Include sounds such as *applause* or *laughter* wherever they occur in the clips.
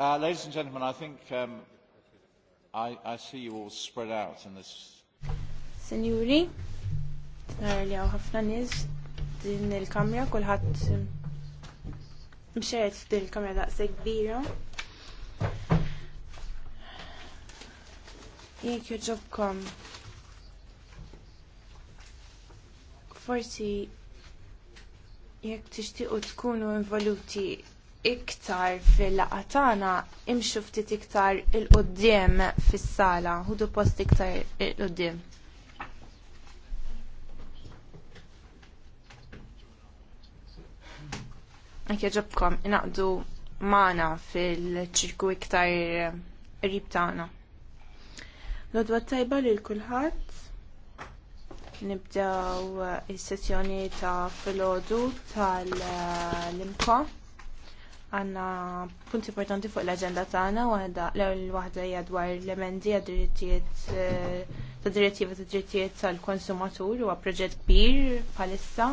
Uh, ladies and gentlemen, I think um, I, I see you all spread out in this. Signori, għaw ħafna din il-kamra, kullħat mxeret um, din il-kamra kbira. Jek joġobkom. Forsi jek tixtiqu tkunu involuti iktar fil-laqatana imxu ftit iktar il-qoddim fis-sala, ħudu post iktar il-qoddim. Anke inaqdu mana fil-ċirku iktar rib tagħna. Lodwa tajba lil kulħadd nibdew is-sessjoni ta' filgħodu tal limko għanna punt importanti fuq l-agenda tagħna waħda l-waħda hija dwar l-emendi għad-drittijiet eh, ta' direttiva ta' drittijiet tal-konsumatur huwa proġett kbir palissa.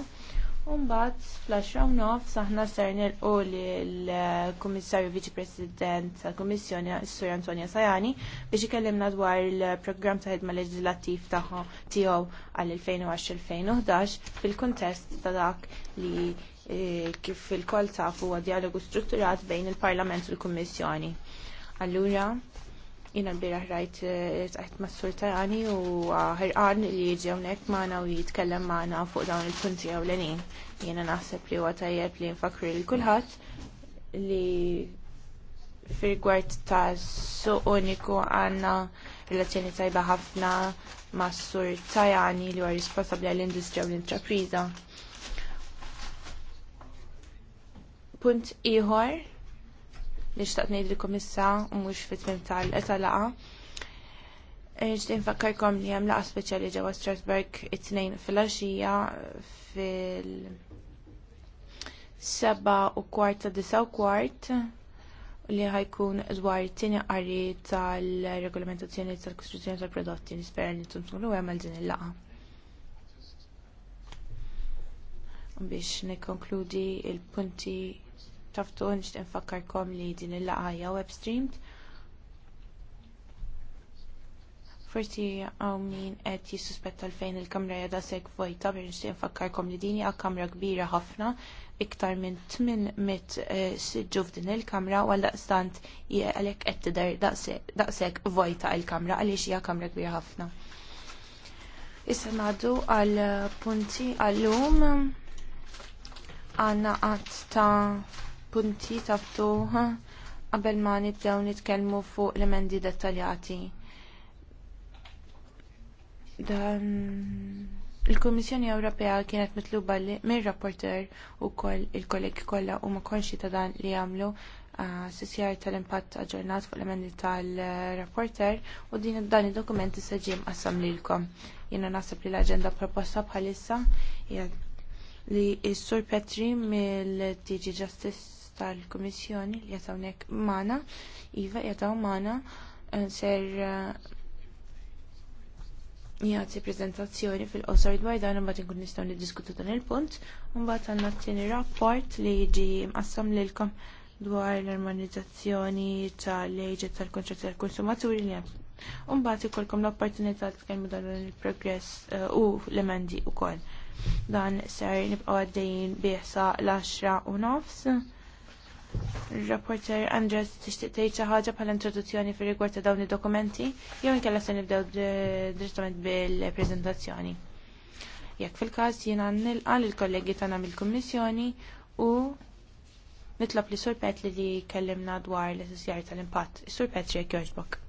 U mbagħad fl-10 u nofs aħna ser nilqu l-Kummissarju Viċi President tal-Kummissjoni Sur Antonio Sajani biex ikellimna dwar il-programm ta' ħidma leġislattiv tagħha tiegħu għal 2010-2011 fil-kuntest ta' dak li E, kif il-koll tafu huwa dialogu strutturat bejn il-Parlament u l-Kummissjoni. Allura, jina l bira ħrajt taħt e, ma' sultani u ħirqan li jiġi hawnhekk magħna u jitkellem magħna fuq dawn il-punti ewlenin. Jiena naħseb li huwa tajjeb li nfakru lil kulħadd li fil-gwart ta' suq uniku għandna relazzjoni tajba ħafna ma' sur Tajani li huwa responsabbli għall-industrija u l-intrapriża Punt ieħor li xtaqt ngħidilkom issa u mhux fit-tmiem tal-qeta laqa. Ġdin fakkarkom li hemm laqa speċjali ġewwa Strasburg it-tnejn fil-għaxija fil- 7 u kwart ta' disa u kwart li ħajkun dwar it-tieni qari tal-regolamentazzjoni tal-kostruzzjoni tal-prodotti nispera li tumsulu hemm għal din il-laqa. biex nikkonkludi il-punti taftu nixtieq infakkarkom li din il laqgħa hija web streamed. Forsi hawn min qed jissuspetta fejn il-kamra jada sek vojta biex nixtieq infakkarkom li din hija kamra kbira ħafna iktar minn 800 eh, siġu f'din il-kamra u għaldaqstant għalhekk qed tidher daqshekk vojta il-kamra għaliex hija kamra kbira ħafna. Issa ngħaddu għal punti għallum għanna għat ta' punti ta' ftuħ qabel ma nibdew nitkellmu fuq l-emendi dettaljati. Dan il-Kummissjoni Ewropea kienet mitluba mir-rapporter ukoll il-kollegi kollha huma konxi ta' dan li jagħmlu sisjar tal-impatt aġġornat fuq l-emendi tal-rapporter u din id-dan id-dokumenti seġim qassam lilkom. Jiena naħseb li l-aġenda proposta bħalissa li s-Sur Petri mill tg Justice tal-Kummissjoni li jatawnek mana, Iva jataw mana, eh, ser eh, jgħati prezentazzjoni fil-qosor dwar dan imbagħad inkun nistgħu niddiskutu dan il-punt, u mbagħad għandna t-tieni rapport li jiġi mqassam lilkom dwar l-armonizzazzjoni tal-leġi tal kontrat tal-konsumaturi li hemm. U mbagħad ikolkom l-opportunità tkellmu dan il-progress eh, u l-emendi wkoll. Dan ser nibqgħu għaddejjin bih l-10 u nofs rapporter Andres tixtieq tgħid xi ħaġa bħala introduzzjoni fir rigward ta' dawn id-dokumenti jew inkella se nibdew direttament bil-preżentazzjoni. Jekk fil-każ jiena nilqa' lill-kollegi tagħna mill-Kummissjoni u nitlob li Sur Petri li kellimna dwar l-isjar tal-impatt. Sur Petri jekk jogħġbok.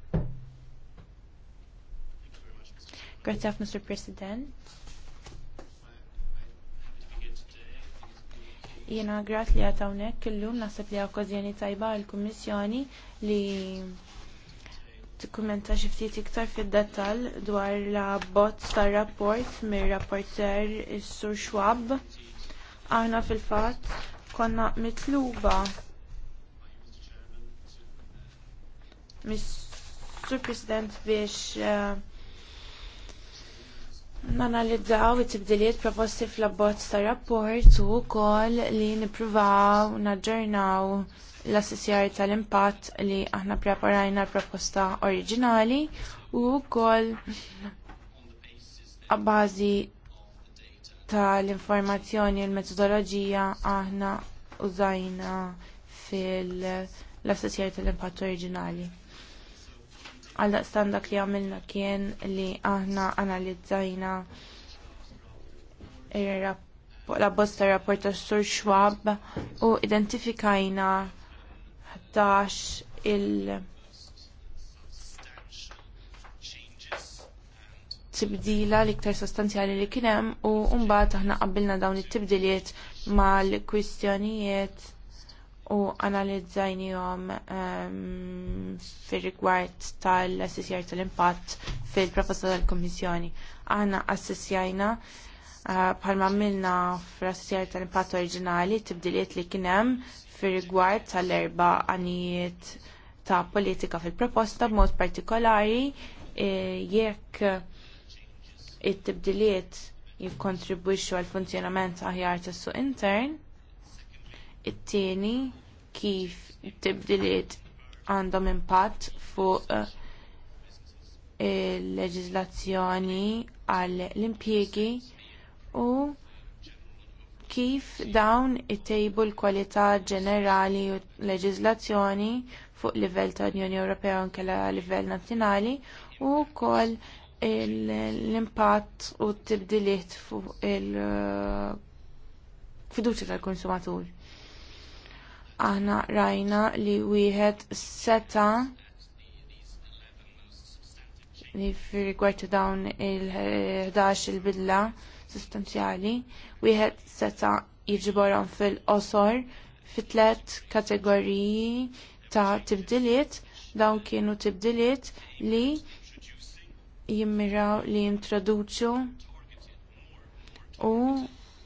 Grazie ħafna Sur President. Jiena grat li għatawnek illum naħseb li okkażjoni tajba għall-Kummissjoni li tikkumenta xi ftit iktar fid-dettall dwar l-abbozz tar-rapport mir-rapporter is-Sur Schwab. Aħna fil-fatt konna mitluba mis-Sur President biex eh, nanalizzaw it-tibdiliet proposti fl-abbozz ta' rapport u wkoll li nippruvaw naġġornaw l-assessjar tal-impatt li aħna preparajna l-proposta oriġinali u wkoll abbażi tal-informazzjoni u l-metodoloġija aħna użajna fil-assessjar tal-impatt oriġinali. Għal daqstan dak li għamilna kien li aħna analizzajna la bosta rapport ta' Sur Schwab u identifikajna 11 il- tibdila l-iktar sostanzjali li kien hemm u mbagħad aħna qabbilna dawn it-tibdiliet mal-kwistjonijiet u analizzajni għom ehm, fir rigward tal-assessjar tal-impatt fil-proposta tal-Kommissjoni. Aħna assessjajna eh, bħalma minna fil fl-assessjar tal-impatt oriġinali tibdiliet li kienem fir rigward tal-erba għanijiet ta' politika fil-proposta b'mod partikolari eh, jekk it-tibdiliet jikkontribwixxu għal funzjonament aħjar tas-suq intern it-tieni kif tibdiliet għandhom impatt fuq eh, il-leġizlazzjoni għall l-impjiegi u kif dawn ittejbu l-kwalità ġenerali u leġiżlazzjoni fuq livell ta' Unjoni Ewropea anke livell nazzjonali u wkoll l-impatt u t-tibdiliet fuq il-fiduċja eh, tal-konsumatur aħna rajna li wieħed seta li f'rigward dawn il-11 il-bidla sustanzjali, wieħed seta jiġborhom fil-qosor fi tliet kategoriji ta' tibdiliet dawn kienu tibdiliet li jimmiraw li jintroduċu u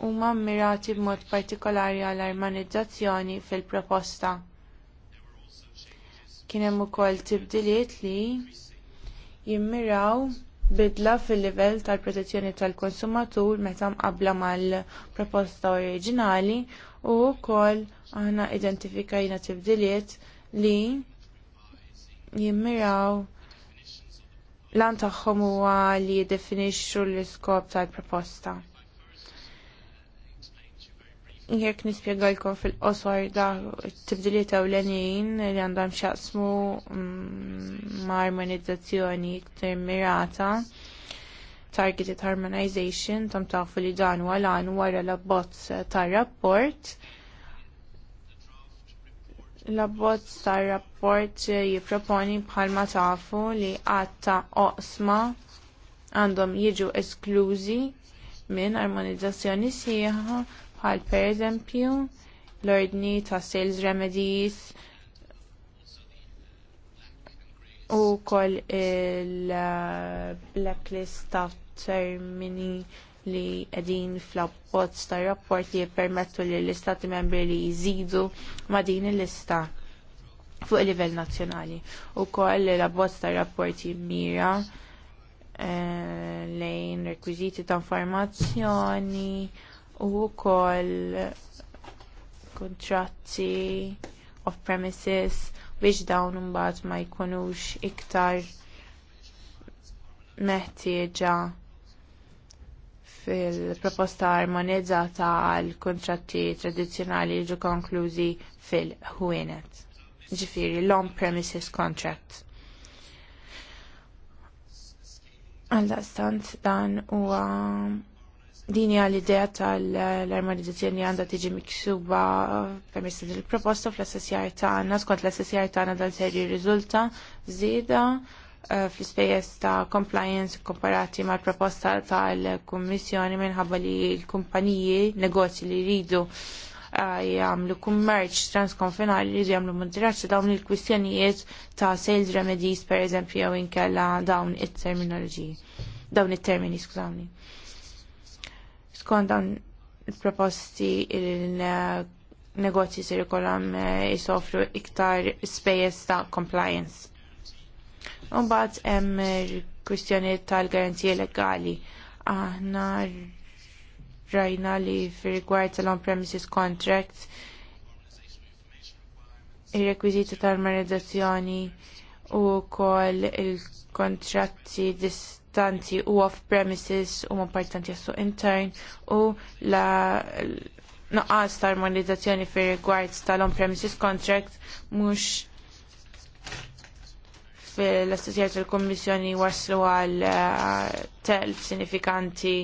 huma mmirati b'mod partikolari għall armanizzazzjoni fil-proposta. Kien hemm ukoll tibdiliet li jimmiraw bidla fil-livell tal-protezzjoni tal-konsumatur meta mqabbla mal-proposta oriġinali u wkoll aħna identifikajna tibdiliet li jimmiraw lan tagħhom huwa li jiddefinixxu l-iskop tal-proposta. Jek nispiegajkom fil-qosor da t-tibdiliet ewlenin li għandhom xaqsmu mm, ma' armonizzazzjoni iktar mirata, targeted harmonization, tam tafu li dan għal-għan wara la abbozz tar rapport L-abbozz tar rapport jiproponi bħalma tafu li għatta oqsma għandhom jiġu esklużi minn armonizzazzjoni sieħa bħal pereżempju l-ordni ta' sales remedies u wkoll il-blacklist ta' termini li edin fl-abbozz ta' rapport li jippermettu li l-istati membri li jżidu ma' din il-lista fuq il-livell nazzjonali. U koll l-abbozz ta' rapport jimmira eh, lejn rekwiziti ta' informazzjoni u koll kontratti off premises biex dawn imbagħad ma jkunux iktar meħtieġa fil-proposta armonizzata għal kuntratti tradizzjonali ġu konklużi fil-ħwienet. Ġifiri, l-on-premises contract. Għalla dan huwa Dini għal-idea tal-armonizzazzjoni għandha tiġi miksuba permessa il proposta fl-assessjar tagħna skont l-assessjar tagħna dal ser jirriżulta zida eh, fl-ispejjeż ta' compliance komparati mal-proposta tal-Kummissjoni minħabba li l-kumpaniji negozji li jridu eh, jagħmlu kummerċ transkonfinali jridu jagħmlu moderazzju dawn il-kwistjonijiet ta' sales remedies pereżempju jew inkella dawn it-terminoloġiji. Dawn it-termini, skużawni skont dawn il-proposti il-negozji se jkollhom eh, jisofru iktar spejjeż ta' compliance. Mbagħad hemm kwistjoni tal-garanzija legali. Aħna rajna li fir-rigward tal-on-premises contract, ir-rekwiżiti tal-armonizzazzjoni u wkoll il-kontratti dis importanti u off-premises huma importanti għassu intern u la noqqas ta' armonizzazzjoni fir rigward tal-on-premises contract mhux fil-assessjar tal-Kommissjoni waslu għal eh, telf sinifikanti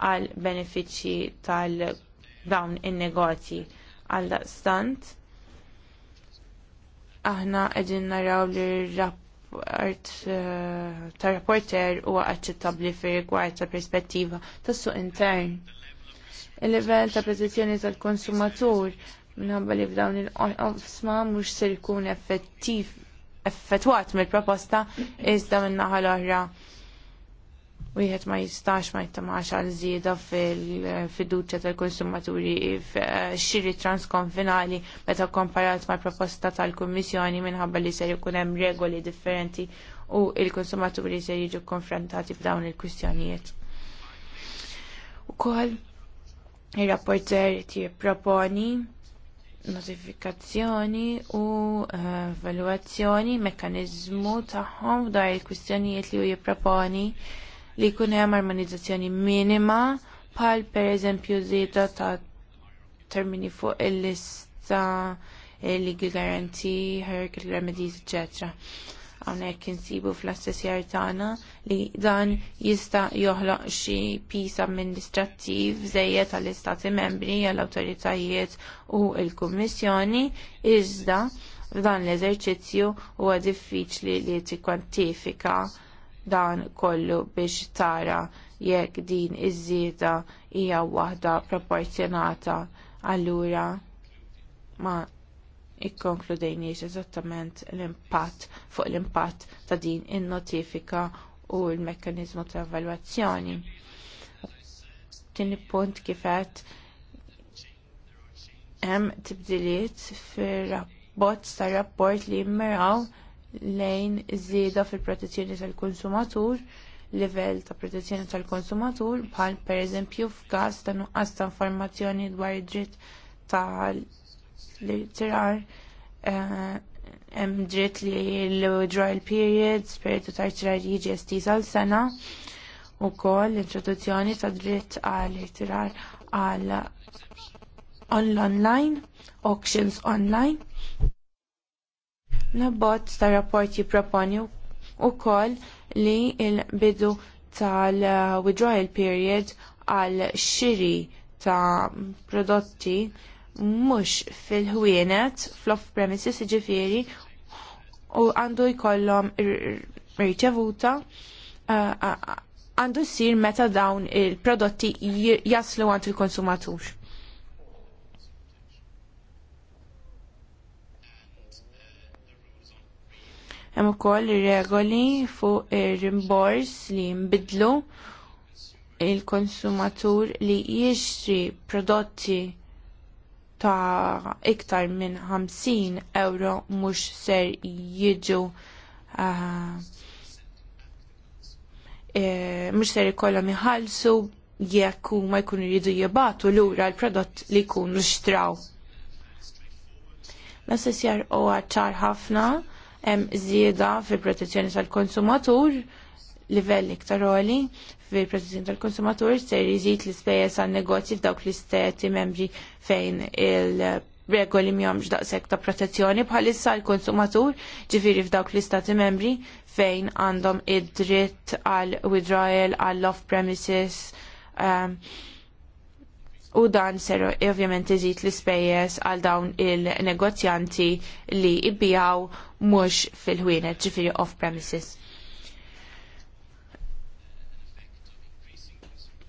għal benefiċċji tal dawn in-negozji għal stant. Aħna qegħdin naraw li r-rapp rapport eh, ta' rapporter huwa aċċettabbli fi rigward ta' perspettiva tas-suq intern. Il-livell ta' protezzjoni tal-konsumatur minħabba li f'dawn il-qosma mhux ser ikun effettiv effettwat mill-proposta iżda min-naħa l-oħra wieħed ma jistax ma jittamax għal żieda fil-fiduċja tal-konsumaturi f'xiri eh, transkonfinali meta komparat mal proposta tal-Kummissjoni minħabba li ser ikun hemm regoli differenti u il-konsumaturi ser jiġu konfrontati f'dawn il-kwistjonijiet. Ukoll ir-rapporter tipproponi notifikazzjoni u eh, evaluazzjoni mekkanizmu tagħhom dar il-kwistjonijiet li hu jipproponi li jkun hemm armonizzazzjoni minima per pereżempju żieda ta' termini fuq il-lista legal guarantee, hierarchical remedies, etc. Hawnhekk insibu fl-istess tagħna li dan jista' joħloq xi piece amministrattiv żejjed għall-istati membri għall-awtoritajiet u l-Kummissjoni iżda f'dan l-eżerċizzju huwa diffiċli li tikkwantifika dan kollu biex tara jekk din iż-żieda hija waħda proporzjonata allura ma ikkonkludejniex eżattament l-impatt fuq l-impatt ta' din in-notifika u l-mekkaniżmu ta' evalwazzjoni. Tieni punt kifet hemm tibdiliet fir-bozz tar rapport li jimmiraw lejn iż-żieda fil-protezzjoni tal-konsumatur, livell ta' protezzjoni tal-konsumatur bħal pereżempju f'każ ta' nuqqas ta' informazzjoni dwar id-dritt tal-tirar eh, hemm dritt li l-withdrawal periods, periodu ta' tirar jiġi estiż għal sena wkoll l-introduzzjoni ta' dritt għal tirar għal online, auctions online Nabbot ta' rapport jipproponi wkoll li il-bidu tal-withdrawal period għal xiri ta' prodotti mhux fil-ħwienet fl-off-premises ġifiri u għandu jkollhom riċevuta għandu ssir meta dawn il-prodotti jaslu għand il-konsumatur. Hemm ukoll regoli fuq ir-rimbors li jinbidlu il-konsumatur li jixtri prodotti ta' iktar minn 50 euro mhux ser jiġu uh, e, mhux ser ikollhom iħallsu jekk huma jkunu jridu jibatu lura l-prodott li jkunu xtraw. huwa ċar ħafna hemm żieda fil-protezzjoni tal-konsumatur livell iktar għoli fil-protezzjoni tal-konsumatur ser jżid l-ispejjeż għan negozji f'dawk l-istati membri fejn il-regoli mjomx daqshekk ta' protezzjoni bħalissa l-konsumatur ġifiri f'dawk l-istati membri fejn għandhom id-dritt għal withdrawal għall off-premises um, ehm, u dan ser ovvjament iżid l-ispejjeż għal dawn il-negozjanti li jibbijaw mhux fil-ħwienet ġifieri off-premises.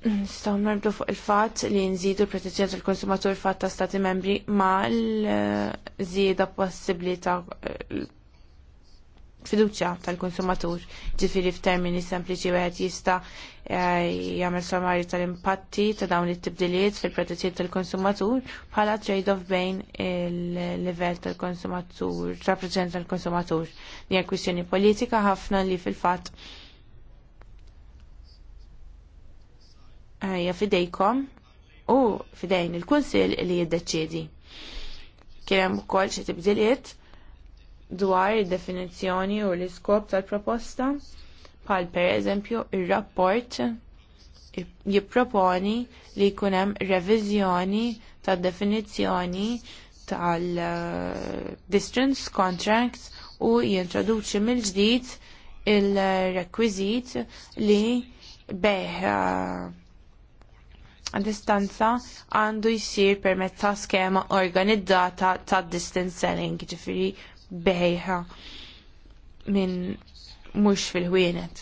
Nistgħu merbdu fuq il-fatt li nżidu l-protezzjoni tal-konsumatur f'fatt ta' stati membri ma' l-żieda possibilità fiduċja tal-konsumatur. Ġifiri f'termini sempliċi wieħed jista' eh, jagħmel sommarju tal-impatti ta' dawn it-tibdiliet fil-protezzjoni tal-konsumatur bħala trade-off bejn il-livell tal-konsumatur, rappreżent tal-konsumatur. Hija kwistjoni politika ħafna li fil-fatt eh, hija fidejkom u fidejn il-Kunsill li jiddeċiedi. Kien hemm ukoll xi tibdiliet dwar id-definizzjoni u l-iskop tal-proposta, bħal pereżempju r rapport jipproponi li jkun hemm reviżjoni tad-definizzjoni tal-distance eh, contracts u jintroduċi mill-ġdid il-rekwizit li beħ a eh, distanza għandu jisir permezz ta' skema organizzata ta' distance selling, ġifiri bejħa minn mhux fil-ħwienet.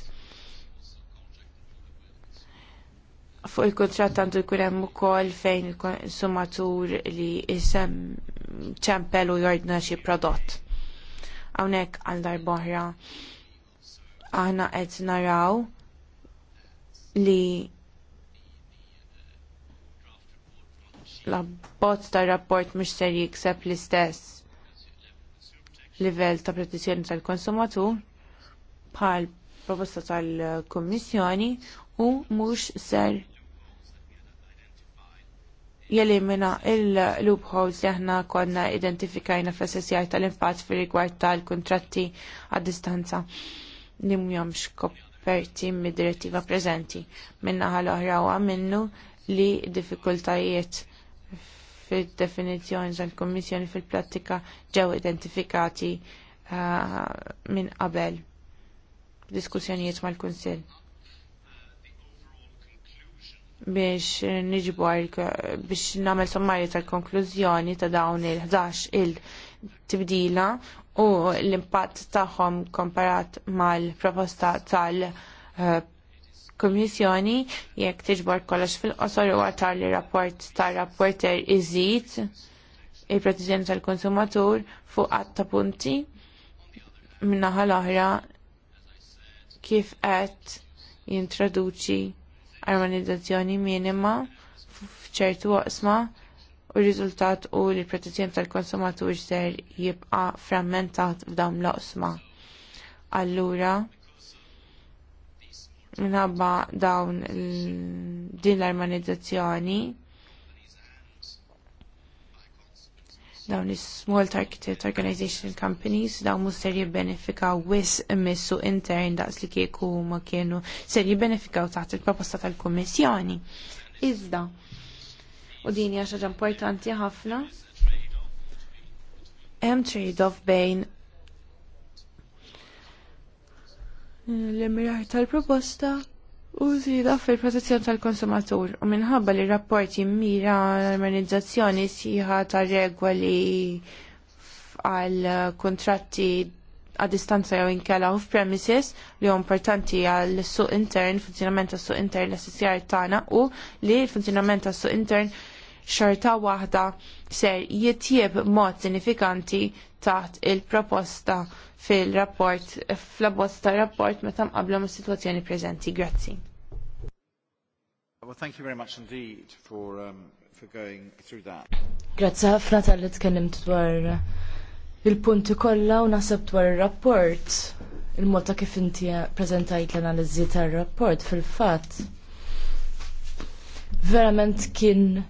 Fuq il-kontrat għandu jkun hemm ukoll fejn il-konsumatur li isem ċempel u jordna xi prodott. Hawnhekk għal darb'oħra aħna qed naraw li l-abbozz tar rapport mhux ser jikseb l-istess livell ta' protezzjoni tal-konsumatur bħal proposta tal-Kommissjoni u mhux ser jelimina il-loopholes li aħna konna identifikajna fl-assessjaj tal-impatt fi rigward tal-kontratti għad distanza li mjomx koperti mid-direttiva prezenti. Minna ħal oħra u minnu li diffikultajiet fil-definizjoni tal-Kommissjoni fil-prattika ġew identifikati uh, minn qabel diskussjonijiet mal-Kunsill. Biex niġbu biex namel sommarju tal-konklużjoni ta' dawn il-11 il-tibdila u l-impatt tagħhom komparat mal-proposta tal- uh, Kummissjoni jekk tiġbor kollox fil-qosor u għatar li rapport tar rapporter iżid il-protezzjoni tal-konsumatur fuq għatta punti minnaħa l-oħra kif qed jintroduċi armonizzazzjoni minima f'ċertu waqsma u r-riżultat u li l-protezzjoni tal-konsumatur ser jibqa' frammentat f'dawn l-oqsma. Allura, minħabba dawn din l-armonizzazzjoni dawn is small targeted organization companies dawn mhux ser jibbenefikaw wis immissu intern daqs li kieku ma kienu ser jibbenefikaw taħt il-proposta tal-Kummissjoni. Iżda, u din hija xaġa importanti ħafna, hemm trade-off bejn l-imiraħ tal-proposta u zida fil-protezzjoni tal-konsumatur u minħabba li rapporti mira l-armonizzazzjoni siħa ta' regoli għal kontratti a distanza jew inkella u f'premises li hu importanti għal suq intern, funzjonament tas suq intern l-SSR tagħna u li l-funzjonament tas suq intern xorta waħda ser jitjieb mod sinifikanti taħt il-proposta fil-rapport, fl-abbozz tar rapport meta mqabla ma' situazzjoni preżenti. Grazzi. Well, thank you very much indeed for, um, for going through that. Grazzi ħafna tal-li tkellimt dwar il-punti kollha u nasab dwar ir-rapport il mota kif inti prezentajt l-analiżi tar-rapport fil-fatt verament kien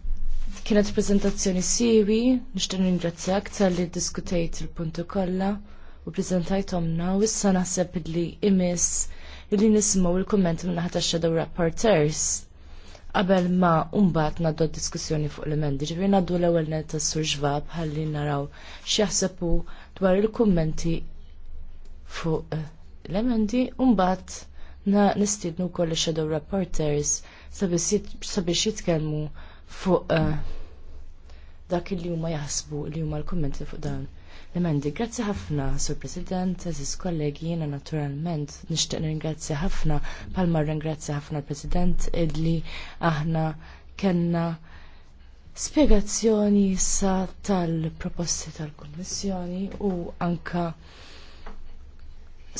Kienet prezentazzjoni siwi, nixtieq ningrazzjak tal-li diskutejt il-punti kollha u prezentajtomna u issa naħseb li imis li nismaw il kommenti minna ħata xadaw rapporters qabel ma umbat naddu diskussjoni fuq l-emendi. Ġifri naddu l-ewel net ta' surġvab ħalli naraw xieħsepu dwar il-kommenti fuq eh, l-emendi umbat na nistidnu kolli shadow rapporters sabiex jitkellmu fuq uh, dak li huma jaħsbu li huma l-kummenti fuq dan. L-emendi, grazzi ħafna, Sur President, Aziz kollegi, jena naturalment, nishtiq ringrazzi ħafna, palma ringrazzi ħafna l-President, idli aħna kenna spiegazzjoni sa tal-proposti tal-Kommissjoni u anka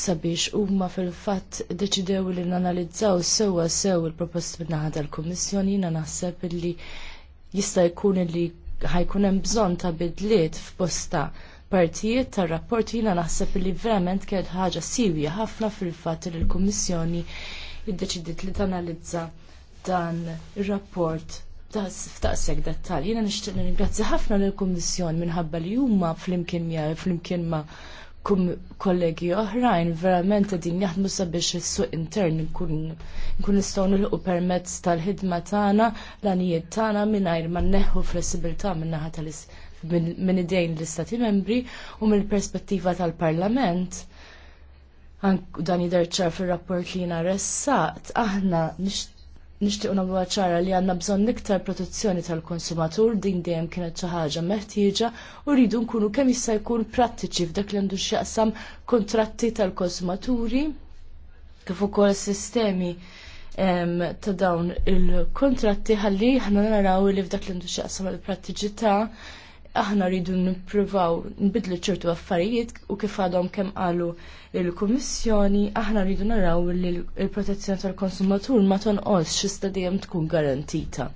sabiex huma fil-fatt deċidew li nanalizzaw sewwa sew il-proposti minnaħa naħa tal-Kummissjoni jiena naħseb li jista' jkun li ħajkun hemm bżonn ta' bidliet f'bosta partijiet tar-rapport jiena naħseb li verament kienet ħaġa sivja ħafna fil-fatt li l-Kummissjoni iddeċidiet li tanalizza dan ir-rapport f'taqsek dettal. Jiena nixtieq nirringrazzja ħafna lill-Kummissjoni minħabba li huma flimkien miegħi flimkien ma' Kum kollegi oħrajn verament din jaħdmu sabiex is-suq intern nkun nistgħu nilqu permezz tal-ħidma tagħna l-għanijiet tagħna mingħajr ma nneħħu flessibilità min-naħa minn idejn l-Istati membri u mill-perspettiva tal-Parlament. Dan jidher ċar fir-rapport li jiena ressaqt, aħna nixtiequ nagħmlu ċara li għandna bżonn iktar protezzjoni tal-konsumatur din dejjem kienet xi ħaġa meħtieġa u rridu nkunu kemm jista' jkun prattiċi f'dak li għandu x'jaqsam kontratti tal-konsumaturi kif ukoll sistemi ta' dawn il-kontratti ħalli ħna naraw li f'dak li għandu x'jaqsam il-prattiċità aħna rridu nippruvaw nbidlu ċertu affarijiet u kif għadhom kemm qalu il-Kummissjoni, aħna rridu naraw li l-protezzjoni tal-konsumatur ma tonqos xista dejjem tkun garantita.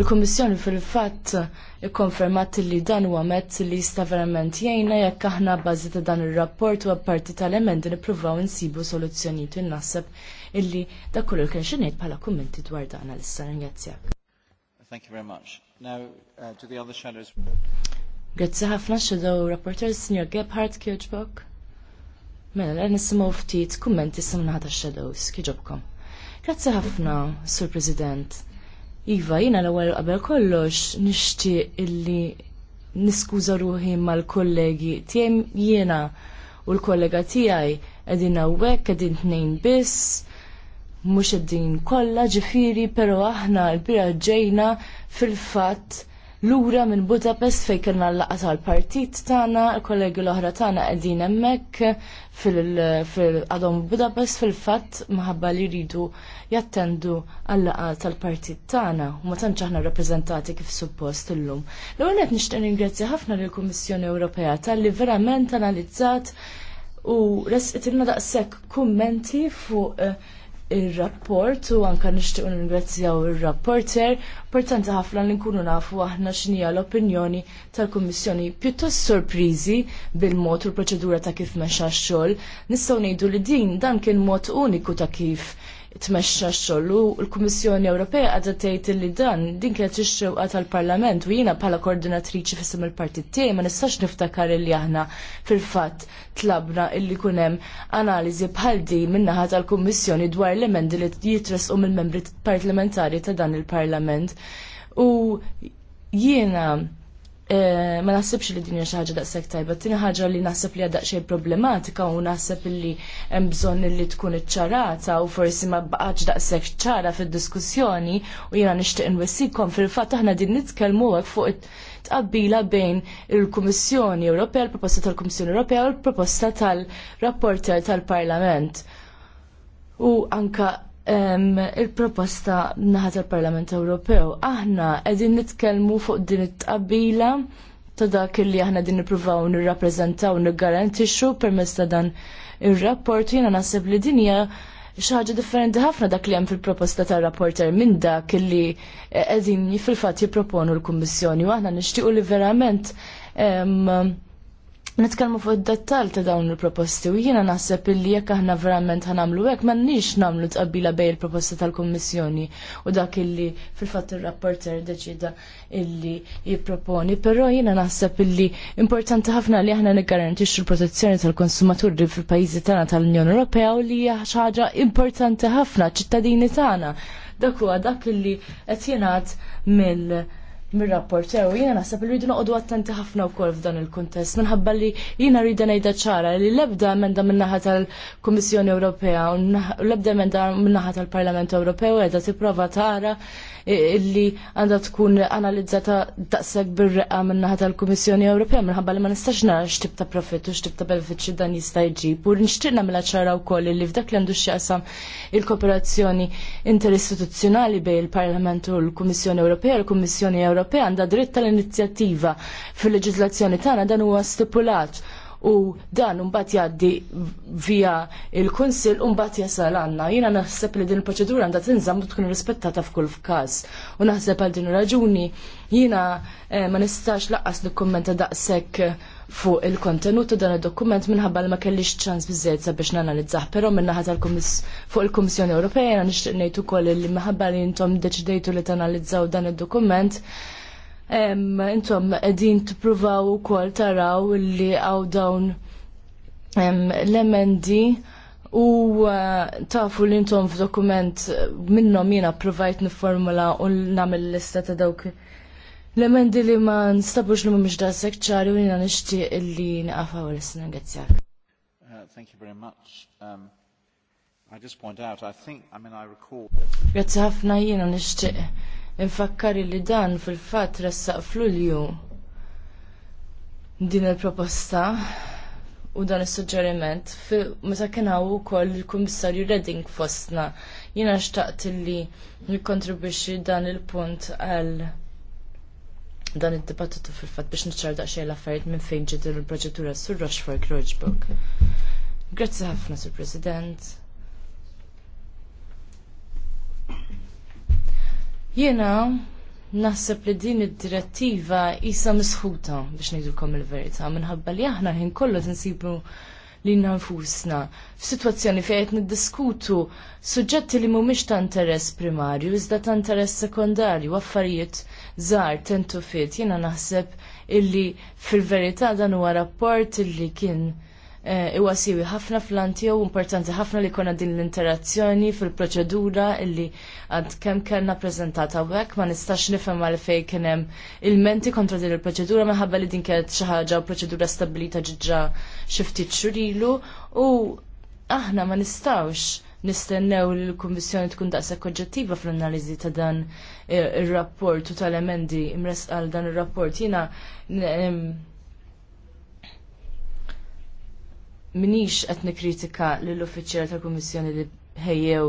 Il-Kummissjoni fil-fatt ikkonfermat li dan huwa mezz li jista' verament jgħinna jekk aħna bażi ta' dan ir-rapport u apparti tal emendi nippruvaw insibu soluzzjonijiet u naħseb illi dak kollu kien xi ngħid bħala kummenti dwar dan għal issa ringrazzjak. Thank you very much. Now, uh, to the other shadows. Grazzi ħafna shadow reporters, signor Gebhardt Kirchbock. Mela, l nisimaw ftit kummenti simna ħata shadows, kieġobkom. Grazzi ħafna, Sur President. Iva, jina l-ewel qabel kollox nixtieq illi niskuża ruħi mal-kollegi tiem jiena u l-kollega tiegħi qegħdin hawnhekk qegħdin tnejn biss mhux id-din kollha ġifieri pero aħna l-bira ġejna fil-fatt lura minn Budapest fej kena l-laqgħa tal-partit tagħna, kollegi l-oħra tagħna qegħdin hemmhekk fil adom Budapest fil-fatt maħabba li jridu jattendu għall-laqgħa tal-partit tagħna u ma tantx aħna kif suppost illum. L-ewwel qed nixtieq ningrazzja ħafna lill-Kummissjoni Ewropea talli verament analizzat u resqet ilna daqshekk kummenti fuq eh, il-rapport u anka nixtiequ ningrazzjaw ir rapporter Importanti ħafna li nkunu nafu aħna x'inhija l-opinjoni tal-Kummissjoni pjuttost sorpriżi bil-mod u l-proċedura ta' kif mexa x-xogħol. Nistgħu ngħidu li din dan kien mod uniku ta' kif tmexxa x-xogħol u l-Kummissjoni Ewropea għadha tgħid li dan din kienet ix-xewqa tal-Parlament u jiena bħala koordinatriċi fis-sem il-partit tiegħi ma nistax niftakar illi aħna fil-fatt tlabna illi kun hemm analiżi bħal din min-naħa tal-Kummissjoni dwar l-emendi li jitresqu mill-membri parlamentari ta' dan il-Parlament. U jiena Eh, ma nasibx li dinja xi ħaġa daqshekk tajba. Tieni ħaġa li naħseb li għadda xej problematika u naħseb li hemm bżonn li tkun iċċarata u forsi ma da' daqshekk ċara fid-diskussjoni u jiena nixtieq inwessikom fil-fatt aħna din nitkellmu hekk fuq tqabbila bejn il-Kummissjoni Ewropea, l-proposta tal-Kummissjoni Ewropea u l-proposta tal-rapporter tal-Parlament. U anka il-proposta naħat il-Parlament Ewropew. Aħna qegħdin nitkellmu fuq din it-tqabila ta' dak li aħna din nipruvaw nirrappreżentaw niggarantixxu permezz ta' dan ir-rapport jiena naħseb li din hija xaħġa differenti ħafna dak li hemm fil-proposta tar-rapporter minn dak li qegħdin fil-fatt jipproponu l-Kummissjoni u aħna nixtiequ li verament nitkellmu fuq id-dettall ta' dawn il-proposti u jiena naħseb illi jekk aħna verament ħanamlu hekk m'għandniex nagħmlu tqabbila bejn il-proposta tal-Kummissjoni u dak illi fil-fatt ir-rapporter deċida illi jipproponi, però jiena naħseb illi importanti ħafna li aħna niggarantixxu l-protezzjoni tal-konsumaturi fil-pajjiżi tagħna tal-Unjoni Ewropea u li hija xi ħaġa importanti ħafna ċittadini tagħna. Dak huwa dak illi qed jingħad mill- mir-rapportew, jiena naħseb li rridu noqogħdu attenti ħafna wkoll f'dan il-kuntest. Minħabba li jiena rridu ngħidha ċara li l-ebda emenda min-naħa tal-Kummissjoni Ewropea u l-ebda emenda min-naħa tal-Parlament Ewropew qiegħda tipprova tara illi għandha tkun analizzata daqshekk bir-reqqa min-naħa tal-Kummissjoni Ewropea minħabba li ma nistax nara x'tib ta' profittu, x'tib ta' benefiċċju dan jista' jġib. U nixtieq nagħmilha ċara wkoll li f'dak li għandu x'jaqsam il-kooperazzjoni interistituzzjonali bejn il-Parlament u l-Kummissjoni Ewropea, l-Kummissjoni Ewropea Ewropea għandha dritt tal-inizjattiva fil leġizlazzjoni tagħna dan huwa stipulat u dan mbagħad jgħaddi via il-Kunsill u mbagħad jasal għandna. Jiena naħseb li din il-proċedura għandha tinżamm u tkun rispettata f'kull każ. U naħseb għal din raġuni jiena eh, ma nistax laqqas nikkummenta daqshekk fuq il-kontenut u dan id-dokument minħabba li ma kellix ċans biżejt sabiex nanalizzah, però minnaħa fuq il-Kummissjoni Ewropea jiena nixtieq ngħid ukoll li minħabba li intom deċidejtu li tanalizzaw dan id-dokument intom qegħdin tippruvaw ukoll taraw li għaw dawn l-emendi u eh, tafu li intom f'dokument minnhom jiena provajt n-formula u nagħmel lista ta' dawk l-emendi li ma nstabux li mhumiex daqshekk sekċari u jiena nixtieq illi naqafaw l għazzjak. Uh, thank you very much. Um... I just point out, I think, I mean, I recall... Grazie ħafna jiena nixtieq Infakkar li dan fil-fatt ressaq f'Lulju din il-proposta u dan is-suġġeriment meta kien hawn ukoll il-Kummissarju Redding fostna jiena xtaqt li nikkontribwixxi dan il-punt għal dan id-dibattitu fil-fatt biex niċċardaq xejn l-affarijiet minn fejn ġiet il-proċedura sur Rochefort Rochebook. Grazzi ħafna, Sur President. Jiena naħseb li din id-direttiva isa misħuta biex ngħidulkom il-verità minħabba li aħna ħin kollu tinsibu li nanfusna f'sitwazzjoni fejn qed niddiskutu suġġetti li mhumiex ta' interess primarju iżda ta' interess sekondarju affarijiet żgħar tentu fit jiena naħseb illi fil-verità dan huwa rapport illi kien Eh, siwi ħafna fl-anti u importanti ħafna li konna din l-interazzjoni fil-proċedura illi għad kem kellna prezentata u għek ma nistax nifem għal fej kienem il-menti kontra din il-proċedura maħabba li din kienet xaħġa u proċedura stabilita ġiġa xifti ċurilu, u aħna ma nistax nistennew li l-Kummissjoni tkun daqshekk oġġettiva fl-analiżi ta' dan eh, ir-rapport u tal-emendi imres għal dan ir-rapport. Jina minix qed nikkritika lill uffiċjali tal-Kummissjoni li ħejjew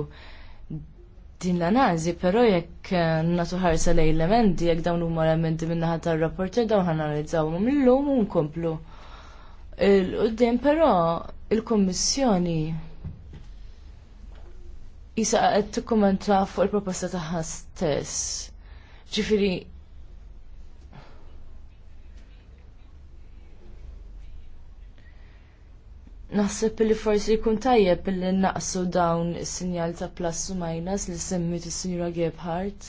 din l-analiżi, però jekk eh, nagħtu ħarsa lejn elementi, jekk dawn huma elementi min-naħa tar-rapporter dawn analizzawhom illum u nkomplu. Il-qudiem però il-Kummissjoni jisa qed tikkumenta fuq il-proposta tagħha stess. Ġifieri Naħseb li forsi jkun tajjeb li naqsu dawn is-sinjal ta' plus u minus li semmit is-Sinjura Gebhardt.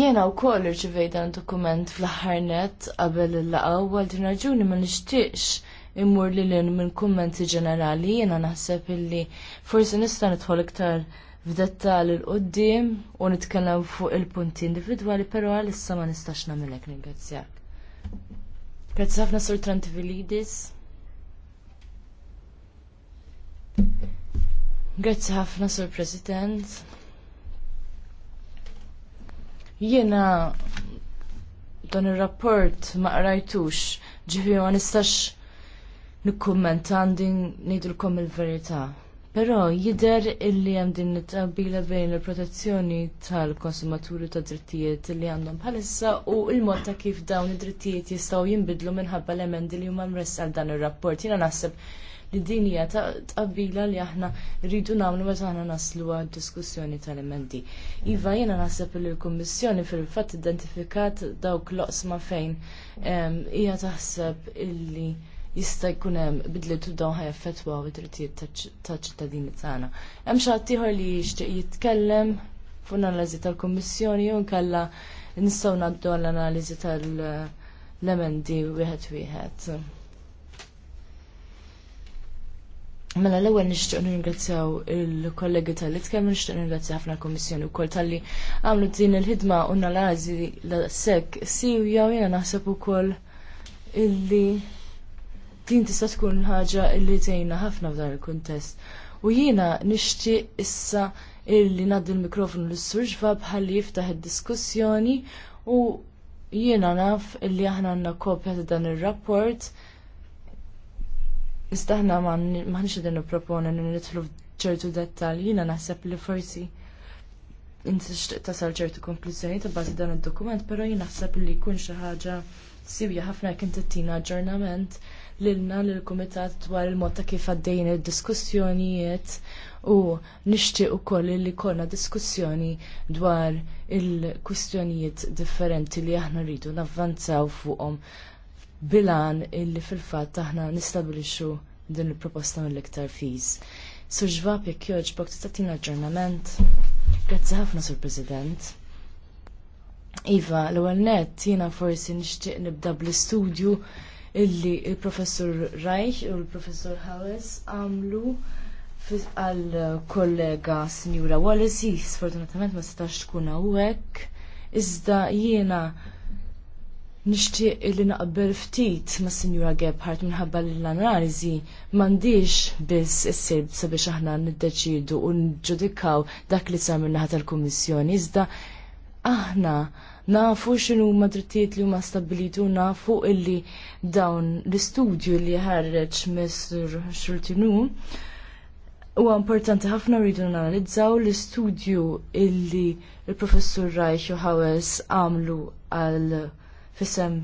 Jiena wkoll irċivej dan dokument fl-aħħar net qabel il-laqgħa u għal din raġuni ma nixtieqx immur li lin minn kummenti ġenerali jiena naħseb illi forsi nista' nidħol iktar f'dettall il qudiem u nitkellem fuq il-punti individwali però għalissa ma nistax hekk ringrazzjak. Grazzi ħafna Sur Vilidis. Grazzi ħafna Sur President. Jiena dan ir-rapport ma qrajtux ġifieri ma nistax nikkumment għandi ngħidulkom il-verità. Però jidher illi hemm din it-tqabbila bejn il-protezzjoni tal-konsumaturi ta' drittijiet li għandhom bħalissa u l-mod ta' kif dawn id-drittijiet jistgħu jinbidlu minħabba l-emendi li huma mress għal dan ir-rapport. Jiena naħseb li din hija tqabbila li aħna rridu nagħmlu meta aħna naslu għad diskussjoni tal-emendi. Iva jiena naħseb li l-Kummissjoni fil-fatt identifikat dawk l-oqsma fejn ehm, hija taħseb illi jista' jkun hemm bidlet u dawn ħajaffettwaw it drittijiet tal-ċittadini tagħna. Hemm xi ħadd ieħor li jixtieq jitkellem fuq analiżi tal-Kummissjoni jew nkella nistgħu ngħaddu għall-analiżi tal-emendi wieħed wieħed. Mela l-ewwel nixtieq ningrazzjaw il-kollegi tal-li tkellmu nixtieq ningrazzja ħafna l-Kummissjoni wkoll tal-li għamlu din il-ħidma u nalażi sekk siwja u jiena naħseb ukoll illi din tista' tkun ħaġa li tgħinna ħafna f'dan il-kuntest. U jiena nixtieq issa illi ngħaddi l-mikrofonu lis-sur ġvab ħalli jiftaħ id-diskussjoni u jiena naf illi aħna għandna kopja ta' dan ir-rapport. Iżda aħna m'aħniex qegħdin nipproponi li nidħlu f'ċertu dettalji, jiena naħseb li forsi inti tixtieq tasal ċertu konklużjoni ta' bażi dan id-dokument, però jien naħseb li jkun xi ħaġa sibja ħafna jekk inti tina aġġornament lilna lill-Kumitat dwar il-mod ta' kif għaddejjin id-diskussjonijiet u nixtieq ukoll li jkollna diskussjoni dwar il-kwistjonijiet differenti li aħna rridu navvanzaw fuqhom bilan illi fil-fatt aħna nistabilixxu din il-proposta mill-iktar fiż. Sur ġvab jekk joġbok tistatin aġġornament. Grazzi ħafna sur President. Iva, l ewwel nett jiena forsi nixtieq nibda bl-istudju illi il-professur Reich u l-professur Hawes għamlu għal kollega Sinjura Wallace, sfortunatament ma setax tkun hawnhekk, iżda jiena nixtieq li naqbel ftit ma' Sinjura Gebhardt minħabba li l-analiżi m'għandix biss issir sabiex aħna n-deċidu u nġudikaw dak li sar min-naħa tal-Kummissjoni iżda aħna nafu xinu huma drittijiet li huma stabbilitu nafu illi dawn l-istudju li ħarreċ Mr. Xultinu huwa importanti ħafna rridu nanalizzaw l-istudju illi il-professur Rajx u Hawes għamlu għal fisem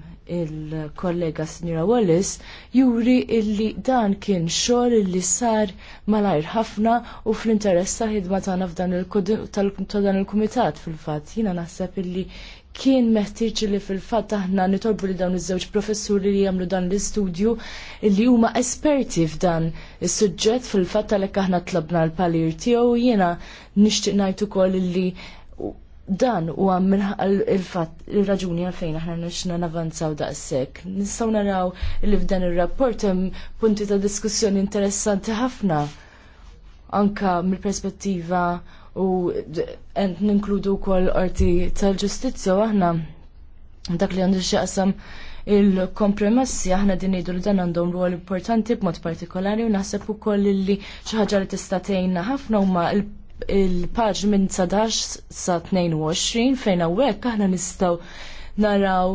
il-kollega Sinjura Wallis juri illi dan kien xogħol illi sar malajr ħafna u fl-interess ta' ħidma tagħna f'dan il-kumitat fil-fatt. Jiena naħseb illi kien meħtieġ li fil-fatt aħna nitolbu li dawn iż-żewġ professuri li jagħmlu dan l-istudju li huma esperti f'dan is-suġġett fil-fatt għalhekk aħna tlabna l-palir tiegħu jiena nixtieq ngħid ukoll li dan huwa il-fatt il-raġuni għalfejn aħna nixna navanzaw daqshekk. Nistgħu naraw li f'dan ir-rapport hemm punti ta' diskussjoni interessanti ħafna anka mill-perspettiva u għent ninkludu kol arti tal-ġustizja u aħna dak li għandu xieqsam il-kompromessi aħna din id li dan għandhom rwol importanti b'mod partikolari u naħseb ukoll li xi ħaġa li tista' tgħinna ħafna huma il-paġ minn 19 sa 22 fejn hawnhekk aħna nistgħu naraw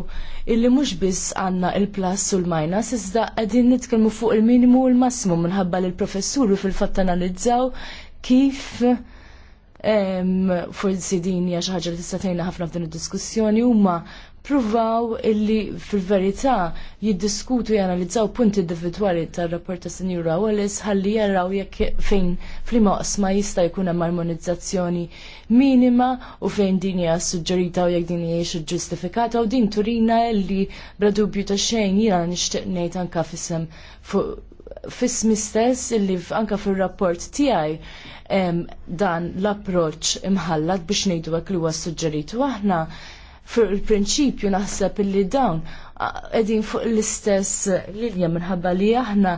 illi mhux biss għandna il-plus u l-minus, iżda qegħdin nitkellmu fuq il-minimu u l-massimu minħabba li l-professuru fil-fatt analizzaw kif forsi din hija xi ħaġa li tista' tgħinna ħafna f'din id-diskussjoni huma pruvaw illi fil-verità jiddiskutu janalizzaw punti individwali tar-rapport ta' Sinjura Wallis ħalli jaraw jekk fejn flima qosma jista' jkun hemm armonizzazzjoni minima u fejn din hija suġġerita u jekk din hija ġustifikata u din turina li bla dubju ta' xejn jiena nixtieq ngħid anke fisem fuq fismi stess illi anka fil-rapport tiegħi dan l-approċ imħallat biex ngħidu hekk li huwa suġġeritu aħna fil-prinċipju naħseb illi dawn qegħdin fuq l-istess linja minħabba li aħna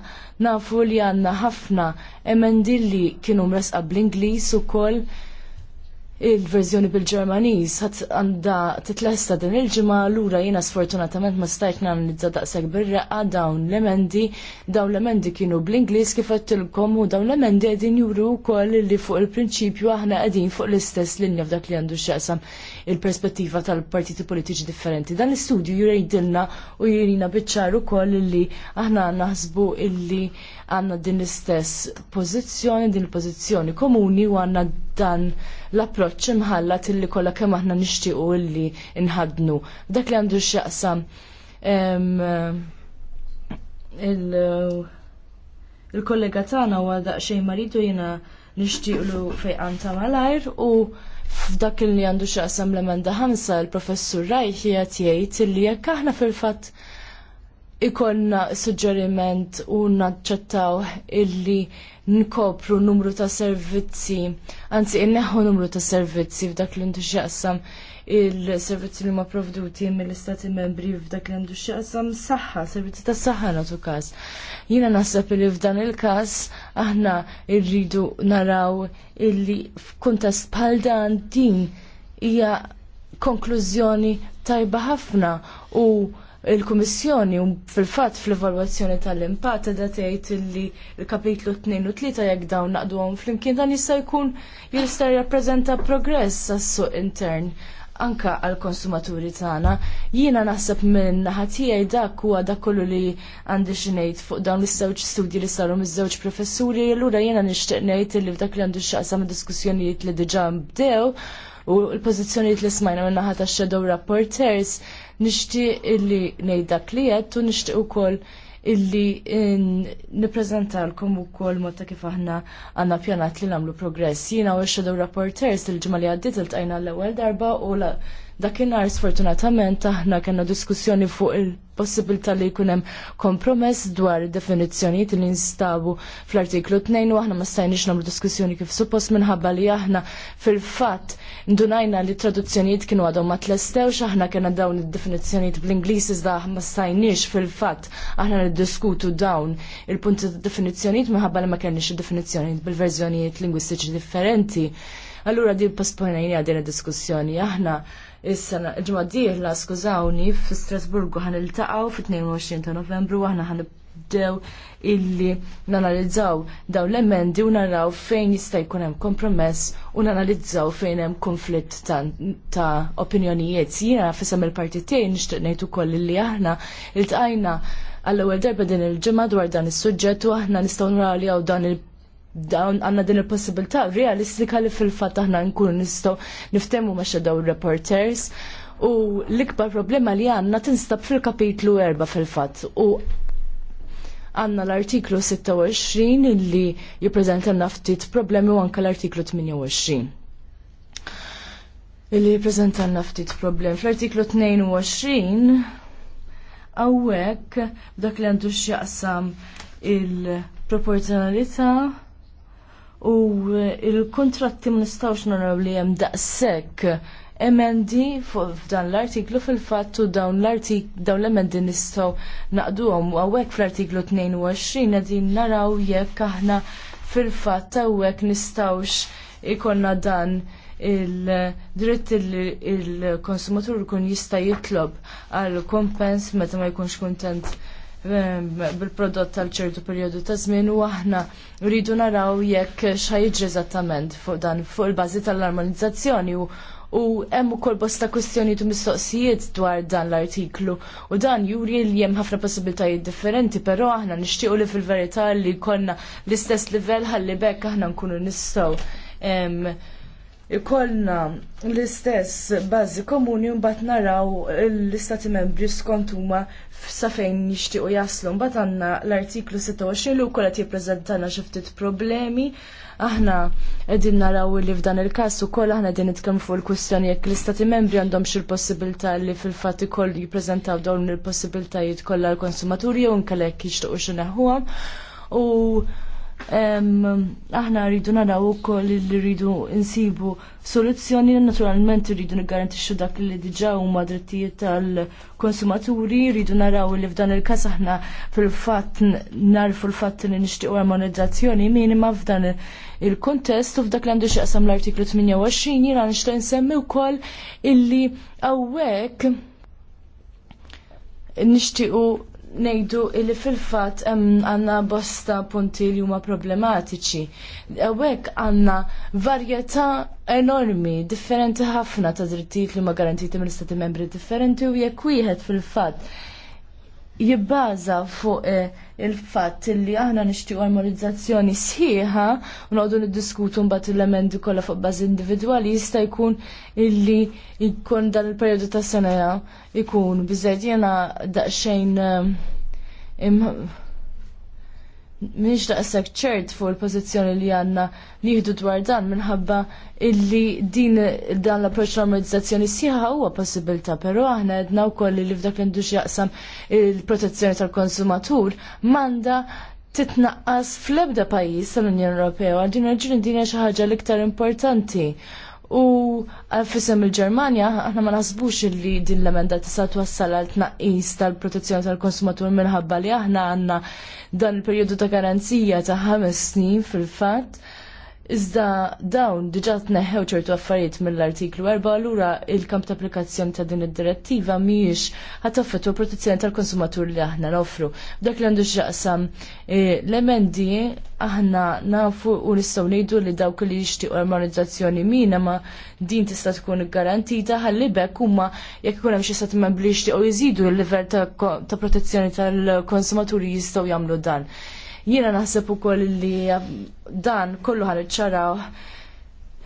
nafu li għandna ħafna emendi li kienu mresqa inglis ingliż ukoll il-verżjoni bil-Ġermaniż ħadd għandha titlesta din il-ġimgħa lura jiena sfortunatament ma stajt nanalizza daqshekk bir-reqqa dawn l-emendi, dawn l-emendi kienu bl-Ingliż kif qedtilkom u dawn l-emendi qegħdin juru wkoll li fuq il-prinċipju aħna qegħdin fuq l-istess linja f'dak li għandu x'jaqsam il-perspettiva tal-partiti politiċi differenti. Dan l-istudju jurejdilna u jirina bieċaru ukoll li aħna naħsbu illi għanna din l-istess pożizzjoni, din il-pożizzjoni komuni u għanna dan l-approċċ imħallat illi kollha kemm aħna nishtiqu illi nħadnu. Dak li għandu x'jaqsam il-kollega tagħna huwa daqsxejn maritu jiena nishtiqlu fejqan ta' malajr u f'dak li għandu xaqsam l-emenda ħamsa il-professur Rajħi qed jgħid li jekk aħna fil-fatt ikonna suġġeriment u naċċettaw illi nkopru numru ta' servizzi, anzi inneħħu numru ta' servizzi f'dak li għandu xaqsam il-servizzi li ma provduti mill-istati membri f'dak li għandu xaqsam saħħa, servizzi ta' saħħa natu kas. Jina nasab li f'dan il-kas aħna irridu naraw illi f'kuntest bħal dan din hija konklużjoni tajba ħafna u il-Kummissjoni fil-fatt fl-evalwazzjoni tal-impatt da tgħid li l-kapitlu 2 u 3 jekk dawn naqduhom flimkien dan jista' jkun jista' jirrappreżenta progress għas-suq intern anka għal konsumaturi tagħna. Jiena naħseb minn ħatijaj dak huwa dak kollu li għandi xinejt fuq dawn iż-żewġ studji li saru miż-żewġ professuri, allura jiena nixtieq ngħid li f'dak li għandu ma' diskussjonijiet li diġà bdew u l-pożizzjonijiet li smajna minn naħa tax-shadow rapporters nixtieq illi ngħid dak li qed u nixtieq ukoll illi eh, niprezentalkom ukoll mod ta' kif aħna għandna pjanat li nagħmlu progress. Jiena u x-shadow rapporters il-ġimgħa li għaddiet tajna l-ewwel darba u Dakinhar sfortunatament aħna kellna diskussjoni fuq il-possibilità li jkun hemm kompromess dwar definizzjonijiet li nstabu fl-artiklu 2 u aħna ma stajniex nagħmlu diskussjoni kif suppost minħabba li aħna fil-fatt ndunajna li traduzzjonijiet kienu għadhom ma tlestewx aħna kellna dawn id-definizzjonijiet bl-Ingliż iżda ma stajniex fil-fatt aħna niddiskutu dawn il-punti ta' definizzjonijiet minħabba li ma kenniex id-definizzjonijiet bil-verżjonijiet lingwistiċi differenti. Allura din posponajni għadin diskussjoni aħna is-sena ġimgħa dieħla skużawni fi Strasburgu ħaniltaqgħu fit-22 ta' Novembru aħna ħanibdew illi nanalizzaw dawn l-emendi u naraw fejn jista' jkun hemm kompromess u nanalizzaw fejn hemm konflitt ta' opinjonijiet. Jiena fisem il parti tiegħi nixtieq ngħid ukoll li aħna iltqajna għall-ewwel darba din il-ġimgħa dwar dan is-suġġett u aħna nistgħu naraw li hawn dan il- dawn għanna din il-possibilità realistika li fil-fatt aħna nkunu nistgħu niftehmu ma' dawn reporters u l-ikbar problema li għanna tinstab fil-kapitlu 4 fil-fatt u għanna l-artiklu 26 li jiprezentanna ftit problemi u anka l-artiklu 28 li prezentanna ftit problem. Fl-artiklu 22, għawek, dak li għandu xjaqsam il-proporzjonalità u il-kontratti nistawx nistgħux naraw li hemm daqshekk emendi f'dan l-artiklu fil-fattu dawn l-artik dawn l-emendi nistgħu naqduhom u hawnhekk fl-artiklu 22 qegħdin naraw jekk aħna fil-fatt hawnhekk nistgħux ikonna dan il-dritt il-konsumatur kun jista' jitlob għal kompens meta ma jkunx kuntent Eh, bil-prodott tal ċertu perjodu ta' żmien u aħna rridu naraw jekk x'ħajġri eżattament fuq dan fuq il-bażi tal-armonizzazzjoni u U hemm ukoll bosta kwestjoni tu mistoqsijiet dwar dan l-artiklu u dan juri li hemm ħafna possibilitajiet differenti, però aħna nixtiequ li fil-verità li konna l-istess livell ħalli bekk aħna nkunu nistgħu ikollna l-istess bażi komuni mbagħad naraw l-istati membri skont huma sa fejn jixtiequ jaslu. Mbagħad għandna l-artiklu 26 li wkoll qed jippreżentana xi ftit problemi aħna qegħdin naraw li f'dan il-każ ukoll aħna qegħdin nitkellmu fuq il-kwistjoni jekk l-istati membri għandhom xi possibilità li fil-fatt ikoll jippreżentaw dawn il-possibilitajiet kollha l-konsumaturi jew inkella jekk jixtiequ xi U aħna rridu naraw ukoll li rridu insibu soluzzjoni naturalment rridu niggarantixxu dak li diġà huma drittijiet tal-konsumaturi, rridu naraw li f'dan il-każ aħna fil-fatt narfu l-fatt li nixtiequ armonizzazzjoni minima f'dan il-kontest u f'dak li għandu x'aqsam l-artiklu 28 jiena nixtieq insemmi wkoll illi hawnhekk nixtiequ nejdu illi fil-fat għanna bosta punti li huma problematiċi. Għawek għanna varjetà enormi, differenti ħafna ta' drittijiet li huma garantiti mill istati membri differenti u jekk wieħed fil-fat jibbaza fuq eh, il-fatt li aħna nixtiequ armonizzazzjoni sħiħa u noqogħdu niddiskutu mbagħad il lemendi kollha fuq bażi individwali jista' jkun illi jkun dan il-perjodu ta' sena jkun biżejjed jiena daqsxejn eh, minx daqseg ċert fuq il-pozizjoni li għanna nieħdu dwar dan minħabba illi din dan l-approċ normalizzazzjoni sieħa huwa possibilità, però aħna għedna wkoll li f'dak l-indux jaqsam il-protezzjoni tal-konsumatur manda titnaqqas fl-ebda pajjiż tal-Unjoni Ewropea għal din raġuni din hija xi ħaġa l-iktar importanti. U eh, fissem il-Germania, aħna ma nasbux li din l-emenda tista' twassal għal tnaqqis tal-protezzjoni tal-konsumatur minħabba li aħna għandna dan il periodu ta' garanzija ta' ħames snin fil-fatt Iżda dawn diġa tneħħew ċertu affarijiet mill-artiklu 4 allura il-kamp ta' applikazzjoni ta' din id-direttiva mhijiex ħataffettu protezzjoni tal-konsumatur li aħna nofru. Dak li għandu x'jaqsam eh, l-emendi aħna nafu u nistgħu ngħidu li dawk li jixtiequ armonizzazzjoni mina ma din tista' tkun garantita ħalli bekk huma jekk ikun hemm xi sat membri jixtiequ jżidu l-livell ta' protezzjoni tal-konsumaturi jistgħu jagħmlu dan. Jiena naħseb ukoll li dan kollu ħan iċċaraw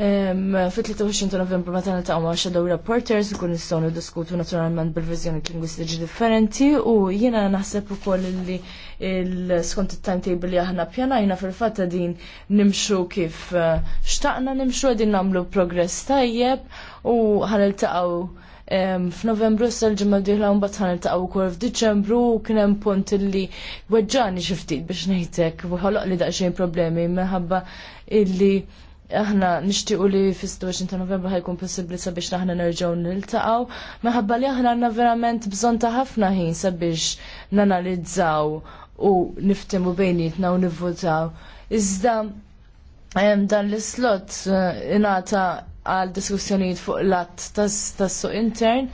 Fit-23 ta' novembru meta niltaqgħu ma' Shadow Reporters kun nistgħu diskutu naturalment bil viżjoni lingwistiċi differenti u jiena naħseb ukoll li skont it-timetable li aħna pjanajna fil-fatt din nimxu kif eh, xtaqna nimxu għadin nagħmlu progress tajjeb u ħaniltaqgħu F'Novembru s-sal ġimma diħla un batħan il-taqaw kol f'Diċembru kien hemm punt li weġġani xiftit biex ngħidlek u ħoloq li daqsxejn problemi minħabba illi aħna nishtiqu li fis-26 ta' Novembru ħajkun possibbli sabiex aħna nerġgħu niltaqgħu, minħabba li aħna għandna verament bżonn ta' ħafna ħin sabiex nanalizzaw u niftimu bejnietna u nivvutaw. Iżda dan l-slot eh, inata għal diskussjonijiet fuq l-att tas-suq intern,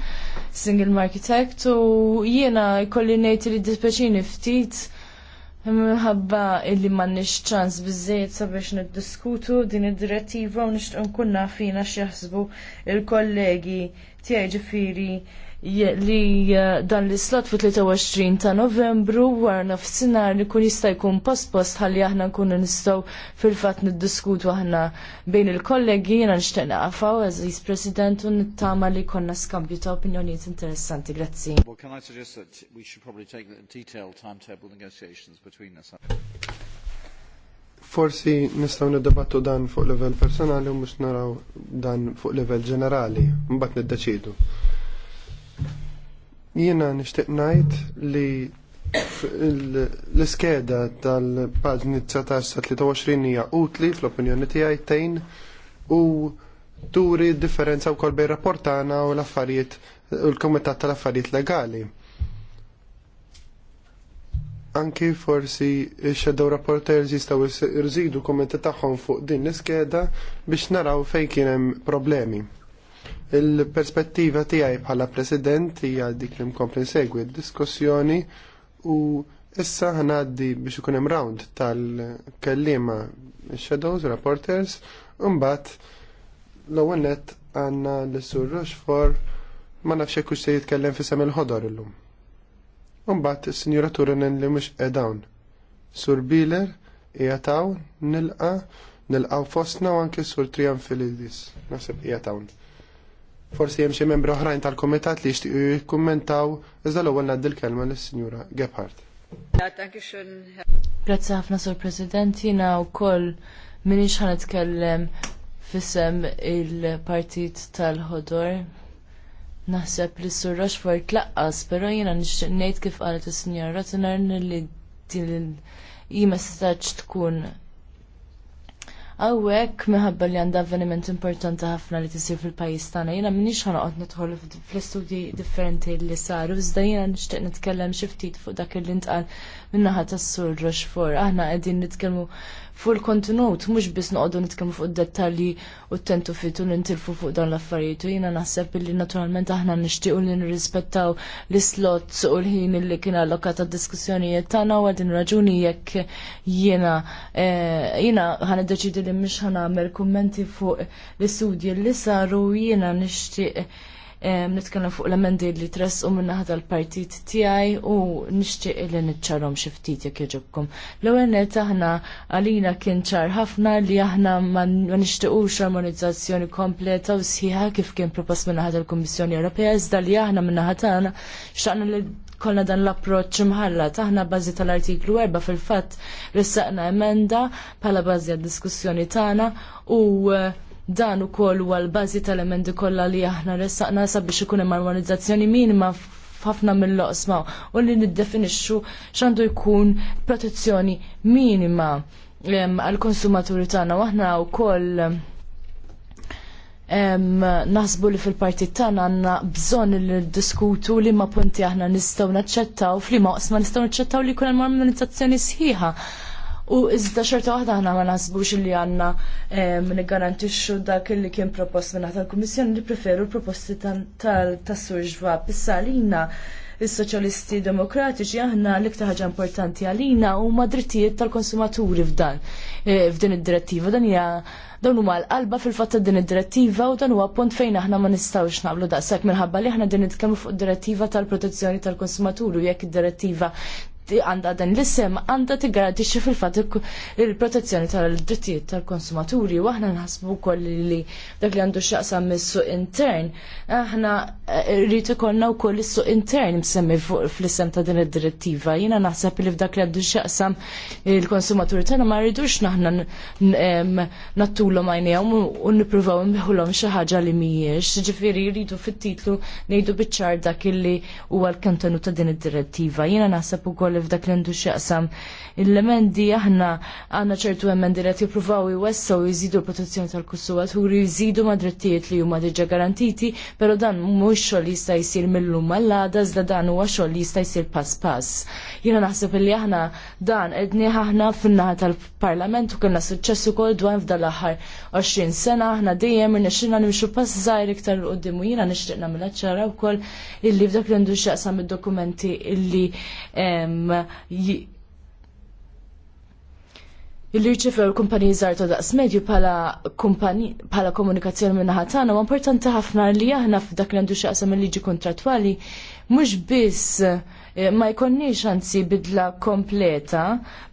Single Market u jiena jkolli ngħid li dispeċini ftit minħabba illi m'għandniex ċans biżejjed sabiex niddiskutu din id-direttiva u nixtieq nkun nafina x'jaħsbu il-kollegi tiegħi ġifiri li eh, dan l-islot fit-23 ta' Novembru wara nofsinhar li kun jista' jkun pospost ħalli aħna nkunu nistgħu fil-fatt niddiskutu aħna bejn il-kollegi jiena nixtieq naqafaw eżis President u nittama li konna skambju ta' opinjonijiet interessanti. Grazzi. Well, can I suggest that we should probably take the detailed timetable negotiations between us? Forsi nistgħu niddebattu dan fuq livell personali u mhux naraw dan fuq livell ġenerali, mbagħad niddeċidu. Jiena nixtieq ngħid li l-iskeda tal-paġni 19 23 hija utli fl-opinjoni tiegħi tejn u turi differenza wkoll bejn rapportana u l-affarijiet u l-Kumitat tal-Affarijiet Legali Anki forsi x-shadow rapporters jistaw irżidu kommenti tagħhom fuq din l-iskeda biex naraw fejn kien hemm problemi. Il-perspettiva tiegħi bħala President hija dik li mkompli segwi d-diskussjoni u issa ħnaddi biex ikun hemm round tal-kellima shadows rapporters mbagħad l-ewwel nett għandna l-Sur Rochefort ma nafx hekk se jitkellem fi sem il-ħodor illum. Umbat, s sinjura Turunen li mux edawn. Sur Biler, ijataw, nilqa, nilqaw fostna u anke sur Trijan Filidis. Nasib ijatawn. Forsi jemxie xie membri oħrajn tal-komitat li jishtiqu jikkommentaw, iżda l-ewwel naddil kelma lis-Sinjura Gebhardt. Grazzi ħafna sur President, jina u koll minix kellem fissem il-partit tal-ħodor Naħseb li s-sur tlaqqas, pero jena nixtieq ngħid kif għalet is sinjar Rottener li din jimessaġġ tkun Għawek, meħabba li għanda avveniment importanti ħafna li tisir fil-pajis tagħna, jiena minix ħanoqgħod nidħol fl-istudji differenti li saru, iżda jiena nixtieq nitkellem xi ftit fuq dak li ntqal minnaħat naħa tas-sur Rochefort. Aħna qegħdin nitkellmu fuq il-kontenut, mhux biss noqogħdu nitkellmu fuq id-dettalji u t tentu fitu li nintilfu fuq dan l-affarijiet. U jiena naħseb li naturalment aħna nixtiequ li nirrispettaw l-slots u l-ħin li kien allokat għad-diskussjonijiet tagħna u għadin raġuni jekk jiena eh, jiena ħan li mhux ħanagħmel kummenti fuq l-istudji li saru jiena nixtieq nitkellem fuq l-emendi li tress u minna ħadha l-partit tiegħi u nixtieq li niċċarhom xi ftit jekk L-ewwel aħna għalina kien ċar ħafna li aħna ma nixtiequx armonizzazzjoni kompleta u sħiħa kif kien propost minna ħadha l-Kummissjoni Ewropea iżda li aħna minna ħatana xtaqna li kolna dan l-approċ mħalla. Taħna bazi tal-artiklu 4 fil-fat ressaqna emenda pala bazi għad-diskussjoni tagħna u dan ukoll huwa l-bażi tal-emendi kollha li aħna ressaqna sabiex ikun hemm armonizzazzjoni minima ħafna mill-loqsma u li niddefinixxu x'għandu jkun protezzjoni minima għall-konsumaturi tagħna u aħna wkoll naħsbu li fil parti tagħna għandna bżonn li diskutu li ma punti aħna nistgħu naċċettaw f'liema oqsma nistgħu naċċettaw li jkun hemm armonizzazzjoni sħiħa u iżda xorta waħda aħna ma naħsbux li għandna niggarantixxu dak li kien propost minn tal-Kummissjoni li preferu l-proposti tas-Sur Ġvab. Issa għalina is-Soċjalisti Demokratiċi aħna l-iktar ħaġa importanti għalina huma drittijiet tal-konsumaturi f'dan e, f'din id-direttiva. Dan hija dawn huma l-qalba fil-fatt ta' din id-direttiva u dan huwa punt fejn aħna ma nistgħux naqblu daqshekk minħabba li aħna din nitkellmu fuq id-direttiva tal-protezzjoni tal-konsumaturi jekk id-direttiva għandha dan l-isem għandha tiggarantixxi fil-fatt il-protezzjoni tal-drittijiet tal-konsumaturi u aħna nħasbu wkoll li dak li għandu x'jaqsam mis-suq intern. Aħna eh, rrid ikollna wkoll is-suq intern msemmi fl-isem ta' din id-direttiva. Jiena naħseb li f'dak li għandu x'jaqsam il-konsumaturi tagħna ma rridux naħna nattulhom għajnejhom u nipruvaw mbiħulom xi ħaġa li mhijiex. ġifiri jridu fit-titlu ngħidu biċ-ċar dak illi huwa l-kantenu ta' din id-direttiva. Jiena naħseb ukoll li f'dak li għandu x'jaqsam. Il-lemendi aħna għandna ċertu emendi li qed jippruvaw u jżidu l-protezzjoni tal-konsumaturi, jżidu mad-drittijiet li huma diġà garantiti, però dan mhux xogħol jista' jsir mill-lum mal-għada iżda dan huwa xogħol li jista' jsir pass pas Jiena naħseb li aħna dan qedni aħna fin-naħa tal-Parlament u kellna suċċess ukoll dwar fdal l-aħħar 20 sena aħna dejjem irnexxilna nimxu pass żgħir iktar qudiem u jiena nixtieq nagħmilha ċara wkoll illi f'dak li għandu x'jaqsam id-dokumenti illi Illi ċifra l-kumpaniji żgħar ta' daqs medju bħala komunikazzjoni minna tagħna u importanti ħafna li aħna f'dak li għandu x'aqsam il-liġi kontratwali mhux biss Eh, ma jkonniex anzi bidla kompleta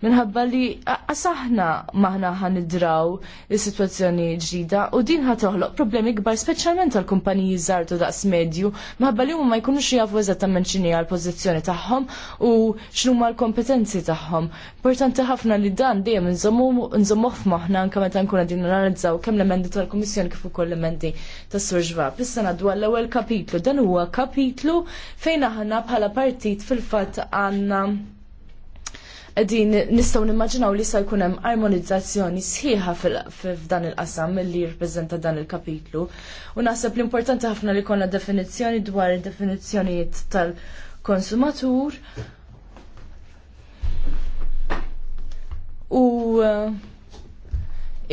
minħabba li aħna maħna ħan idraw is-sitwazzjoni ġdida u din ħad toħloq problemi kbar speċjalment għal kumpaniji żgħar daqs medju minħabba li huma ma jkunux jafu eżattament x'inhi għal pożizzjoni tagħhom u x'numa l-kompetenzi tagħhom. Importanti ħafna li dan dejjem nżommu maħna anke meta nkun din narrazzaw kemm l-emendi tal-Kummissjoni kif ukoll l-emendi tas surġva Ġvab. Issa ngħaddu ewwel kapitlu. Dan huwa kapitlu fejn aħna bħala partit fil-fatt għandna din nistgħu nimmaġinaw li sa jkun hemm armonizzazzjoni sħiħa f'dan il-qasam li jirrepreżenta dan il-kapitlu. U naħseb l-importanti ħafna li konna definizzjoni dwar id-definizzjonijiet tal-konsumatur. U eh,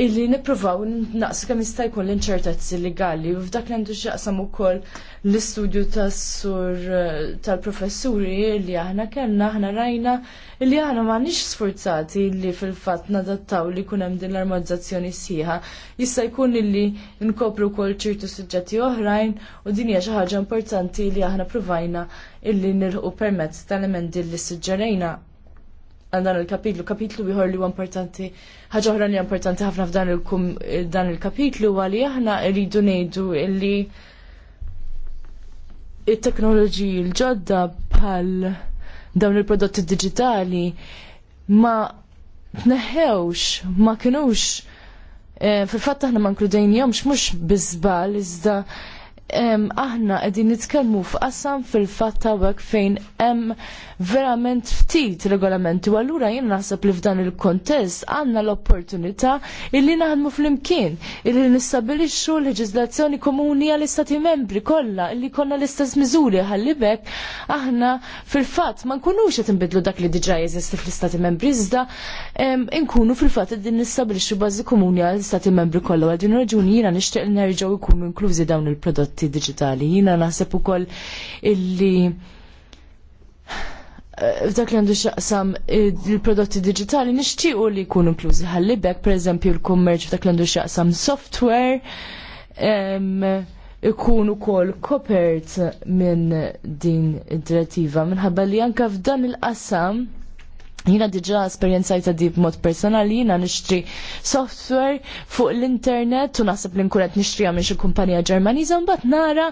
illi nippruvaw naqs kem jista' jkun l-inċertezzi legali u f'dak li għandu x'jaqsam ukoll l-istudju tas-sur eh, tal-professuri li aħna kellna aħna rajna illi aħna m'għandniex sfurzati li fil-fatt nadattaw li jkun hemm din l-armonizzazzjoni sħiħa. Jista' jkun illi nkopru wkoll ċertu suġġetti oħrajn u din hija xi ħaġa importanti li aħna pruvajna illi nilħu permezz tal-emendi li suġġerejna għandan il-kapitlu. Kapitlu biħor li importanti, ħagħa oħra li importanti ħafna f'dan dan il-kapitlu għalli aħna rridu nejdu illi il-teknoloġiji l-ġodda bħal dawn il-prodotti digitali ma tneħħewx, ma kinux eh, fil-fatt aħna ma jomx, mhux bizbal, iżda aħna qegħdin nitkellmu f'qasam fil-fatt hawnhekk fejn hemm verament ftit regolamenti u allura jien naħseb li f'dan il-kontest għandna l-opportunità illi naħdmu flimkien illi nistabilixxu leġiżlazzjoni komuni għall-istati membri kollha illi konna l-istess miżuri ħallibek aħna fil-fatt ma nkunux qed inbidlu dak li diġà jeżisti fl-istati membri iżda nkunu fil-fatt qegħdin nistabilixxu bażi komuni għall-istati membri kollha għal din raġuni jiena nixtieq nerġgħu jkunu inklużi dawn il-prodotti aspetti digitali. Jina naħseb ukoll illi eh, f'dak li għandu xaqsam eh, il-prodotti digitali nixtiequ li jkunu inklużi ħallibek, per eżempju, l-kummerċ f'dak li għandu xaqsam software ikun ukoll kopert minn din id-direttiva minħabba li anke f'dan il-qasam Jina diġa esperienzajta di b'mod personali, jina nixtri software fuq l-internet u nasib li nkunet nixtri għamix il kumpanija ġermaniza, bat nara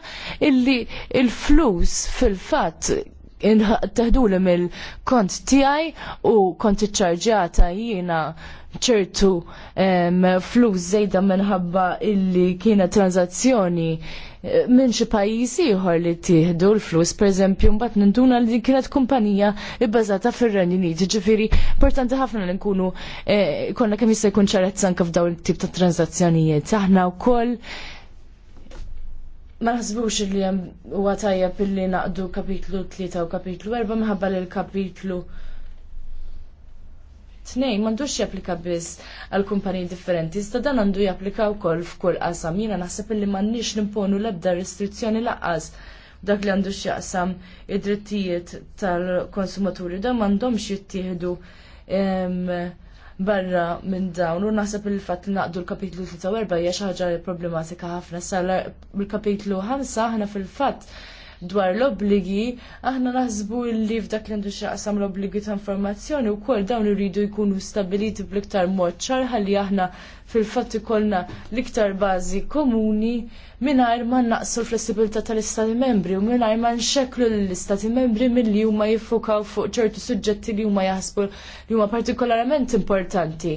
illi il-flus fil-fatt teħduli mill-kont tiegħi u kont iċċarġata jiena ċertu flus żejda minħabba illi kienet tranzazzjoni eh, minn xi pajjiżi ieħor li tieħdu l-flus pereżempju mbagħad ninduna li din kienet kumpanija bbażata fir-Renju Unit. Ġifieri importanti ħafna li nkunu eh, konna kemm jista' jkun ċarezza anke f'dawn it-tip ta' tranzazzjonijiet. Aħna wkoll ma naħsbux li jem huwa tajjeb illi naqdu kapitlu 3 u kapitlu 4 minħabba li l-kapitlu 2 m'għandux japplika biss għal kumpaniji differenti, iżda dan għandu japplika wkoll f'kull qasam. Jiena naħseb illi m'għandniex nimponu l-ebda restrizzjoni laqqas dak li għandu x'jaqsam id-drittijiet tal-konsumaturi dan m'għandhomx jittieħdu barra minn dawn u naħseb il fatt li naqdu l-kapitlu 43 hija xi ħaġa problematika ħafna. Sala l-kapitlu 5 aħna fil-fatt dwar l-obligi, aħna naħsbu li f'dak li għandu xaqsam l-obligi ta' informazzjoni u kol dawn irridu jkunu stabiliti bl-iktar mod ċar ħalli aħna fil-fatt ikollna l-iktar bażi komuni mingħajr ma naqsu l-flessibilità tal-Istati Membri u mingħajr ma nxekklu l-Istati Membri milli huma jiffukaw fuq ċertu suġġetti li huma jaħsbu li huma partikolarment importanti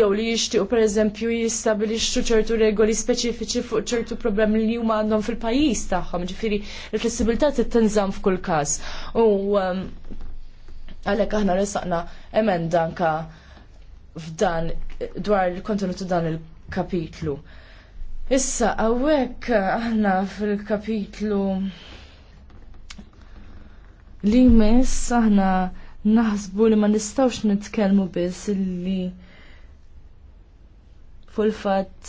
jew li jixtiequ pereżempju jistabilixxu ċertu regoli speċifiċi fuq ċertu problemi li huma għandhom fil-pajjiż tagħhom, ġifieri l-flessibilità tittinżamm f'kull każ. U um, għalhekk aħna resaqna emenda anka f'dan dwar il-kontenut dan il-kapitlu. Issa, għawek aħna fil-kapitlu li mis aħna naħsbu li ma nistawx nitkellmu biss illi fulfat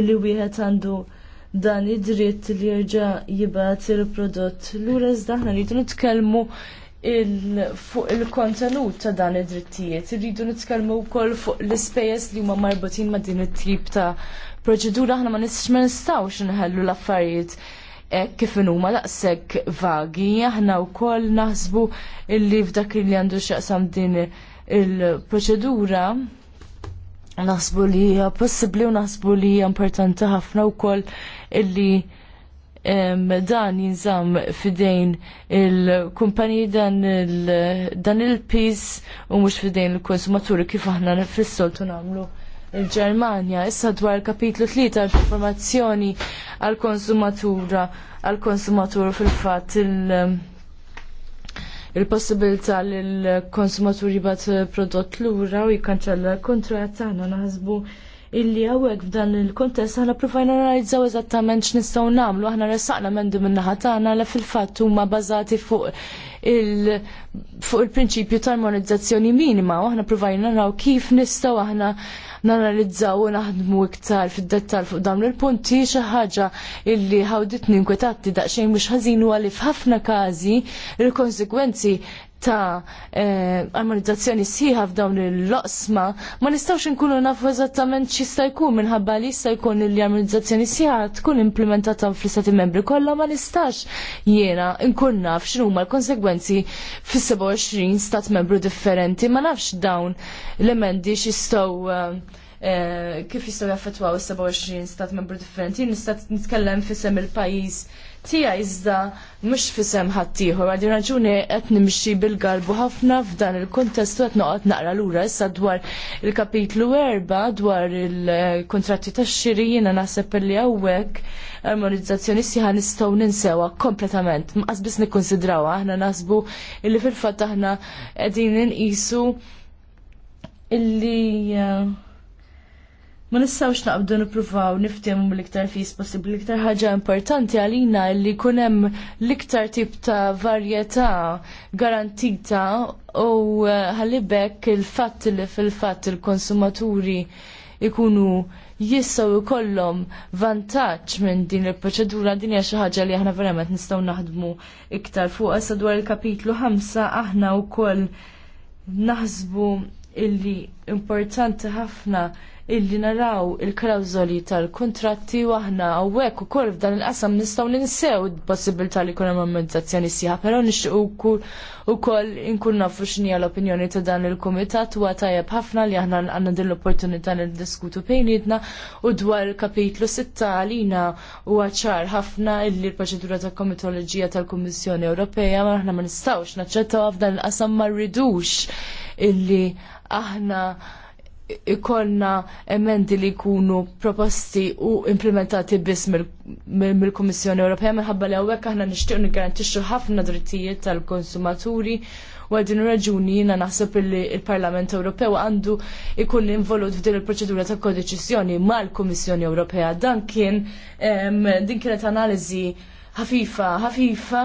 illi wieħed għandu dan id-dritt li jerġa' jibgħat il-prodott. Lura iżda aħna rridu nitkellmu fuq il-kontenut ta' dan id-drittijiet. iridu nitkellmu wkoll fuq l-ispejjeż li huma marbutin ma' din it-tip ta' proċedura aħna ma nistax ma nistgħux inħellu l-affarijiet eh, kif huma laqsek vagi, aħna wkoll naħsbu illi f'dak li għandu x'jaqsam din il-proċedura naħsbu li hija possibbli u naħsbu li hija importanti ħafna wkoll illi dan jinżamm fidejn il kumpanji dan il-pis u mhux fidejn il-konsumaturi kif aħna fis-soltu nagħmlu il ġermania Issa dwar kapitlu 3 tal-informazzjoni għal-konsumatura, għal konsumaturu fil-fat il- il-possibilità li l-konsumatur jibat prodott l-ura u jikanċella l-kontrat għana naħsbu illi għawek f'dan il-kontest aħna provajna analizzaw eżattament x'nistgħu nagħmlu, aħna ressaqna mendu min-naħa tagħna li fil-fatt huma bażati fuq il- fuq il-prinċipju ta' armonizzazzjoni minima u aħna provajna naraw kif nistgħu aħna nanalizzaw u naħdmu iktar fid-dettal fuq dawn il-punti xi ħaġa illi ħawditni nkwetatti daqsxejn mhux ħażin huwa li f'ħafna każi il-konsekwenzi ta' eh, armonizzazzjoni sħiħa f'dawn il-loqsma, ma nistawx nkunu nafu eżattament x'jista' jkun minħabba li jista' jkun li armonizzazzjoni sħiħa tkun implementata fl-Istati membri kollha ma nistax jiena nkun naf huma l-konsegwenzi fis-27 stat membru differenti, ma nafx dawn l-emendi x'jistgħu eh, eh, kif jistgħu jaffettwaw is-27 stat membru differenti, nista' nitkellem fisem il-pajjiż tija izda mux fisem ħattijħor, għaddi raġuni qed nimxi bil-galbu ħafna f'dan il-kontestu qed noqgħod naqra lura issa dwar il-kapitlu erba' dwar il-kontratti tax-xiri jiena naħseb li hawnhekk armonizzazzjoni siħa nistgħu ninsewa kompletament. Mqas biss nikkonsidrawha aħna naħsbu illi fil-fatt aħna qegħdin nqisu illi eh, Ma nistawx naqbdu nippruvaw niftehmu l iktar fis possibbli l-iktar ħaġa importanti għalina li jkun hemm l-iktar tip ta' varjetà garantita u eh, ħalibek il-fatt li fil-fatt il-konsumaturi ikunu jistgħu jkollhom vantaġġ minn din il-proċedura din hija xi ħaġa li aħna verament nistgħu naħdmu iktar fuq issa dwar il-kapitlu 5 aħna wkoll naħsbu illi importanti ħafna illi naraw il-klawżoli tal-kontratti u aħna u ukoll f'dan il-qasam nistgħu ninsew il-possibilità li jkun hemm amministrazzjoni sieħa, però nixtieq ukoll inkun nafu x'inhi l-opinjoni ta' dan il-kumitat huwa tajjeb ħafna li aħna għanna din l-opportunità diskutu bejnietna u dwar kapitlu 6 għalina huwa ċar ħafna illi l-proċedura ta' komitoloġija tal-Kummissjoni Ewropea ma aħna ma nistgħux naċċettaw f'dan il-qasam ma rridux illi aħna ikollna emendi li jkunu proposti u implementati biss mill-Kummissjoni Ewropea minħabba li hawnhekk aħna nixtiequ niggarantixxu ħafna drittijiet tal-konsumaturi u għal din raġuni jiena naħseb li l parlament Ewropew għandu ikun involut f'din il-proċedura ta' kodeċizjoni mal-Kummissjoni Ewropea. Dan kien din kienet analizi ħafifa, ħafifa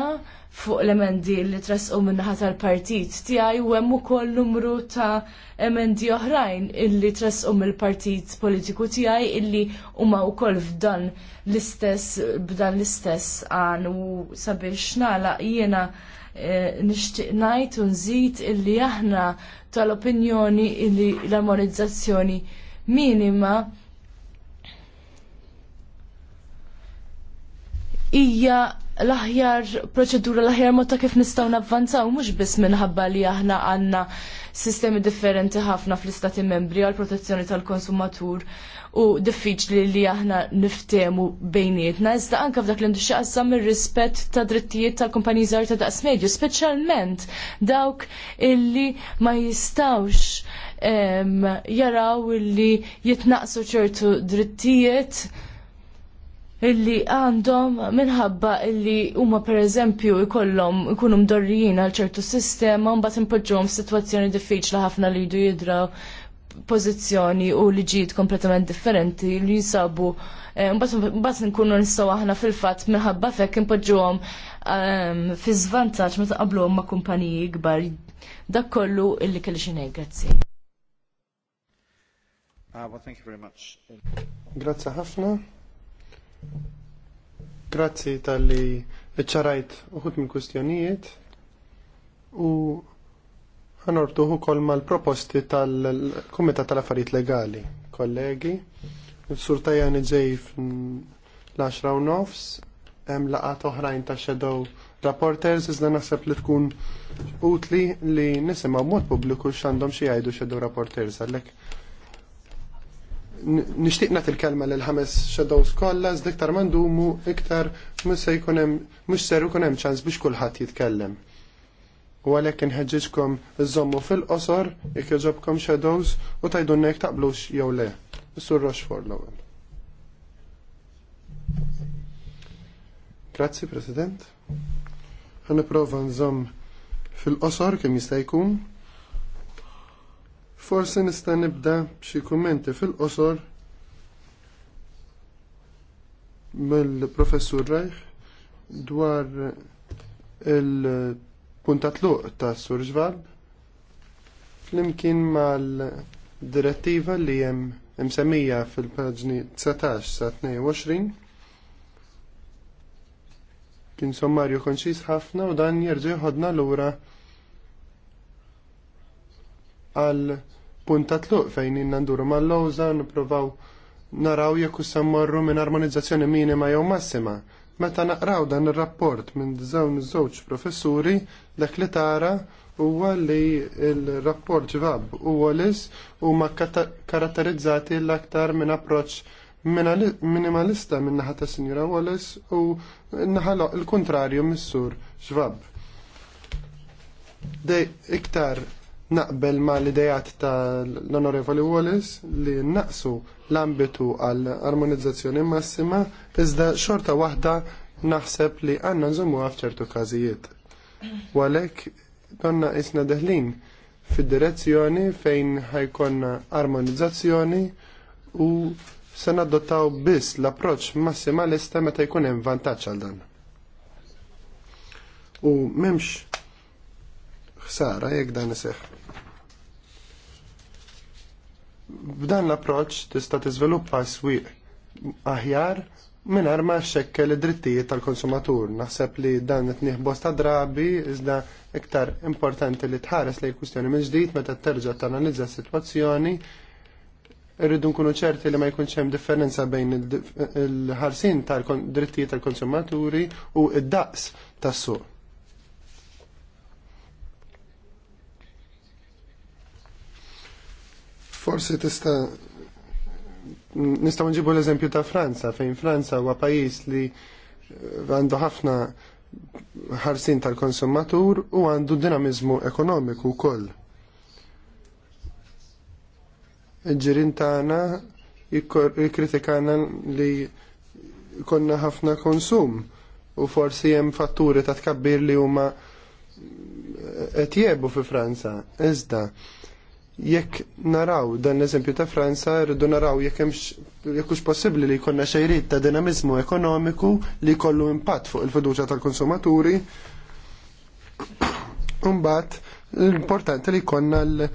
fuq l-emendi li tresqu minnaħat tal-partit tiegħi u hemm ukoll numru ta' emendi oħrajn illi trasqu mill-partit politiku tiegħi illi huma wkoll f'dan l-istess b'dan l-istess għan u sabiex nala jiena eh, nixtieq ngħid u nżid illi aħna tal-opinjoni illi l-armonizzazzjoni minima hija l-aħjar proċedura, l-aħjar mod ta' kif nistgħu navvanzaw mhux biss minħabba li aħna għandna sistemi differenti ħafna fl-istati membri għal protezzjoni tal-konsumatur u diffiċli li aħna niftemu bejnietna, iżda anke f'dak li ndixxa qassam ir-rispett ta' drittijiet tal-kumpaniji żgħar ta' daqs medju, speċjalment dawk illi ma jistawx jaraw illi jitnaqsu ċertu drittijiet illi għandhom minħabba illi huma pereżempju jkollhom ikunu mdorrijin għal ċertu sistema mbagħad impoġġuhom f'sitwazzjoni diffiċli ħafna li jdu jidraw pożizzjoni u liġijiet kompletament differenti li jinsabu eh, mbagħad nkunu nistgħu aħna fil-fatt minħabba fekk impoġġuhom ehm, fi żvantaġġ meta qabluhom ma' kumpaniji kbar. Dak kollu illi kelli xi ngħid grazzi. Ah, well, thank you very much. Grazie ħafna. Grazzi tal-li ċarajt uħut minn kustjonijiet u għanortuħu kol mal-proposti tal-Komitat tal-Affarijiet Legali, kollegi. Sur surtajja ġej l-10 u nofs, hemm laqat oħrajn ta' shadow rapporters iżda naħseb li tkun utli li nisimgħu mod pubbliku x'għandhom xi jgħidu shadow rapporters għalhekk nixtieq nagħti kelma lil ħames shadows kollha żdiktar mandumu iktar mhux se jkun hemm mhux ser ikun hemm ċans biex kulħadd jitkellem. U għalhekk inħeġġiġkom iżommu fil-qosor jekk jogħġobkom shadows u tajdunna jekk taqblux jew le. Sur Rochefort l-ewwel. Grazzi President. Ħa nipprova nżomm fil-qosor kemm jista' jkun. Forsi nista' nibda b'xi kummenti fil-qosor mill-professur Rajh dwar il-puntat luq ta' Sur Ġvab flimkien mal-direttiva li hemm msemmija fil-paġni 19 sa 22 kien sommarju konċis ħafna u dan jerġa' ħodna lura għal punta tluq fejn nanduru mal-lowza nipprovaw naraw jekk semmorru minn armonizzazzjoni minima jew massima. Meta naqraw dan ir-rapport minn dawn żewġ professuri dak li tara huwa li l-rapport ġvab u Wallis huma karatterizzati l-aktar minn approċċ minimalista minn naħa ta' Sinjura Wallis u naħa il kontrarju mis-sur ġvab. Dej iktar naqbel ma l-idejat ta' l-Onorevoli Wallis li naqsu l-ambitu għal armonizzazzjoni massima iżda xorta waħda naħseb li għanna nżommu f'ċertu każijiet. Walek donna isna deħlin fid-direzzjoni fejn ħajkonna armonizzazzjoni u se nadottaw biss l-approċ massimalista meta jkun hemm vantaġġ għal dan. U memx ħsara jekk dan iseħħ. B'dan l-approċ tista' tiżviluppa swieq aħjar mingħajr ma xekkel id-drittijiet tal-konsumatur. Naħseb li dan qed nieħbos ta' drabi iżda iktar importanti li tħares lejn kwistjoni minn ġdid meta terġa' tanalizza s-sitwazzjoni irridu nkunu ċerti li ma jkunx hemm differenza bejn il-ħarsin tal-drittijiet tal-konsumaturi u id-daqs tas-suq. Forsi tista' nistgħu nġibu l-eżempju ta' Franza, fejn Franza huwa pajjiż li eh, għandu ħafna ħarsin tal-konsumatur u għandu dinamizmu ekonomiku wkoll. Ġirin tagħna jikkritikana li konna ħafna konsum u forsi hemm fatturi ta' tkabbir li huma qed eh, jebu fi Franza. Iżda, jekk naraw dan l-eżempju ta' Franza, rridu naraw jekk hemmx jekk hux possibbli li jkollna xejrid ta' dinamiżmu ekonomiku li jkollu impatt fuq il-fiduċja tal-konsumaturi. Imbagħad l-importanti li jkollna l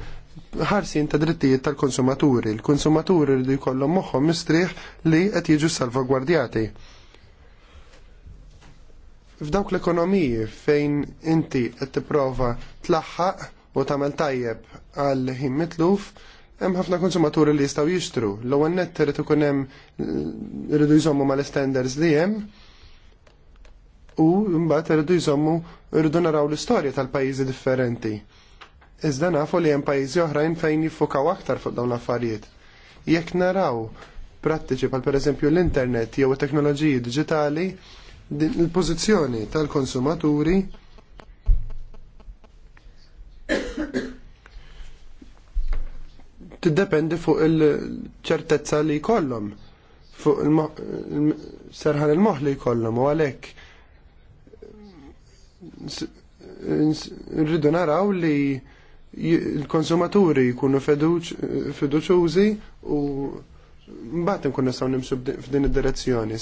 ħarsin ta' drittijiet tal-konsumaturi. l konsumaturi rridu jkollhom moħħhom mistrieħ li qed jiġu salvagwardjati. F'dawk l-ekonomiji fejn inti qed tipprova tlaħħaq u tagħmel tajjeb għal ħin mitluf, hemm ħafna konsumaturi li jistgħu jixtru. L-ewwel nett irid ikun hemm irridu jżommu mal-standards li hemm u mbagħad irridu jżommu irridu naraw l-istorja tal-pajjiżi differenti. Iżda nafu li hemm pajjiżi oħrajn fejn jiffukaw aktar fuq dawn l-affarijiet. Jekk naraw prattiċi pal pereżempju l-internet jew it-teknoloġiji diġitali, il-pożizzjoni tal-konsumaturi tiddependi fuq il-ċertezza li jkollhom fuq il-serħan il-moħ li jkollhom u għalhekk rridu naraw li il-konsumaturi jkunu fiduċużi u mbagħad nkunu nistgħu nimxu f'din id-direzzjoni. 96%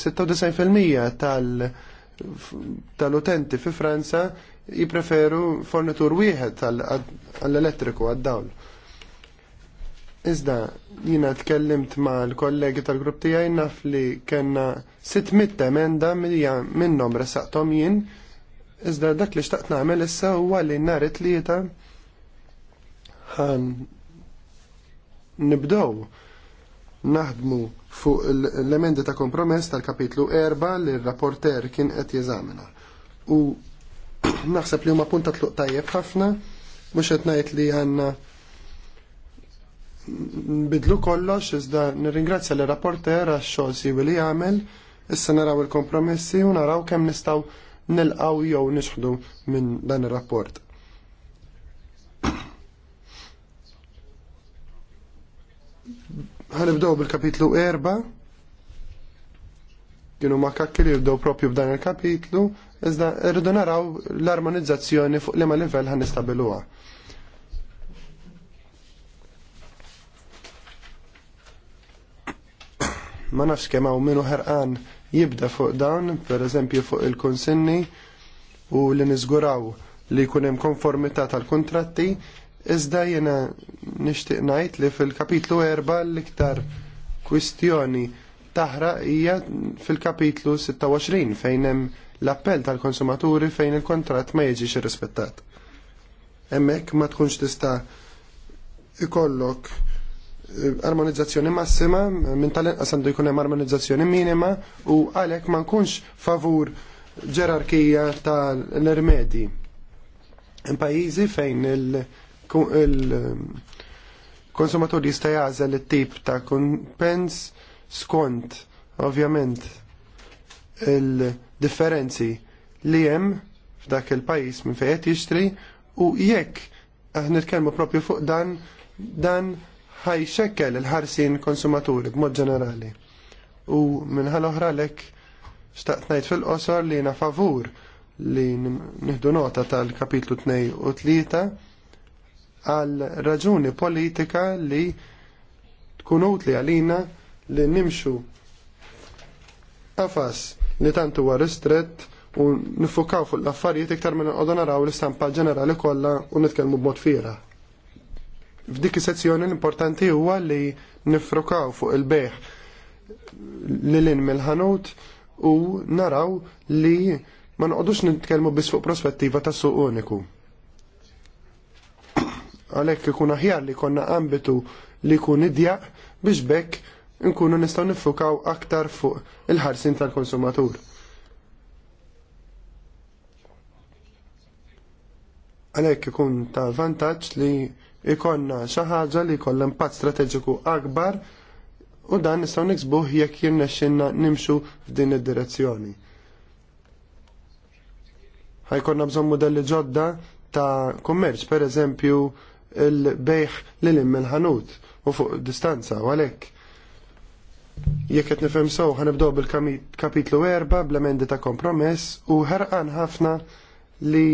tal-utenti fi Franza jipreferu fornitur wieħed għall-elettriku għad-dawl. Iżda, jina tkellimt ma l-kollegi tal-grupp tijaj naf li kena 600 emenda minnom resaqtom jien. Iżda dak li xtaqt namel issa u għalli nhar it jita ħan nibdow naħdmu fuq l-emendi ta' kompromess tal-kapitlu 4 li r-rapporter kien qed jeżamina. U *clears throat* naħseb li huma punta tluq tajjeb ħafna, mhux qed ngħid li għandna bidlu kollox, iżda nirringrazzja l rapporter għax xogħol siwi li jagħmel, issa naraw il-kompromessi u naraw kemm nistgħu nilqaw jew nixħdu minn dan ir-rapport. Ħanibdew bil-kapitlu 4. Kienu ma kakki jibdow propju b'dan il-kapitlu, iżda rridu naraw l-armonizzazzjoni fuq liema livell ħan nistabiluha. Ma nafx kemm hawn minnu ħerqan jibda fuq dawn, pereżempju fuq il kunsinni u li niżguraw li jkun hemm konformità tal-kuntratti, iżda jiena nixtieq ngħid li fil-kapitlu 4 l-iktar kwistjoni taħraq hija fil-kapitlu 26 fejn hemm l-appell tal-konsumaturi fejn il-kontratt ma jiġix irrispettat. Hemmhekk ma tkunx tista' ikollok armonizzazzjoni massima, minn tal-inqas għandu jkun hemm armonizzazzjoni minima u għalhekk ma nkunx favur ġerarkija tal-ermedi. Pajjiżi fejn il-konsumatur jista' jażel it-tip ta' kumpens skont ovvjament il-differenzi li hemm f'dak il-pajjiż minn fejn qed jixtri u jekk aħna nitkellmu propju fuq dan dan xekkel il-ħarsin konsumaturi b'mod ġenerali. U minħal oħra lek xtaqtnajt fil-qosor li na favur li nieħdu nota tal-kapitlu 2 u 3 għal raġuni politika li tkun utli għalina li nimxu qafas li tantu huwa ristrett u nifukaw fuq l-affarijiet iktar minn qogħdu naraw l-istampa ġenerali kollha u nitkellmu b'mod fieraħ. F'dik is-sezzjoni l-importanti huwa li nifrokaw fuq il-beħ lilin mill-ħanut u naraw li ma noqogħdux nitkellmu biss fuq prospettiva ta' suq uniku. *clears throat* Għalhekk ikun aħjar li konna ambitu li jkun idjaq biex bekk nkunu nistgħu nifukaw aktar fuq il-ħarsin tal-konsumatur. Għalhekk ikun ta' vantaġġ li ikonna xi ħaġa li jkollha impatt strateġiku akbar u dan nistgħu niksbuh jekk jirnexxinna nimxu f'din id-direzzjoni. Ħajkonna bżonn modelli ġodda ta' kummerċ, per eżempju, il-bejħ li l il-ħanut u fuq distanza u għalek. Jekk qed nifhem sew ħanibdew bil-kapitlu erba' bl-emendi ta' kompromess u ħerqan ħafna li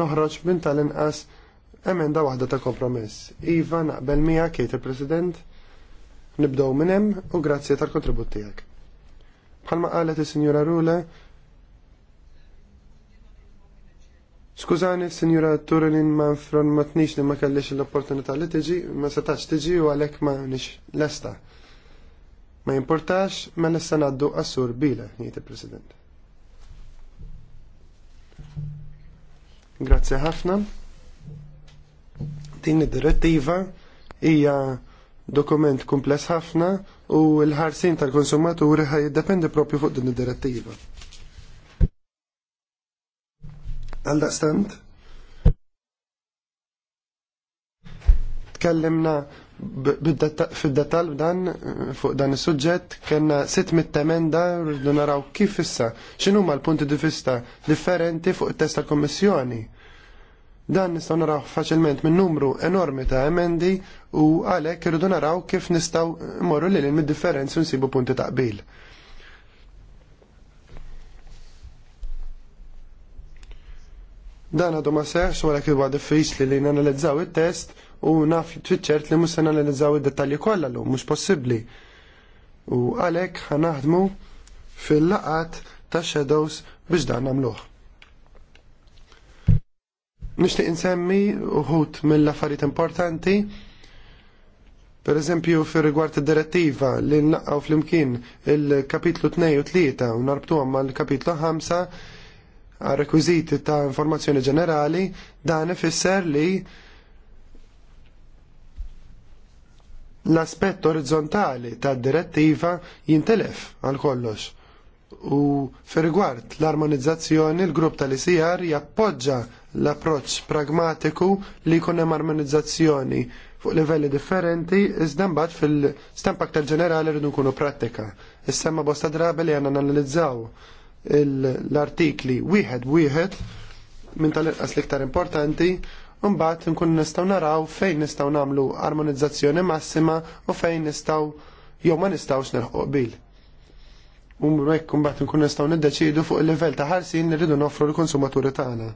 noħroġ minn tal-inqas Emenda waħda ta' kompromess. Iva, naqbel mija, kiet il-President. Nibdow minn hemm u grazzi tal-kontribut tiegħek. Bħalma qalet is-Sinjura Rule. Skużani, Sinjura Turelin ma fron ma tnix li ma kellix l-opportunità li tiġi, ma setax tiġi u għalhekk ma nix lesta. Ma importax, ma nista ngħaddu qassur bila, jgħid il-President. Grazzi ħafna. Din id-direttiva hija dokument kumpless ħafna u l-ħarsin tal-konsumaturi ħaj jiddependi propju fuq din id-direttiva. Għaldaqstant? Tkellimna fid-detal dan fuq dan is-suġġett kellna 600 emenda temenda rridu naraw kif issa x'inhuma l-punti di vista differenti fuq it-test tal-Kommissjoni Dan nistgħu naraw faċilment minn numru enormi ta' emendi u għalhekk irridu naraw kif nistgħu mmorru lil mid-differenzi nsibu punti ta' qbil. Dan għadu ma seħx wara kif huwa diffiċli li nanalizzaw it-test u naf fiċċert li mhux se nanalizzaw id kolla kollha lu mhux possibbli. U għalhekk ħanaħdmu fil-laqat ta' shadows biex dan nagħmluh. Nishtiq insemmi uħut mill-affarijiet importanti, per eżempju fir rigward id-direttiva li naqgħu flimkien il-kapitlu 2 u 3 u narbtuhom mal kapitlu 5 għal rekwiżiti ta' informazzjoni ġenerali dan ifisser li l-aspett orizzontali ta' direttiva jintelef għal kollox. U fir rigward l-armonizzazzjoni l-grupp tal-ICR jappoġġa l-approċċ pragmatiku li jkun hemm armonizzazzjoni fuq livelli differenti iżda mbagħad fil-stamp aktar ġenerali rridu nkunu prattika. Issa ma bosta drabi li għanna analizzaw l-artikli wieħed wieħed minn tal-inqas l-iktar importanti Mbagħad nkun nistgħu naraw fejn nistgħu nagħmlu armonizzazzjoni massima u fejn nistgħu jew ma nistgħux nilħu qbil. U hekk imbagħad nkun nistgħu niddeċidu fuq il-livell ta' ħarsin li rridu noffru l-konsumaturi tagħna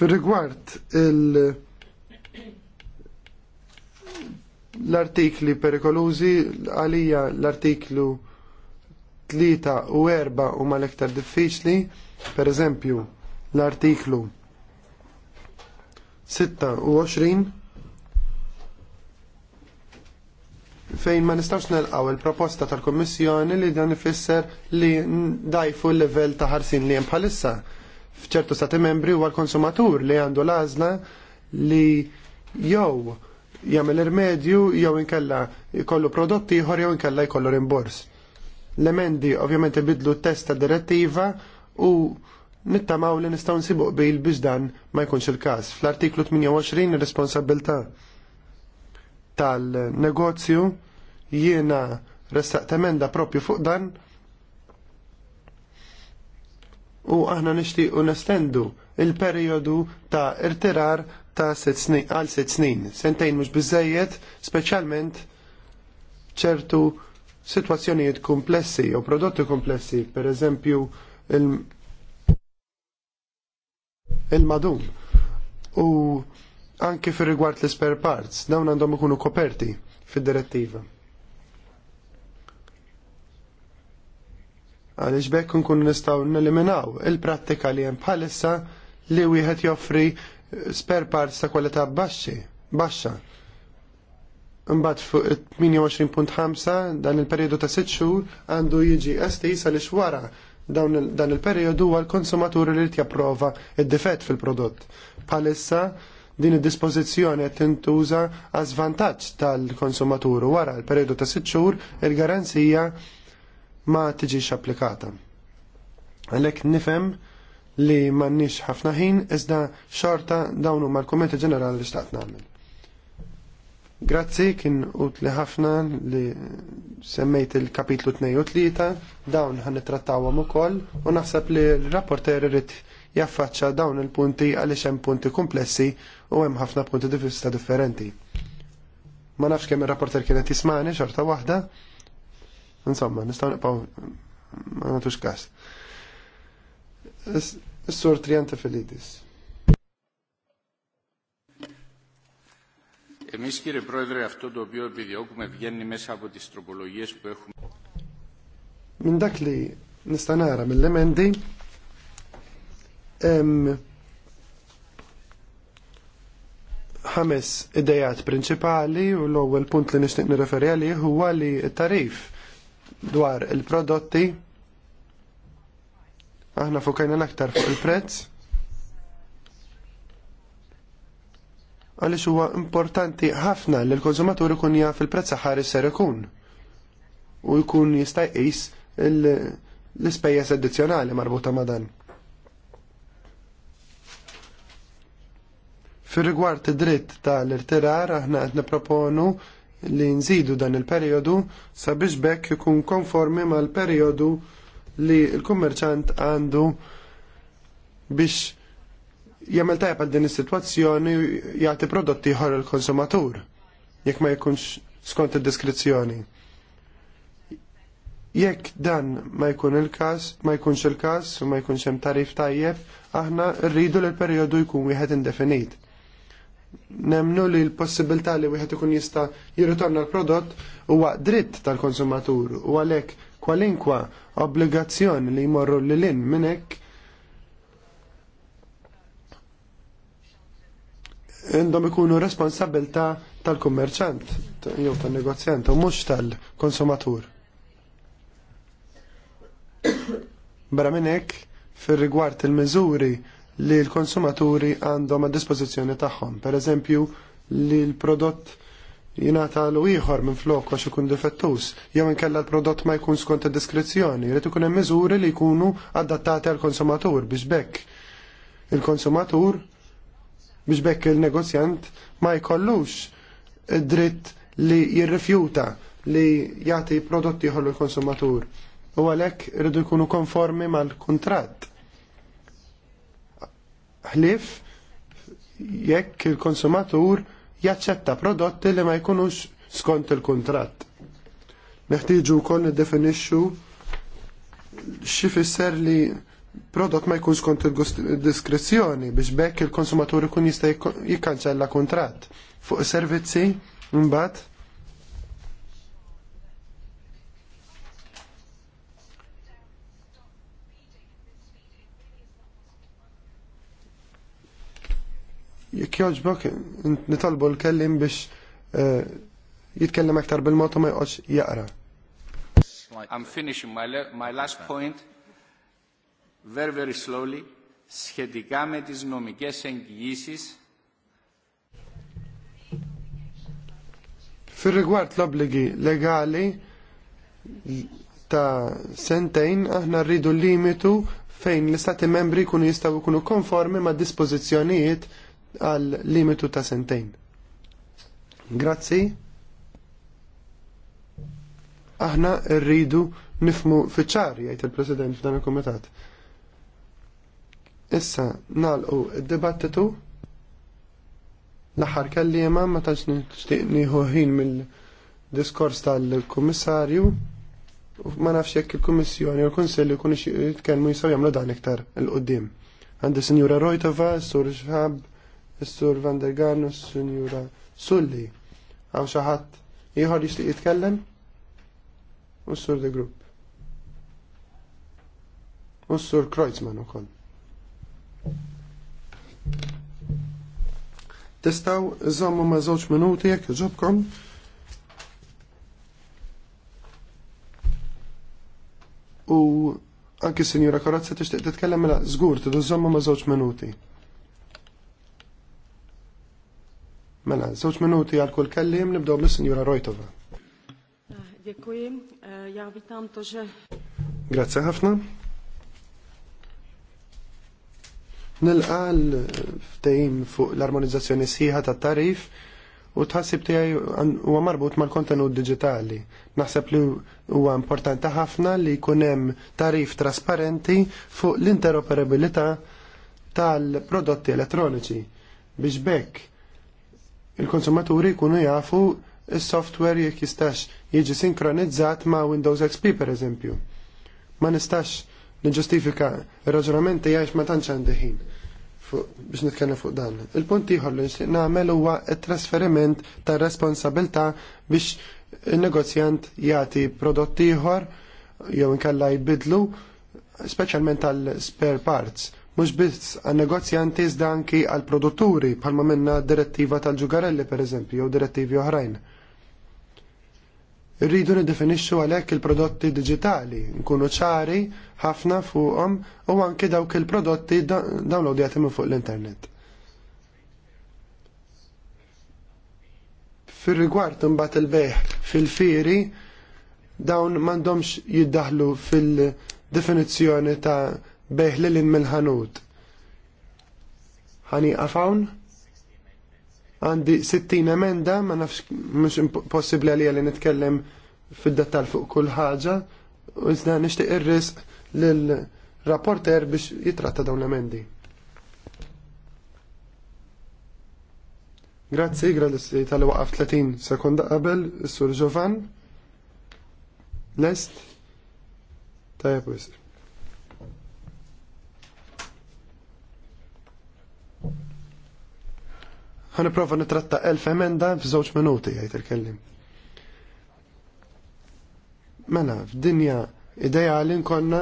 fil rigward il- l-artikli perikolużi għalija l-artiklu 3 u 4 u l ektar diffiċli, per eżempju l-artiklu 6 u 20. fejn ma nistax nelqaw il-proposta tal-Kommissjoni li dan ifisser li dajfu l-level ta' ħarsin li hemm bħalissa fċertu stati membri u l-konsumatur li għandu l-għażla li jew jagħmel irmedju jew inkella jkollu prodotti ieħor jew inkella jkollu rimbors. L-emendi ovvjament bidlu testa direttiva u nittamaw li nistgħu nsibu bil biex dan ma jkunx il-każ. Fl-artiklu 28 ir responsabilta tal-negozju jiena restaqt emenda propju fuq dan u aħna nixtiequ nestendu il-perjodu ta' irtirar ta' set snin għal set snin. Sentejn mhux biżejjed, speċjalment ċertu situazzjonijiet komplessi u prodotti komplessi, per eżempju il-madum. u anke fir rigward l-spare parts, dawn għandhom ikunu koperti fid-direttiva. għaliex bekk nkunu nistgħu neliminaw il-prattika li hemm bħalissa li wieħed joffri spare parts ta' kwalità baxxi, baxxa. Imbagħad fuq 28.5 dan il-perjodu ta' 6 xhur għandu jiġi estis għaliex wara dan il-perjodu huwa l-konsumatur li qed japprova d difett fil-prodott. Bħalissa din id-dispożizzjoni qed tintuża għaż vantaġġ tal-konsumatur wara l-perjodu ta' 6 xhur il-garanzija il garanzija ma tiġix applikata. Għalhekk nifhem li m'għandniex ħafna ħin iżda xorta dawn huma kumenti ġenerali li xtaqt nagħmel. Grazzi, kien utli ħafna li semmejt il-kapitlu 2 u 3, dawn ħan nitrattawhom ukoll u naħseb li l-rapporter irid jaffaċċa dawn il-punti għaliex hemm punti komplessi u hemm ħafna punti di vista differenti. Ma nafx kemm ir rapporter kienet jismani xorta waħda, Insomma, nistaw nipaw ma natux kas. Is-sur Trianta Felidis. Εμείς κύριε Πρόεδρε αυτό το οποίο επιδιώκουμε βγαίνει μέσα από τις τροπολογίες που έχουμε. Μην τάκλει νεστανάρα με λέμε ħames idejat prinċipali u l ο punt li nixtieq nirreferi għalih huwa li dwar il-prodotti aħna fukajna l-aktar fuq il-prezz għaliex huwa importanti ħafna li l-konsumatur ikun jaf il-prezz aħar isser ikun u jkun jistajqis l-ispejjeż addizzjonali marbuta ma' dan. Fir rigward id-dritt tal-irtirar aħna qed nipproponu li nżidu dan il-perjodu sabiex bekk ikun konformi mal-perjodu li l-kummerċant għandu biex jagħmel tajjeb għal din is-sitwazzjoni jagħti prodotti ħor il-konsumatur jekk ma jkunx skont id-deskrizzjoni. Jekk dan ma jkun il-każ, ma jkunx il-każ u ma jkunx hemm tarif tajjeb, aħna rridu li l-perjodu jkun wieħed indefinit nemnu li l-possibilità li wieħed ikun jista' jirritorna l-prodott huwa dritt tal-konsumatur u għalhekk kwalinkwa obbligazzjoni li jmorru lil lin minn hekk għandhom ikunu responsabilta tal-kummerċant jew tan-negozjant u mhux tal-konsumatur. Barra minn hekk fir-rigward il-miżuri li l-konsumaturi għandhom għad dispożizzjoni tagħhom. Per eżempju, li l-prodott jingħata l ieħor minn flok għax ikun difettus, jew inkella l-prodott ma jkun skont id diskrezzjoni, jrid ikun hemm miżuri li jkunu adattati għall konsumatur biex bekk. Il-konsumatur biex bekk il-negozjant ma jkollux dritt li jirrifjuta li jagħti prodotti ieħor l-konsumatur. U għalhekk irridu jkunu konformi mal-kuntratt ħlif jekk il-konsumatur jaċċetta prodotti li ma jkunux skont il-kontratt. Neħtieġu wkoll niddefinixxu xifisser li prodott ma jkunx skont il-diskrezzjoni biex bekk il-konsumatur ikun jista' jikkanċella kontratt fuq servizzi mbagħad Jekk joġbok, nitolbu l-kellim biex eh, jitkellem aktar bil-mod ma jqodx jaqra. I'm finishing my, my last point very very slowly σχετικά με τις νομικές εγγυήσεις Fir rigward l-obligi legali ta' sentejn aħna rridu limitu fejn l-istati membri kunu jistaw kunu konformi ma' dispożizzjonijiet għal limitu ta' sentejn. Grazzi. Aħna rridu nifmu fiċar, jgħid il-President f'dan il-Kumitat. Issa nalqu id-dibattitu l-aħħar kellima ma tax nixtieq nieħu ħin mill-diskors tal-Kummissarju u ma nafx jekk il-Kummissjoni u l-Kunsill ikun jitkellmu jistgħu jagħmlu dan iktar il-qudiem. Għandi Sinjura Rojtova, Sur Xhab, Is-Sur Van der Garno, s-Sunjura Sulli. Għaw xaħat ieħor jixtieq jitkellem? U sur de Grupp. U s-Sur Kreuzmann ukoll. Tistaw żommu ma' żewġ minuti jekk iġobkom. U anki Sinjura Korazza tixtieq titkellem mela żgur tidu żommu ma' żewġ minuti. Mela, żewġ minuti għal kull kellim nibdow bl-Sinjura Rojtova. Ah, dziękuję. E, ja witam to, że... Grazie ħafna. nil l-ftejim fuq l-armonizzazzjoni sħiħa tat tarif u tħassib tiegħi huwa marbut mal-kontenut digitali. Naħseb li huwa importanti ħafna li jkun hemm tarif trasparenti fuq l-interoperabilità tal-prodotti elettroniċi biex bekk il-konsumaturi jkunu jafu il-software jek jistax jiġi sinkronizzat ma' Windows XP per eżempju. Ma nistax niġustifika il-raġunamenti għax ma tantx għandi ħin biex nitkellem fuq dan. Il-punt ieħor li nixtieq nagħmel huwa t-trasferiment ta' responsabilità biex il-negozjant jagħti prodotti ieħor jew inkella jbidlu speċjalment tal spare parts mhux biss għan-negozjanti iżda anki għall-produtturi bħalma minna direttiva tal-ġugarelli pereżempju jew direttivi oħrajn. Irridu nidefinixxu għalhekk il-prodotti diġitali, nkunu ċari ħafna fuqhom u anke dawk il-prodotti downloadjati minn fuq l-internet. Fir-rigward imbagħad il-beħ fil-firi, dawn m'għandhomx jiddaħlu fil-definizzjoni ta' beħlilin mill-ħanut. Ħani għafawn? Għandi 60 emenda, ma nafx mux impossibli għalija li nitkellem fid-dettal fuq kull ħaġa, u iżda nishtiq irris l lill-rapporter biex jitratta dawn l-emendi. Grazzi, grazzi tal-waqaf 30 sekonda qabel, Sur Giovan. Lest? Tajab wisir. ħaniprofa nitratta elf emenda f'żewġ minuti jgħid il-kellim. Mela, f'dinja ideali nkonna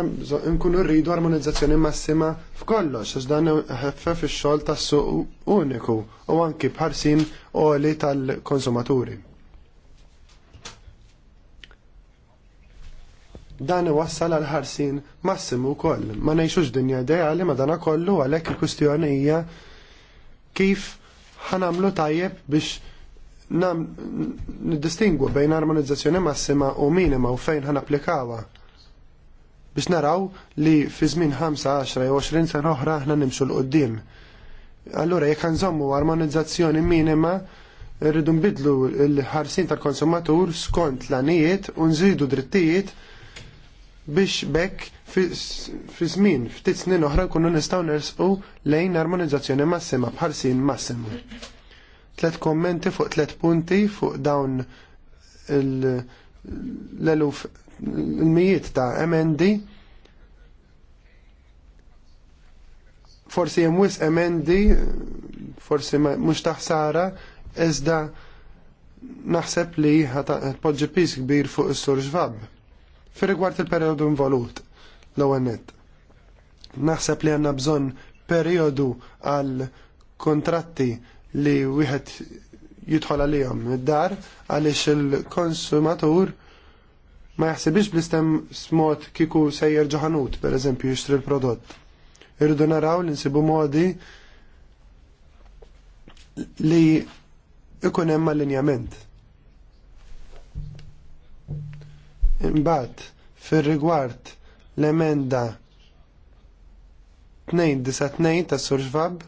nkunu rridu armonizzazzjoni massima f'kollox, għax dan ħeffef ix-xogħol tas-suq uniku u anki bħarsin oli tal-konsumaturi. Dan iwassal għal ħarsin massimu wkoll. Ma ngħixux dinja ideali ma dana kollu għalhekk il-kwistjoni hija kif ħanamlu tajjeb biex nam nidistingu bejn armonizzazzjoni massima u minima u fejn ħan applikawa biex naraw li fi żmien 5, 10 20 sena oħra ħna nimxu l qoddim Allura jekk nżommu armonizzazzjoni minima rridu nbidlu l-ħarsin tal-konsumatur skont l-anijiet u nżidu drittijiet biex bekk fi żmien ftit snin oħra kunu nistgħu nersqu lejn armonizzazzjoni massima bħarsin massimu. Tlet kommenti fuq tlet punti fuq dawn l-eluf l mijiet ta' MND forsi jemwis MND forsi mux taħsara iżda naħseb li ħata poġġi pis kbir fuq is-sur Fir-rigward il-periodu involut, l-ewwel nett. Naħseb li għandna bżonn periodu għal kontratti li wieħed jidħol għalihom id-dar għaliex il-konsumatur ma jaħsibix bl istem mod kiku sejjer ġoħanut, per eżempju, jixtri l-prodott. Irridu naraw li nsibu modi li ikun hemm allinjament. Imbagħad fir-rigward l-emenda 292 ta' Sur Xvab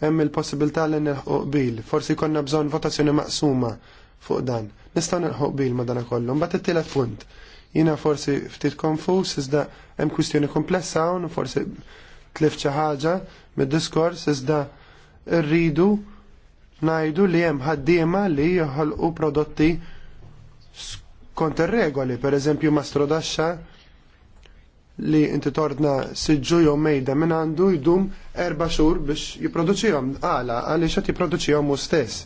hemm il-possibilità li nilħu qbil, forsi konna bżonn votazzjoni maqsuma fuq dan. Nistgħu nilħu qbil ma' dan kollu. Mbagħad it-tielet punt. Jiena forsi ftit konfus iżda hemm kwistjoni komplessa hawn forsi tlif xi ħaġa mid-diskors iżda rridu ngħidu li hemm ħaddiema li joħolqu prodotti skont ir-regoli, pereżempju ma strodaxxa li inti torna siġġu jew mejda minn għandu jdum erba' xhur biex jipproduċihom għala għaliex qed jipproduċihom hu stess.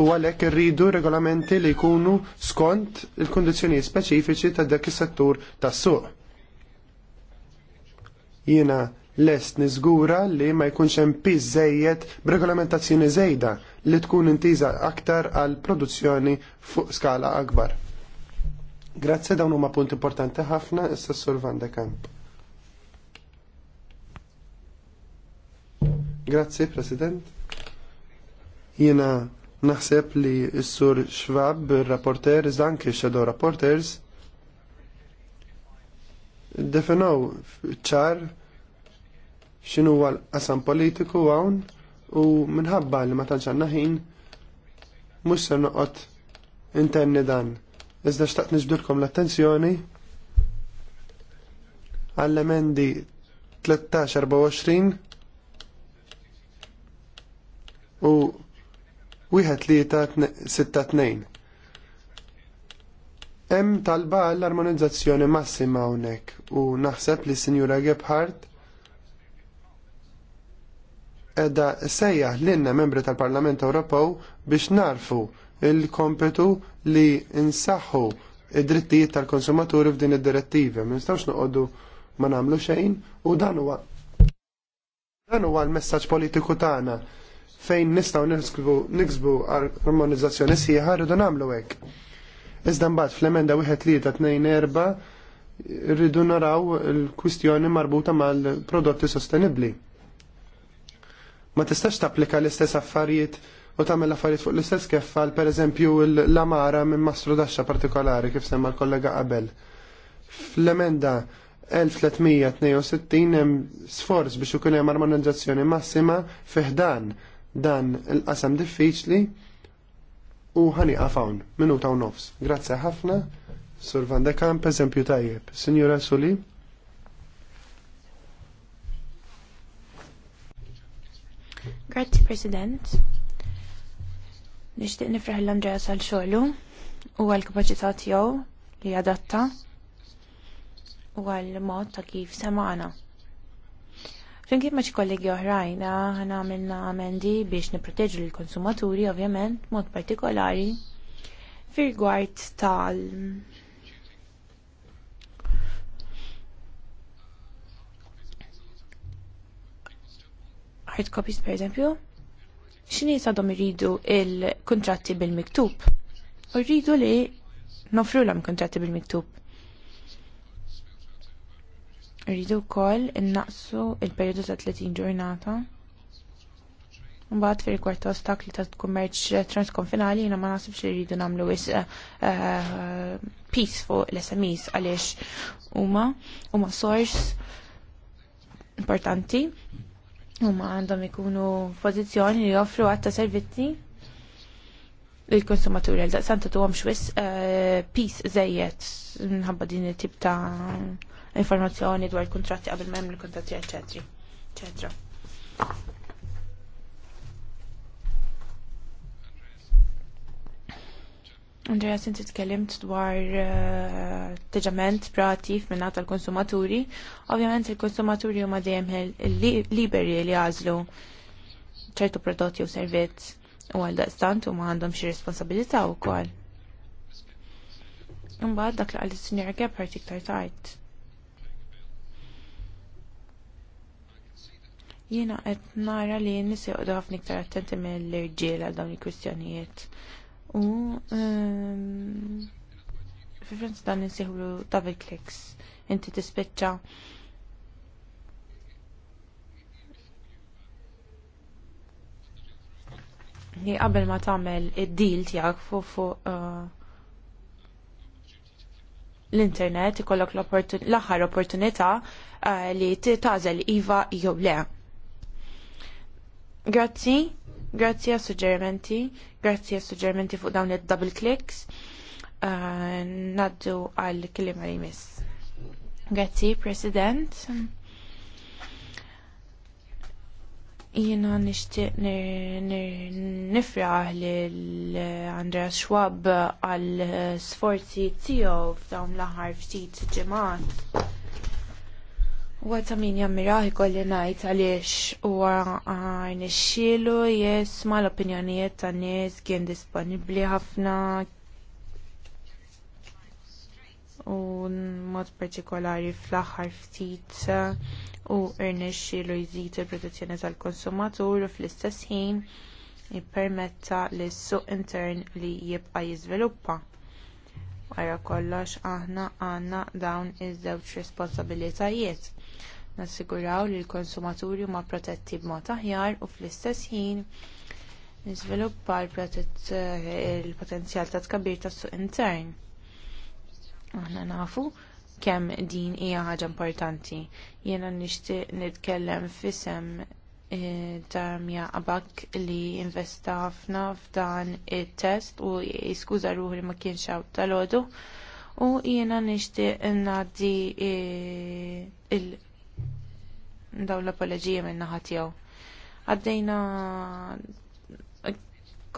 U għalhekk irridu regolamenti li jkunu skont il-kundizzjonijiet speċifiċi ta' dak is-settur tas-suq. Jiena lest niżgura li ma jkunx hemm piż żejjed b'regolamentazzjoni żejda li tkun intiża aktar għal produzzjoni fuq skala akbar. Grazzi dawn huma punt importanti ħafna issa Sur Van de Kamp. Grazzi, President. Jiena naħseb li s-sur Schwab, rapporter zanki shadow rapporters, definaw ċar xinu għal qasam politiku għawn u minħabba li ma talġanna ħin mhux se noqot interni dan. Iżda xtaqt nġbdurkom l-attenzjoni għall-emendi 13-24 u wieħed 3 6-2. Hemm talba l armonizzazzjoni massima hawnhekk u naħseb li Sinjura Gebhardt edha sejjaħ l-inna membri tal-Parlament Ewropew biex narfu il-kompetu li insaħħu id-drittijiet tal-konsumaturi f'din id-direttiva. Ma nistgħux noqogħdu ma nagħmlu xejn u dan huwa dan huwa l-messaġġ politiku tagħna fejn nistgħu niksbu armonizzazzjoni sieħa rridu nagħmlu hekk. Iżda mbagħad fl-emenda wieħed tlieta tnejn erba' rridu naraw il-kwistjoni marbuta mal-prodotti sostenibbli Ma tistax tapplika l-istess affarijiet u tagħmel affarijiet fuq l-istess keffal, pereżempju l-amara minn mastru daxxa partikolari kif semma l-kollega qabel. Fl-emenda 1362 hemm sforz biex ikun hemm armonizzazzjoni massima fiħdan dan il-qasam diffiċli u ħani għafawn minuta u nofs. Grazzi ħafna, Sur Van de Kamp, eżempju tajjeb. Signora Suli. Grazzi President. Nixtieq nifraħ l-Andrea sal xogħlu u għal kapaċità tiegħu li adatta u għall-mod ta' kif semana. Flimkien maċ kollegi oħrajn, ħana għamilna amendi biex niproteġu l-konsumaturi, ovvjament, mod partikolari, fil-gwart tal hard copies per eżempju, xini sadhom iridu il-kontratti bil-miktub. U rridu li nofru l-om kontratti bil-miktub. Rridu kol innaqsu il-periodu ta' 30 ġurnata. Mbaħt fil kwarta ta' ostakli ta' kummerċ transkonfinali jiena ma nasibx li rridu nagħmlu is eh, eh, peace fuq l-SMEs għaliex huma huma source importanti huma għandhom ikunu pożizzjoni li joffru għatta servizzi il-konsumaturi għal daqsan tatu għom xwis eh, pis zejjet nħabba din tip ta' informazzjoni dwar kontratti qabel ma' il-kontratti eccetera. Andrea, sen titkellimt dwar uh, eh, teġament pratif għata tal-konsumaturi. Ovvjament il-konsumaturi huma dejjem liberi li jażlu ċertu prodotti u servizz u għal daqstant u ma għandhom xi responsabilità wkoll. Imbagħad dak li għal is-sinjor Gebhardt iktar tard. Jiena qed nara li nisi ħafna iktar attenti mill-irġiel għal dawn il-kwistjonijiet U ehm, fi Franza dan insieħlu double clicks. Inti tispiċċa li qabel ma tagħmel id-deal tiegħek fuq fuq eh, l-internet ikollok l-aħħar opportunità eh, li tagħżel iva jew le. Grazzi. Grazzi għas suġġerimenti, grazzi suġġerimenti fuq dawn il-double clicks. Uh, naddu għal kelima li miss. Grazzi, President. Jena nishtiq nifraħ li l-Andrea Schwab għal sforzi tiegħu f'dawn l-aħħar ftit ġimgħat U għata min jammiraħi kolli najt għaliex u għajn xilu jesma l-opinjonijiet ta' nis kien disponibli ħafna u mod partikolari fl-axar ftit u irne xilu jizit il-protezzjoni tal-konsumatur u fl-istess ħin jippermetta s suq intern li jibqa jizviluppa. Wara kollox aħna għandna dawn iż-żewġ responsabilitajiet. Nassiguraw li l-konsumaturi huma protetti b'mod aħjar u fl-istess ħin niżviluppa l-potenzjal ta' tkabbir tas-suq intern. Aħna nafu kemm din hija ħaġa importanti. Jiena nixtieq nitkellem f'isem E, mia Abak li investa ħafna f'dan it-test u jiskuża ruħi ma kienx għaw tal ħodu u jiena nixtieq ngħaddi e, il dawn l-apologija minna naħa tiegħu. Għaddejna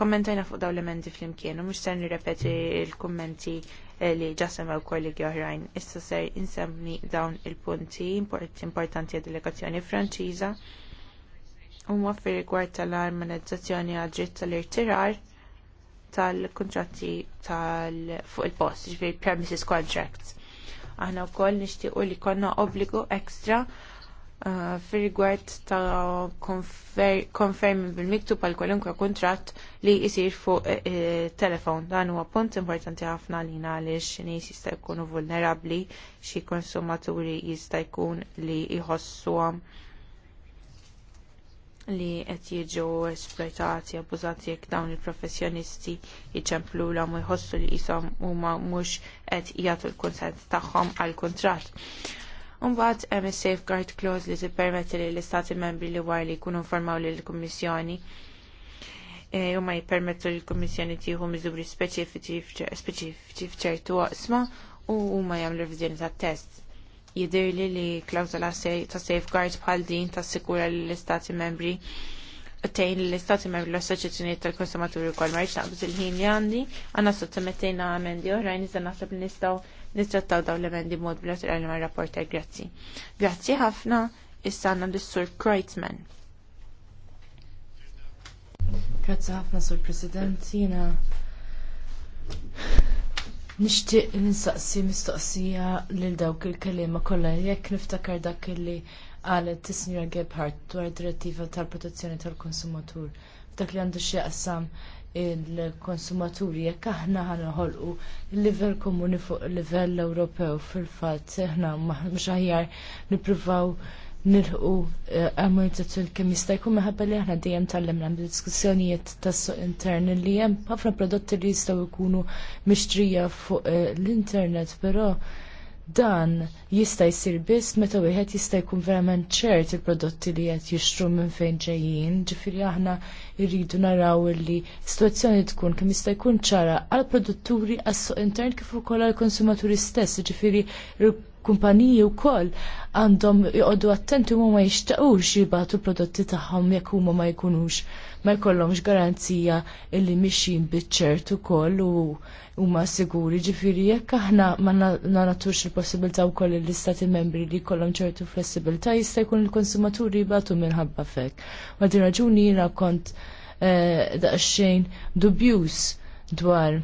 kommentajna fuq dawn l-emendi flimkien u mhux se nirrepeti l-kummenti e, li ġasem għaw kollegi oħrajn. Issa ser insemmi dawn il-punti importanti għad delegazzjoni Franċiża huma fir-rigward tal-armonizzazzjoni għad dritt tal-irtirar tal-kontratti tal fuq il-post, ġifieri premises contracts. Aħna wkoll nixtiequ li konna obbligu ekstra uh, fi fir-rigward ta' konfermi bil-miktub għal kwalunkwe kuntratt li jsir fuq uh, telefon. Dan huwa punt importanti ħafna li għaliex nies jista' jkunu vulnerabbli xi konsumaturi jista' jkun li jħossuhom li qed jiġu esploitati, abbużati jekk dawn il-professjonisti jiċemplu l u jħossu li jisom huma mhux qed jagħtu l-kunsent tagħhom għal kuntratt. Imbagħad hemm is-safeguard clause li tippermetti li l-istati membri li war li jkunu informaw lill kummissjoni huma e, jippermettu li l-Kummissjoni tieħu miżuri speċifiċi f'ċertu waqsma u huma jagħmlu revizjoni tat-test jidirli li klawzola ta' safeguard bħal din ta' sikura l-istati membri tejn l-istati membri l-assoċjazzjoni tal-konsumaturi u kol marriċ naqbż il-ħin li għandi, għanna sottomettejna amendi oħrajn nizda naħseb li nistaw nittrattaw daw l-amendi mod bilaterali ma' rapporter, grazzi. Grazzi ħafna, issa għandna l-sur Kreutzmann. Grazzi ħafna, sur President, jina Nixtieq nistaqsi mistoqsija lil dawk il-kelima kollha jekk niftakar dak li qalet is-Sinjora Gebhardt dwar direttiva tal-protezzjoni tal-konsumatur. F'dak li għandu xi qassam il-konsumaturi jekk aħna ħanħolqu il-livell komuni fuq il-livell Ewropew fil-fatt aħna mhux aħjar nippruvaw nilħu eh, armonizzazzjoni kemm jista' jkun meħabba li aħna dejjem lem mid-diskussjonijiet tas-suq intern li hemm ħafna prodotti li jistgħu jkunu mixtrija fuq eh, l-internet, però dan jista' jsir biss meta wieħed jista' jkun verament ċert il-prodotti li qed jixtru minn fejn ġejjin, ġifieri aħna jridu naraw li situazzjoni tkun kemm jista' jkun ċara għall produtturi għas-suq intern kif ukoll għall-konsumaturi stess, ġifieri kumpaniji wkoll għandhom joqogħdu attenti huma ma jixtaqux jibgħatu prodotti tagħhom jekk huma ma jkunux ma jkollhomx garanzija illi mixin biċ-ċert ukoll u huma siguri ġifieri jekk aħna ma nagħtux il-possibilità wkoll l istati membri li jkollhom ċertu flessibilità jista' jkun il-konsumaturi jibgħatu minħabba fek. Ma din raġuni jiena kont eh, daqsxejn dubjus dwar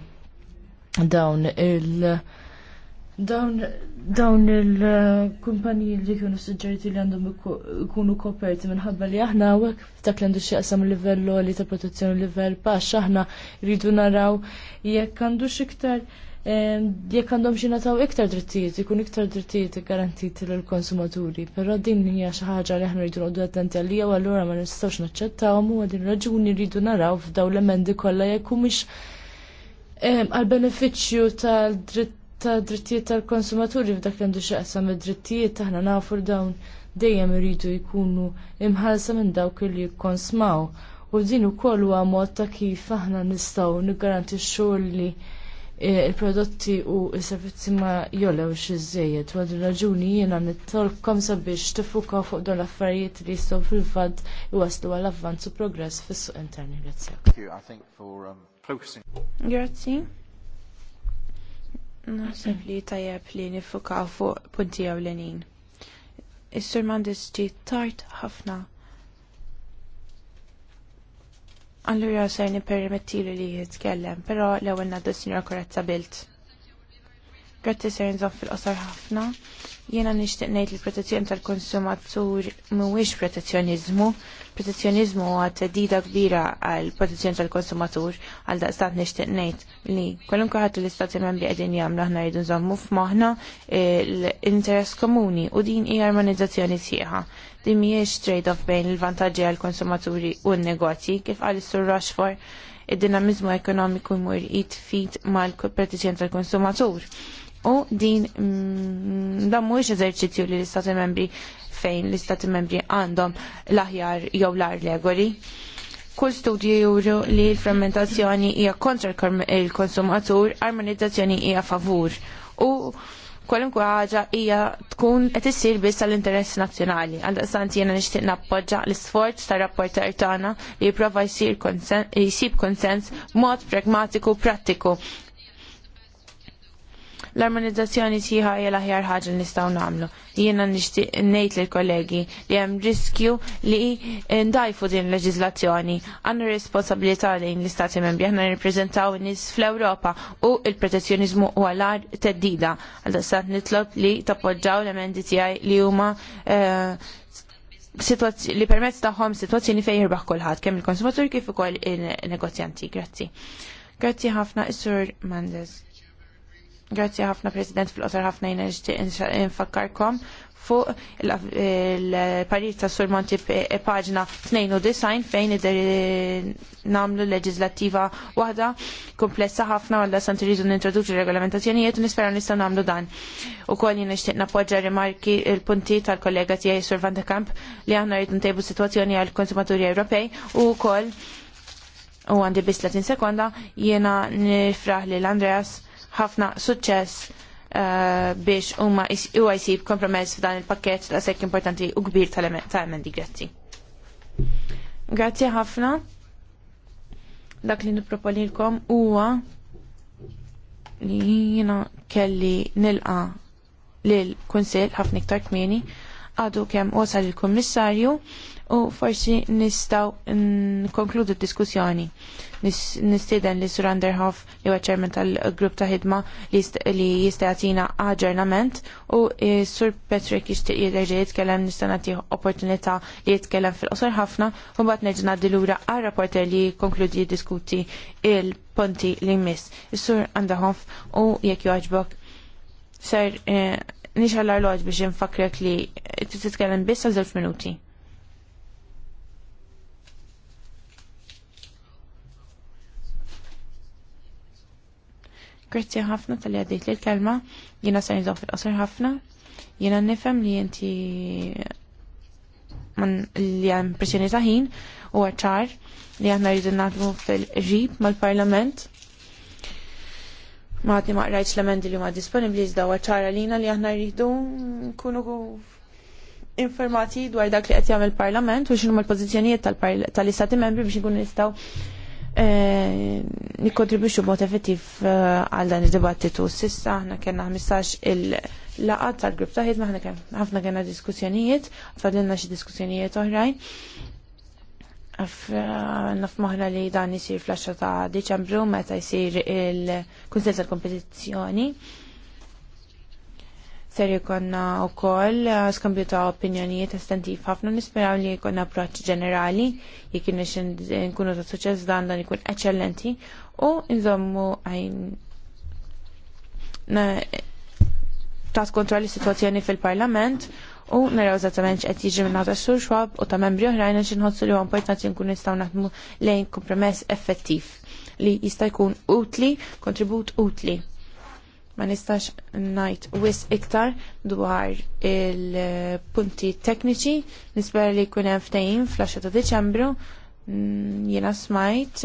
dawn il- Dawn il-kumpaniji li kienu suġġeriti li għandhom ikunu koperti minħabba li aħna għek f'dak li għandu xieqsam livell li ta' protezzjoni livell pax aħna rridu naraw jekk għandu xiktar jekk għandhom xi nataw iktar drittijiet, ikun iktar drittijiet garantiti lill konsumaturi però din hija xi ħaġa li aħna rridu noqogħdu attenti għalija u allura ma nistgħux naċċettawhom u għadin raġuni rridu naraw f'dawn l-emendi kollha jekk mhux għal benefiċċju tal-dritt ta' drittijiet tal-konsumaturi f'dak li għandu xaqsam id-drittijiet aħna nafu dawn dejjem iridu jkunu imħalsa minn dawk li jikkonsmaw. U din ukoll huwa mod ta' kif aħna nistgħu niggarantixxu li eh, il-prodotti u s-servizzi ma jolew żejjed U għadu raġuni jiena nittolkom sabiex tifukaw fuq dawn l-affarijiet li jistgħu fil-fatt iwaslu għal avvanzu progress fis-suq interni. Grazie. Grazzi. Naħseb li tajjeb li nifukaw fuq punti ewlenin. Is-Sur Mandis ġi tard ħafna. Allura ser nipermetti li jitkellem, però l-ewwel d s korretta Bilt. Grazzi ser nżomm fil-qosor ħafna. Jiena nixtieq ngħid li protezzjoni tal-konsumatur mhuwiex protezzjoniżmu. Protezzjoniżmu huwa tedida kbira għal protezzjoni tal-konsumatur għal daqstat nixtieq ngħid li kwalunkwe ħadd l-istati membri qegħdin jagħmlu aħna rridu nżommu f'moħħna l-interess komuni u din hija armonizzazzjoni sieħa Din miex trade-off bejn il-vantagġi għal-konsumaturi u n-negozji, kif għal sur Rochefort, id-dinamizmu ekonomiku jmur jitfit mal-protezzjon tal-konsumatur. U din mm, dan mhuwiex eżerċizzju li l-Istati Membri fejn l-Istati Membri għandhom l-aħjar jew l-ar legoli. Kull studju juru li l-frammentazzjoni hija kontra il-konsumatur, armonizzazzjoni hija favur. U kwalunkwe ħaġa hija tkun qed issir biss tal-interess nazzjonali. Għaldaqstant jiena nixtieq nappoġġa l-isforz tar-rapporter tagħna li jipprova jsir jisib konsens b'mod pragmatiku prattiku L-armonizzazzjoni tiħa hija l-aħjar ħaġa li nistgħu nagħmlu. Jiena nixtieq ngħid lill-kollegi li hemm riskju li ndajfu din leġiżlazzjoni. Għandna responsabilità lejn l-Istati Membri aħna nirrappreżentaw in-nies fl-Ewropa u l-protezzjoniżmu huwa l-ar teddida. Għaldaqstant nitlob li tappoġġaw l-emendi tiegħi li huma eh, li permezz tagħhom sitwazzjoni fejn jirbaħ kulħadd kemm il-konsumatur kif ukoll il negozjanti Grazzi. Grazzi ħafna Isur Mandes. Grazzi ħafna President fil-qosar ħafna jina infakkarkom fuq il-parir ta' surmonti e paġna 92 fejn id namlu leġizlattiva wahda komplessa ħafna għalla sant tiridu nintroduċi regolamentazzjonijiet u nisperaw nista' namlu dan. U koll jien nixtieq nappoġġa rimarki il-punti tal-kollega tiegħi Sur Van de Kamp li aħna rridu ntejbu sitwazzjoni għal konsumaturi Ewropej u koll u għandi bis 30 sekonda jiena nifraħ lil Andreas ħafna suċċess eh, biex huma huwa jsib kompromess f'dan il-pakkett ta' sekk importanti u kbir ta' emendi grazzi. Grazzi ħafna. Dak li nipproponilkom huwa li jiena kelli nilqa lil kunsill ħafna iktar kmieni għadu kemm wasal il-kummissarju u forsi nistaw nkonkludu d-diskussjoni. Nistieden li Suranderhoff li għacċermen tal-grupp ta' ħidma li jistajatina aġġornament u eh, Sur Patrick jixtieq jidher jitkellem nista' nagħti opportunità li jitkellem fil-qosor ħafna u mbagħad neġna dilura lura għar-rapporter li konkludi jiddiskuti il-ponti li jmiss. Is-Sur Anderhoff u jekk juħġbok ser eh, nixħal l-arloġ biex nfakrek li titkellem biss għal minuti. Grazie ħafna tal-li għaddejt li l-kelma, jina sa' nizaw fil-qasar ħafna, jina nifem li jenti man li għan pressjoni taħin u għacċar li għanna rridu naħdmu fil-ġib mal-parlament. Ma għadni ma rajċ l-amendi li ma disponibli zda għacċar għalina li għanna rridu kunu informati dwar dak li qed jagħmel parlament u x'inhu l pozizjoniet tal-istati membri biex nkunu nistaw Eh, nikkontribwixxu b'mod effettiv eh, għal dan id-dibattitu. Sissa aħna kellna 15 il-laqgħat tal-grupp ta' maħna ħafna diskussjonijiet, fadilna xi diskussjonijiet oħrajn. Eh, naf maħna li dan isir fl-10 ta' Diċembru meta jsir il-Kunsell tal-Kompetizzjoni ser jikonna u koll eh, skambju ta' opinjonijiet estentif ħafna nisperaw li jikonna approċ ġenerali jek nkunu ta' suċess dan dan jikun eccellenti u nżommu għajn ta' kontrolli situazzjoni fil-parlament u naraw eżattament x'qed jiġi minna ta' xur xwab u ta' membri oħrajn għax inħossu li huwa importanti nkun nistaw naħdmu lejn kompromess effettiv li jista' jkun utli, kontribut utli ma nistax najt wis iktar dwar il-punti tekniċi Nispera li jkun hemm ftehim fl-10 ta' Diċembru mm, jiena smajt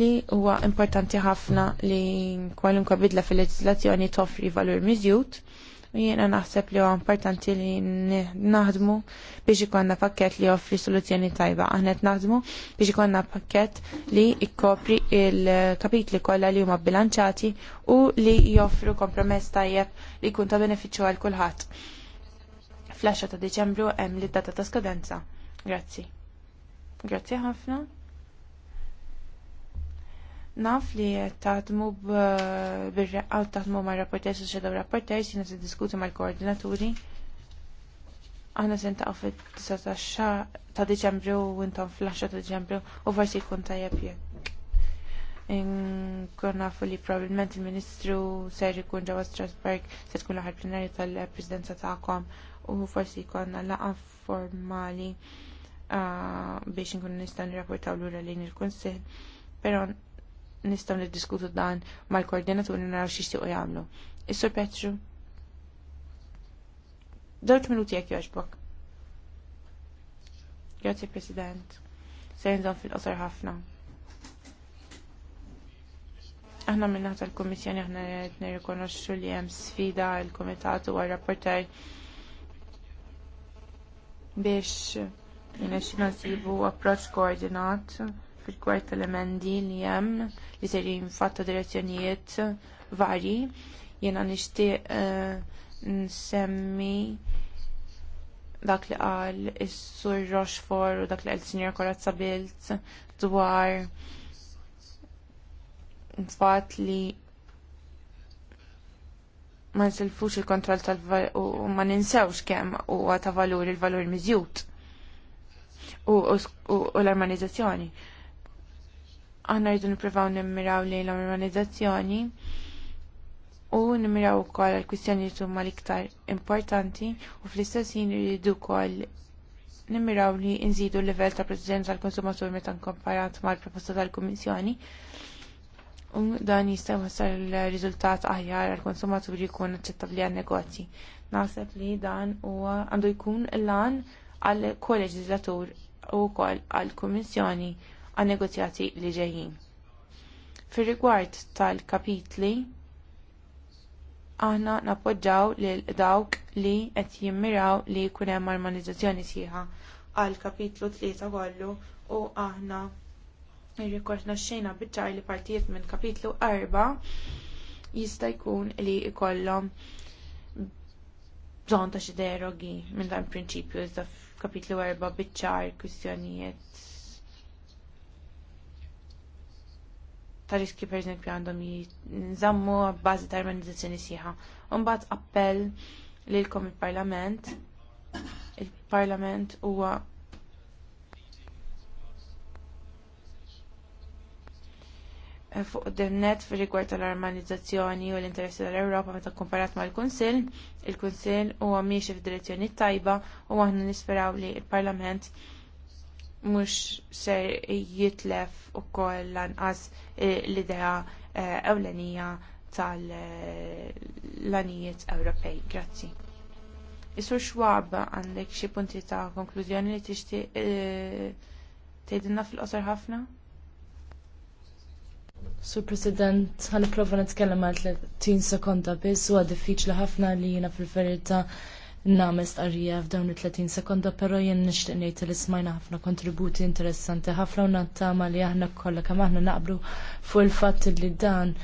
li huwa importanti ħafna li kwalunkwe bidla fil-leġislazzjoni toffri valur miżjud u jiena naħseb li huwa importanti li naħdmu biex ikonna pakket li joffri soluzzjoni tajba. Aħna qed naħdmu biex ikonna pakket li jkopri il-kapitli kollha li huma bilanċati u li joffru kompromess tajjeb li jkun ta' benefiċċju għal kulħadd. Fl-10 ta' Diċembru hemm li data ta' skadenza. Grazzi. Grazzi ħafna. Naf li taħdmu bil-reqqaw taħdmu ma' rapporter, u xedaw rapporters, jina se diskuti ma' l-koordinaturi. Aħna se ntaqaw t-sataxa ta' Deċembru u intom fl-10 ta' Deċembru u forsi jkun tajjeb jekk. Kon nafu li probabbilment il-Ministru ser ikun ġewwa Strasberg se tkun l-aħħar plenarju tal-Presidenza tagħkom u forsi jkollna laqgħa formali ah, biex nkun nistgħu nirrapportaw lura lejn il-Kunsill. Però nistgħu niddiskutu dan mal-koordinaturi naraw x'jixtiequ jagħmlu. Is-Sur Petru. Dawt minuti jekk jogħġbok. Grazie President. Se jinżon fil qasar ħafna. Aħna minna tal-Komissjoni aħna jgħid nirrikonoxxu li hemm sfida l kumitat u għal-rapporter biex jinaxxina nsibu approċċ koordinat fil-kwart tal-emendi li hemm li serin fatta direzzjonijiet varji. Jena nixtieq eh, nsemmi dak li qal is-sur Rochefort u dak li qal Sinjor Korazza Bilt dwar fatt li ma nsilfux il-kontroll tal u ma ninsewx kemm huwa ta' valur il-valur miżjud u, l-armonizzazzjoni. Aħna rridu nippruvaw nimmiraw lejn l-organizzazzjoni u nimmiraw ukoll għall-kwistjonijiet huma l-iktar importanti u fl-istess ħin irridu wkoll nimmiraw li nżidu l-livell ta' prezidenza tal-konsumatur meta nkomparat mal-proposta tal-Kummissjoni. U dan jista' jwassal riżultat aħjar għall-konsumaturi jkun aċċettabbli għan-negozji. Naħseb li dan huwa għandu jkun l-lan għall-kolleġislatur u wkoll għall-Kummissjoni għan negozjati li ġejjin. Fir rigward tal-kapitli, aħna nappoġġaw lil dawk li qed jimmiraw li jkun hemm armonizzazzjoni sieħa għal kapitlu 3 kollu u aħna rrikordna xejna biċċar li partijiet minn kapitlu 4 jista' jkun li jkollhom bżonn ta' xi derogi minn dan prinċipju iżda f'kapitlu 4 biċċar kwistjonijiet ta' riski per esempio għandhom jizammu b'bażi ta' armonizzazzjoni sieħa. Imbagħad appell lilkom il-Parlament. Il-Parlament huwa fuq d fi rigward tal armanizzazzjoni u l-interessi tal-Ewropa meta komparat mal kunsill il-Kunsill huwa miexi f'direzzjoni tajba u aħna nisperaw li l parlament mhux ser jitlef ukoll lanqas eh, l-idea eh, ewlenija tal-lanijiet eh, Ewropej. Grazzi. Isur xwab għandek xi punti ta' konklużjoni li tixtieq tgħidilna fil qosar ħafna? Sur President, ħan prova nitkellem għal 30 sekonda biss huwa diffiċli ħafna li jina fil-verità nagħmel stqarrija f'dawn it-30 sekonda, però jien nixtieq ngħid li smajna ħafna kontributi interessanti ħafna u nattama li aħna kollha kemm aħna naqblu fuq il-fatt li dan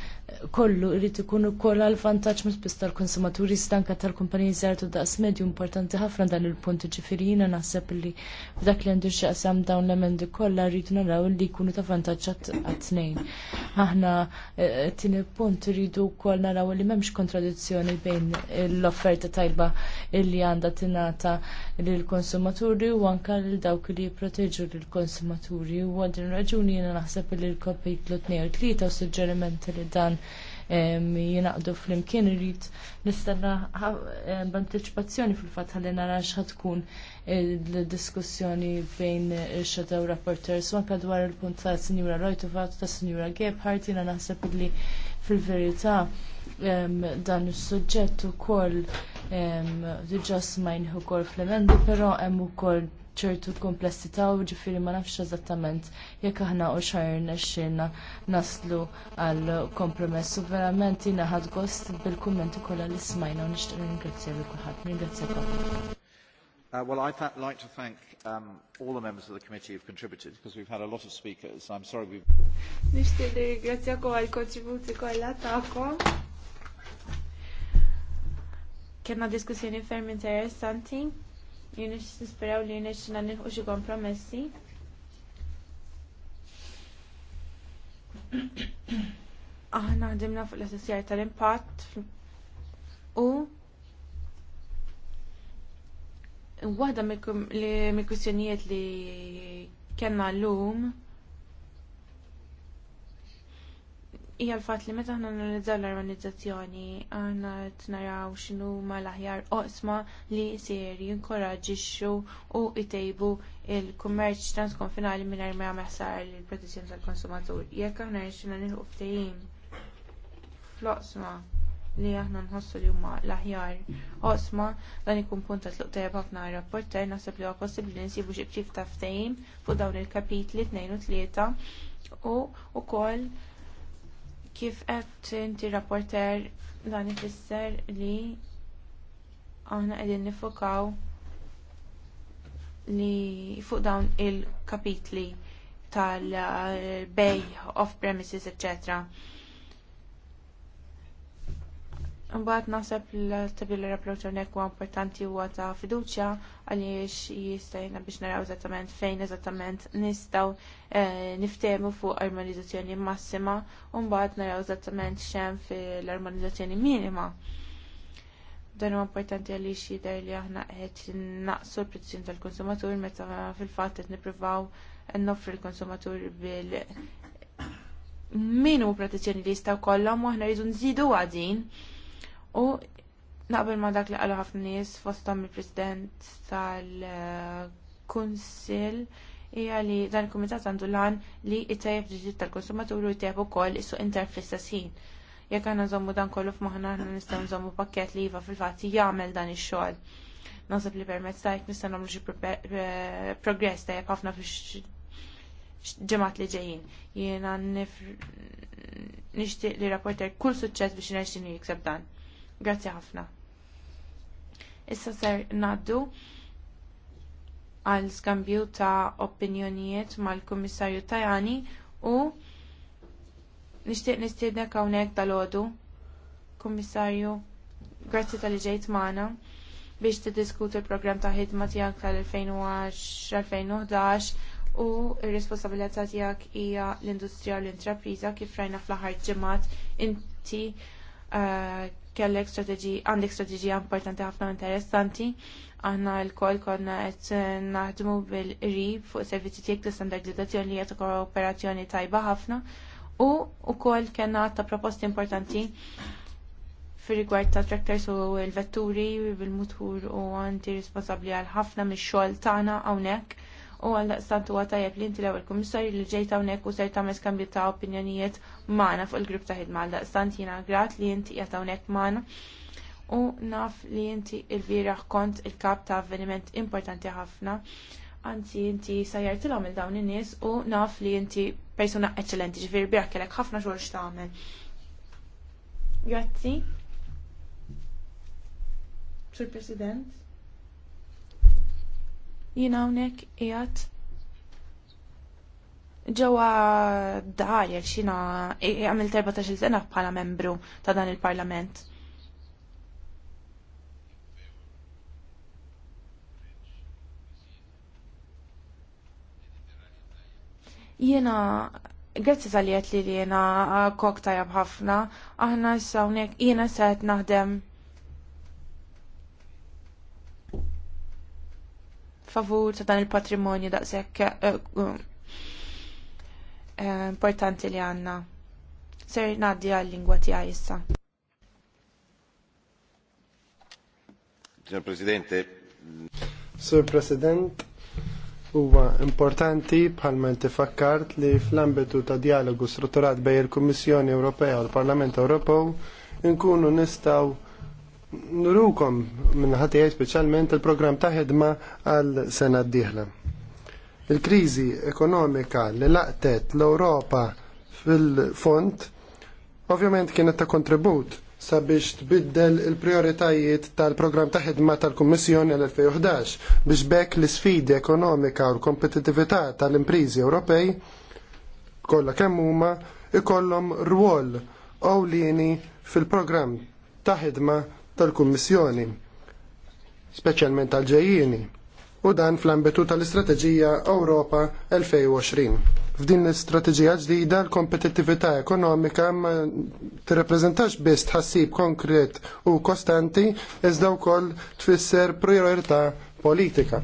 kollu jrid ikun ukoll għal vantaġġ mis tal-konsumaturi stanka tal-kumpaniji żgħar daqs medju importanti ħafna dan il-punt ġifieri jiena naħseb li f'dak li għandu x'aqsam dawn l-emendi kollha rridu naraw li jkunu ta' vantaġġ għat-tnejn. Aħna e, e, tieni punt rridu wkoll naraw li m'hemmx kontradizzjoni bejn l-offerta tajba illi għandha tingħata lill-konsumaturi u anke lil dawk li jipproteġu lill-konsumaturi u għal din raġuni jiena naħseb li l-kapitlu 2 u 3 suġġerimenti li dan jinaqdu fl-imkien rrit nistenna b'anticipazzjoni fil-fatt ħalli nara tkun il-diskussjoni bejn il xadaw rapporters u dwar il-punt ta' Sinjura Rojtova ta' Sinjura Gebhardt jiena naħseb li fil-verità dan is-suġġett ukoll diġà smajn ukoll fl-emendi, però hemm ukoll ċertu komplessità u ġifiri ma nafx eżattament jekk aħna u xajr nexxilna naslu għal kompromess u verament jina ħad gost bil-kummenti kollha li smajna u nixtieq ringrazzja lil kulħadd. Ringrazzjakom. Uh, well, I'd like to thank um, all the members of the committee who've contributed because we've had a lot of speakers. I'm sorry we've... Nishti li ringrazzjakom għal kontributi kollha tagħkom. Kenna diskussjoni ferm interessanti jien nisperaw li nixna nilħu xi kompromessi. Aħna ħdimna fuq l-assessjar tal-impatt u waħda mill-kwistjonijiet li kellna l-lum hija l-fatt li meta aħna analizzaw l organizzazzjoni aħna qed naraw x'inhu ma l-aħjar oqsma li jsir jinkoraġixxu u jtejbu l kummerċ transkonfinali mingħajr ma jagħmel ħsar lill-protezzjoni tal-konsumatur. Jekk aħna rixxina nilħu ftehim fl-oqsma li aħna nħossu li huma l-aħjar oqsma dan ikun punt ta' tluq tajjeb ħafna rapporter naħseb li huwa possibbli nsibu xi ftit ta' ftehim fuq dawn il-kapitli 2 u 3 u wkoll Kif qed inti rapporter dan ifisser li aħna qegħdin nifokaw li fuq dawn il-kapitli tal bay off-premises, eccetera. Mbagħad naħseb l-tabil rapport hawnhekk huwa importanti huwa ta' fiduċja għaliex jistajna biex naraw eżattament fejn eżattament nistgħu eh, niftehmu fuq armonizzazzjoni massima u mbagħad naraw eżattament x'hemm fil-armonizzazzjoni minima. Dan huwa importanti għaliex jidher li aħna qed naqsu l-prezzjoni tal-konsumatur meta fil-fatt qed nippruvaw noffri l-konsumatur bil minu protezzjoni li jistgħu kollhom u aħna rridu nżidu għadin U naqbel ma dak li qalu ħafna nies fosthom il-President tal kunsil hija li dan il-Kumitat għandu lan li t-tajf ġiġit tal-konsumatur u jtejjeb ukoll is-suq intern fl-istess ħin. Jekk għandna nżommu dan kollu f'moħħna aħna nistgħu nżommu pakkett li iva fil-fatt jagħmel dan ix-xogħol. Naħseb li permezz tajt nista' nagħmlu xi eh, progress tajjeb ħafna fix ġemat li ġejjin. Jiena nixtieq li rapporter kull suċċess biex nerġin jikseb dan. Grazzi ħafna. Issa ser naddu għal skambju ta' opinjonijiet mal-Kummissarju Tajani u nixtieq nistiednek hawnhekk tal għodu Kummissarju, grazzi tal ġejt magħna biex t-diskutu l-programm ta' ħidma tiegħek tal-2011 u r-responsabilità tiegħek hija l-industrija u l-intrapriża kif rajna fl-aħħar ġimgħat inti eh, kellek strategi, għandek strateġija importanti ħafna interessanti. Aħna l-koll konna qed naħdmu bil-rib fuq servizzi tiegħek ta' standardizzazzjoni li kooperazzjoni tajba ħafna u wkoll kellna ta' proposti importanti fir-rigward ta' tractors u l-vetturi bil-mutur u għanti responsabbli għal ħafna mix-xogħol tagħna hawnhekk u għal stantu għatajab li inti l-ewel komissarju li ġejta unek u ser tames kambju ta' opinjonijiet maħna fuq il-grupp ta' ħidma għal stant jina grat li inti jata' unek maħna u naf li inti il-viraħ kont il-kap ta' avveniment importanti ħafna Anzi, inti sajjar tilom il-dawn in-nies u naf li inti persuna eccellenti ġifir bieħ kellek ħafna xogħol x'tagħmel. Grazzi. Sur President. Jina hawnhekk qiegħed ġewwa dajjel xina għamilt 14 sena bħala membru ta' dan il-Parlament. Jiena grazzi tal-jiet li jena kok tajab ħafna, aħna issa hawnhekk jiena set naħdem favur ta' dan il-patrimonju daqshekk eh, eh, eh, importanti li għanna. Ser naddi għal-lingwa tiegħi issa. Signor Presidente. Sur President, huwa importanti bħalma fakkart li fl-ambitu ta' dialogu strutturat bej il-Kummissjoni Ewropea u l-Parlament Ewropew inkunu nistaw nurukom minnħatijaj specialment il-program ta' ħedma għal sena d-dihla. Il-krizi ekonomika li laqtet l-Europa fil-font ovvjament kienet ta' kontribut sabiex tbiddel il-prioritajiet tal-program ta' ħedma tal-Kummissjoni għal-2011 biex bekk l-sfidi ekonomika u l-kompetitività tal-imprizi Ewropej kollha kemm huma ikollhom rwol ewlieni fil-programm ta' ħidma tal-Kummissjoni, speċjalment tal-ġejjieni, u dan fl-ambitu tal-Istrateġija Ewropa 2020. F'din l-istrateġija ġdida l-kompetittività ekonomika ma t-reprezentax biss tħassib konkret u kostanti iżda wkoll tfisser priorità politika.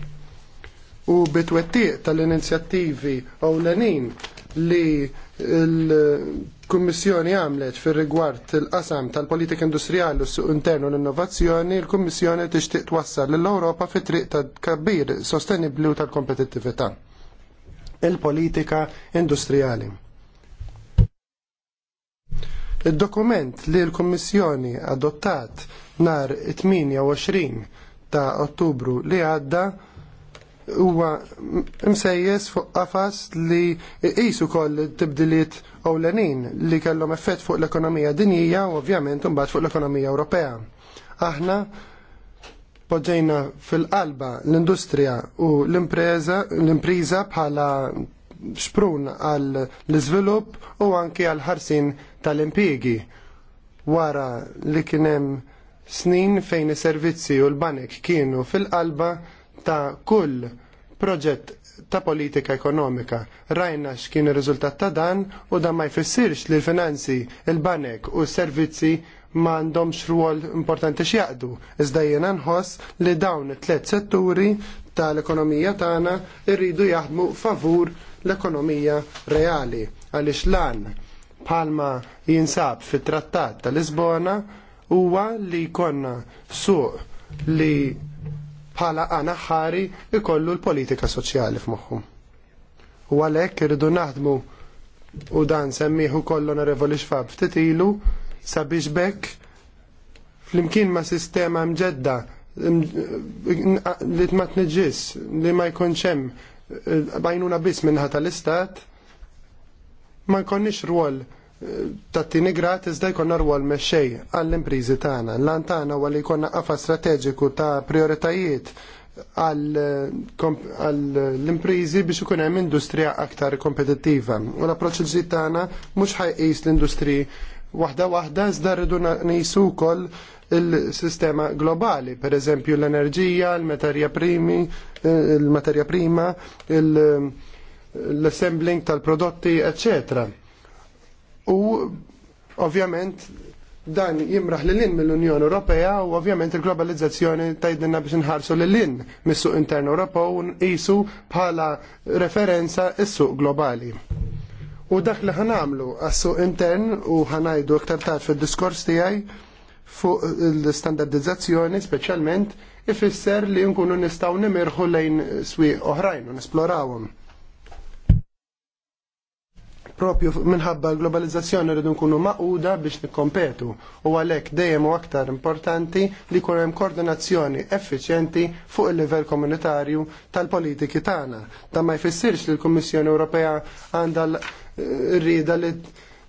U bitwettiq tal-inizjattivi ewlenin li l kummissjoni għamlet fir rigward il-qasam tal-politika industrijali u suq internu l-innovazzjoni, il-Kummissjoni tixtieq twassal l-Ewropa fit triq ta' kabbir sostenibli u tal-kompetittività. Il-politika industrijali. Il-dokument li l-Kummissjoni adottat nar 28 ta' Ottubru li għadda huwa msejjes fuq qafas li qisu koll tibdiliet ewlenin li kellhom effett fuq l-ekonomija dinjija u ovvjament imbagħad fuq l-ekonomija Ewropea. Aħna poġġejna fil-qalba l-industrija u l-impriża bħala xprun għal l-iżvilupp u anke għal ħarsin tal-impjiegi wara li kien hemm snin fejn is-servizzi u l-banek kienu fil-qalba ta' kull proġett ta' politika ekonomika. Rajna x'kien ir-riżultat ta' dan u dan ma jfissirx li l-finanzi, il-banek u s-servizzi ma għandhomx rwol importanti x'jaqdu. Iżda jiena nħoss li dawn it-tliet setturi tal-ekonomija tagħna irridu jaħdmu favur l-ekonomija reali għaliex lan palma jinsab fit-trattat tal-Lisbona huwa li jkollna suq li bħala għana ħari ikollu l-politika soċjali f'moħħu. U għalhekk irridu naħdmu u dan semmiħu kollu narevoli xfab ftit ilu sabiex bekk flimkien ma' sistema mġedda li ma tneġġis li ma jkunx hemm bajnuna biss minħata tal-istat ma nkonniex rwol tat-tieni iżda jkollna rwol mexxej għall-impriżi tagħna. Lan tagħna huwa li jkollna qafa strateġiku ta' prioritajiet għall-impriżi biex ikun hemm industrija aktar kompetittiva. U l-approċċ il-ġdid tagħna mhux ħajqis l-industriji waħda waħda iżda rridu nisu wkoll il-sistema globali, per eżempju l-enerġija, l materja primi, il-materja prima, l-assembling tal-prodotti, eccetera u ovvjament dan jimraħ lil lin mill-Unjoni Ewropea u ovvjament il-globalizzazzjoni tajdinna biex nħarsu l-lin mis-suq intern Ewropew u nqisu bħala referenza is-suq globali. U dak li ħanamlu għas-suq intern u ħanajdu iktar tard fid-diskors tiegħi fuq l-standardizzazzjoni speċjalment ifisser li nkunu nistgħu nimirħu lejn swieq oħrajn u nesplorawhom propju minħabba l-globalizzazzjoni rridu nkunu maquda biex nikkompetu u għalhekk dejjem u aktar importanti li jkun hemm koordinazzjoni effiċjenti fuq il-livell komunitarju tal-politiki tagħna. Ta' ma jfissirx li l-Kummissjoni Ewropea għandha eh, rrida li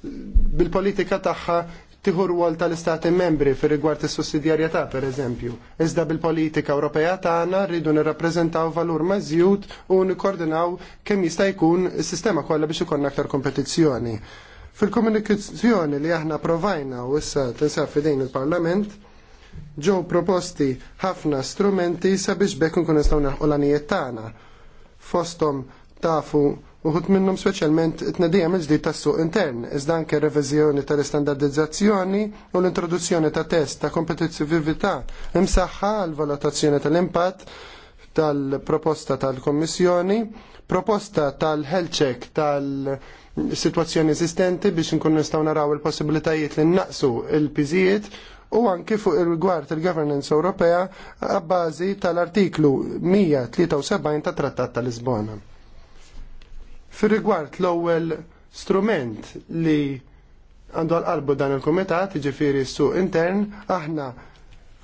bil-politika tagħha tiħu rwol tal-istati membri fir rigward is-sussidjarjetà pereżempju. Iżda bil-politika Ewropea tagħna rridu nirrappreżentaw valur mażjud u nikkoordinaw kemm jista' jkun is-sistema kollha biex ikun aktar kompetizzjoni. Fil-komunikazzjoni li aħna provajna u issa tinsab fidejn il-Parlament, ġew proposti ħafna strumenti sabiex bekk nkun nistgħu naħqu l-anijiet tagħna. Fosthom tafu Uħut minnum specialment it-nedija mill-ġdid tas-suq intern, iżda anke reviżjoni tal-istandardizzazzjoni u l-introduzzjoni ta' test ta' kompetittività imsaħħa l valutazzjoni tal-impatt tal-proposta tal-Kommissjoni, proposta tal kommissjoni proposta tal helċek tal-situazzjoni esistenti biex nkun nistgħu naraw il-possibilitajiet li naqsu il-piżijiet u anki fuq il-gwart il-governance Ewropea għabbażi tal-artiklu 173 tat Trattat tal-Lisbona. Fir-rigward l-ewwel strument li għandu għal-qalbu dan il-komitat, ġifiri suq intern, aħna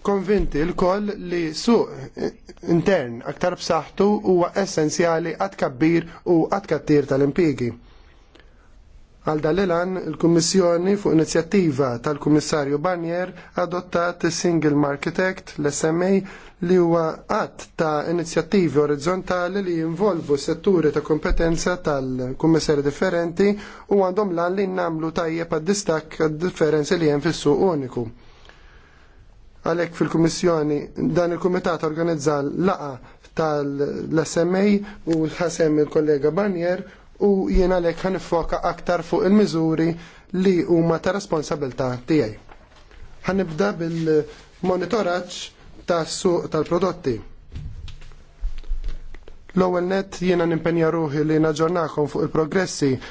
konvinti l-koll li suq intern aktar b'saħħtu huwa essenzjali għat kabbir u għat kattir tal-impigi. Għal dal-elan, il-Kummissjoni fuq inizjattiva tal-Kummissarju Barnier adottat Single Market Act, l-SMA, li huwa qatt ta' inizjattivi orizzontali li jinvolvu setturi ta' kompetenza tal kummissarju differenti u għandhom lan li namlu tajjeb għad-distak differenzi li hemm fis-suq uniku. Għalhekk fil-Kummissjoni dan il-Kumitat organizza laqa tal-SMA u l-ħasem il-kollega Barnier u jiena lek ħan foka aktar fuq il-miżuri li huma ta' responsabilta tiegħi. nibda bil-monitoraġġ tas-suq tal-prodotti. L-ewwel net jiena nimpenja ruħi li naġġornakom fuq il-progressi li eh,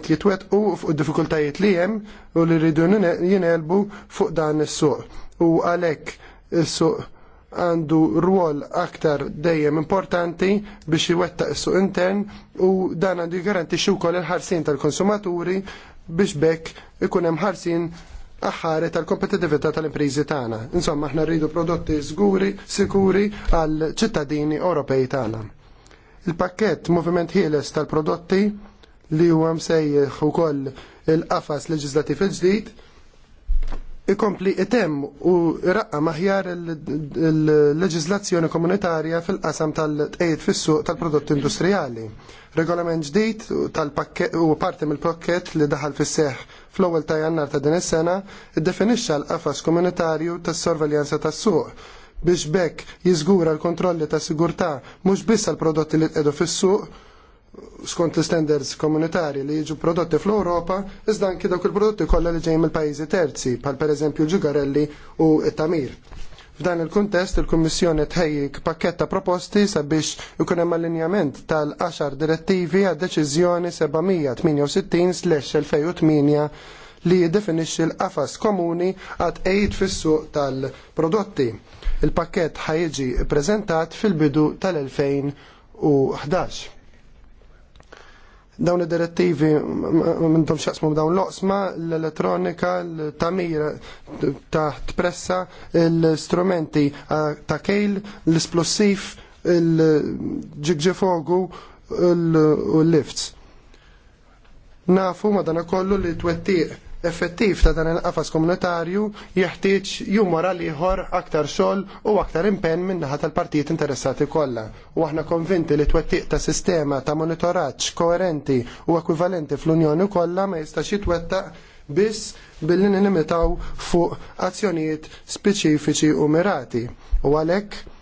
tjitwet u fuq id-diffikultajiet li hemm u li rridu jinelbu fuq dan is-suq. U għalhekk is-suq għandu rwol aktar dejjem importanti biex iwettaq is-suq intern u dan għandu jgarantixxi wkoll il-ħarsien tal-konsumaturi biex bekk ikun hemm aħħare tal-kompetitività tal-imprizi tagħna. Insomma, aħna rridu prodotti żguri, sikuri għal ċittadini Ewropej tagħna. Il-pakkett Moviment Ħieles tal-prodotti li huwa msejħ ukoll il-qafas leġislattiv il-ġdid ikompli item u raqqa maħjar il-leġizlazzjoni komunitarja fil-qasam tal-tqejt fis-suq tal-prodotti industrijali. Regolament ġdid u parti mill-pakket li daħal fis fl-ewwel ta' jannar ta' din is-sena iddefinixxa l-qafas komunitarju tas-sorveljanza tas-suq biex bekk jiżgura l-kontrolli ta' sigurtà mhux biss għall prodotti li tqedu fis-suq skont l-standards komunitari li jiġu prodotti fl-Europa, iżda anki dawk il-prodotti kollha li ġejjin mill-pajjiżi terzi, bħal pereżempju l-ġugarelli u t-tamir. F'dan il-kuntest, il-Kummissjoni tħejjik pakketta proposti sabiex ikun hemm allinjament tal-10 direttivi għad deċiżjoni 768/2008 li jiddefinixxi l-qafas komuni għad ejt fis-suq tal-prodotti. Il-pakkett ħajġi prezentat fil-bidu tal-2011 dawn id-direttivi m'intom xaqsmu dawn l-oqsma, l-elettronika, l-tamir taħt pressa, l-strumenti ta' kejl, l esplosif l-ġigġifogu l-lifts. Nafu madana kollu li twettiq effettiv ta' dan il-qafas komunitarju jeħtieġ jumor għal ieħor aktar xogħol u aktar impenn min-naħa tal-partijiet interessati kollha. U aħna konvinti li twettiq ta' sistema ta' monitoraġġ koerenti u ekwivalenti fl-Unjoni kollha ma jistax jitwettaq biss billi nilimitaw fuq azzjonijiet speċifiċi u mirati. U għalhekk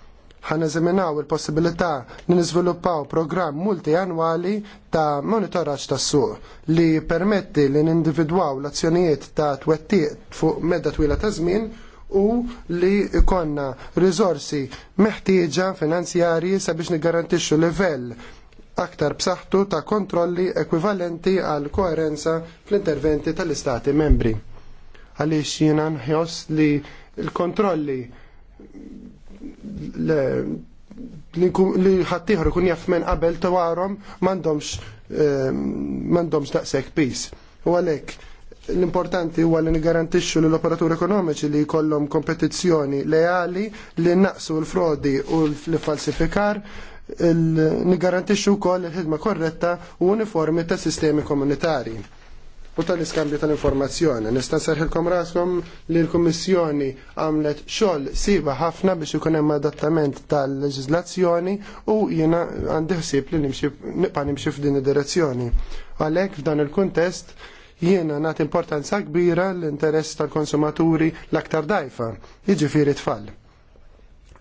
ħaneżaminaw il-possibilità li niżviluppaw programm multianwali ta' monitoraġġ tas-suq li permetti li nindividwaw l-azzjonijiet ta' twettiq fuq medda twila ta' żmien u li ikonna riżorsi meħtieġa finanzjarji sabiex nigarantixxu livell aktar b'saħħtu ta' kontrolli ekwivalenti għal koerenza fl-interventi tal-Istati membri. Għaliex jiena nħoss li l-kontrolli li ħattiħor kun jaf minn qabel tawarhom m'għandhomx eh, m'għandhomx daqshekk pis. U għalhekk l-importanti huwa li nigarantixxu l operatur ekonomiċi li jkollhom kompetizzjoni leali li naqsu l-frodi u l-falsifikar nigarantixxu wkoll il-ħidma korretta u uniformi ta' sistemi komunitarji u tal-iskambju tal-informazzjoni. Nista' nserħilkom raskom li l-Kummissjoni għamlet xogħol siba ħafna biex ikun hemm adattament tal-leġiżlazzjoni u jiena għandi ħsieb li nibqa' nimxi f'din id-direzzjoni. Għalhekk f'dan il-kuntest jiena nagħti importanza kbira l-interess tal-konsumaturi l-aktar dajfa, jiġifieri tfal.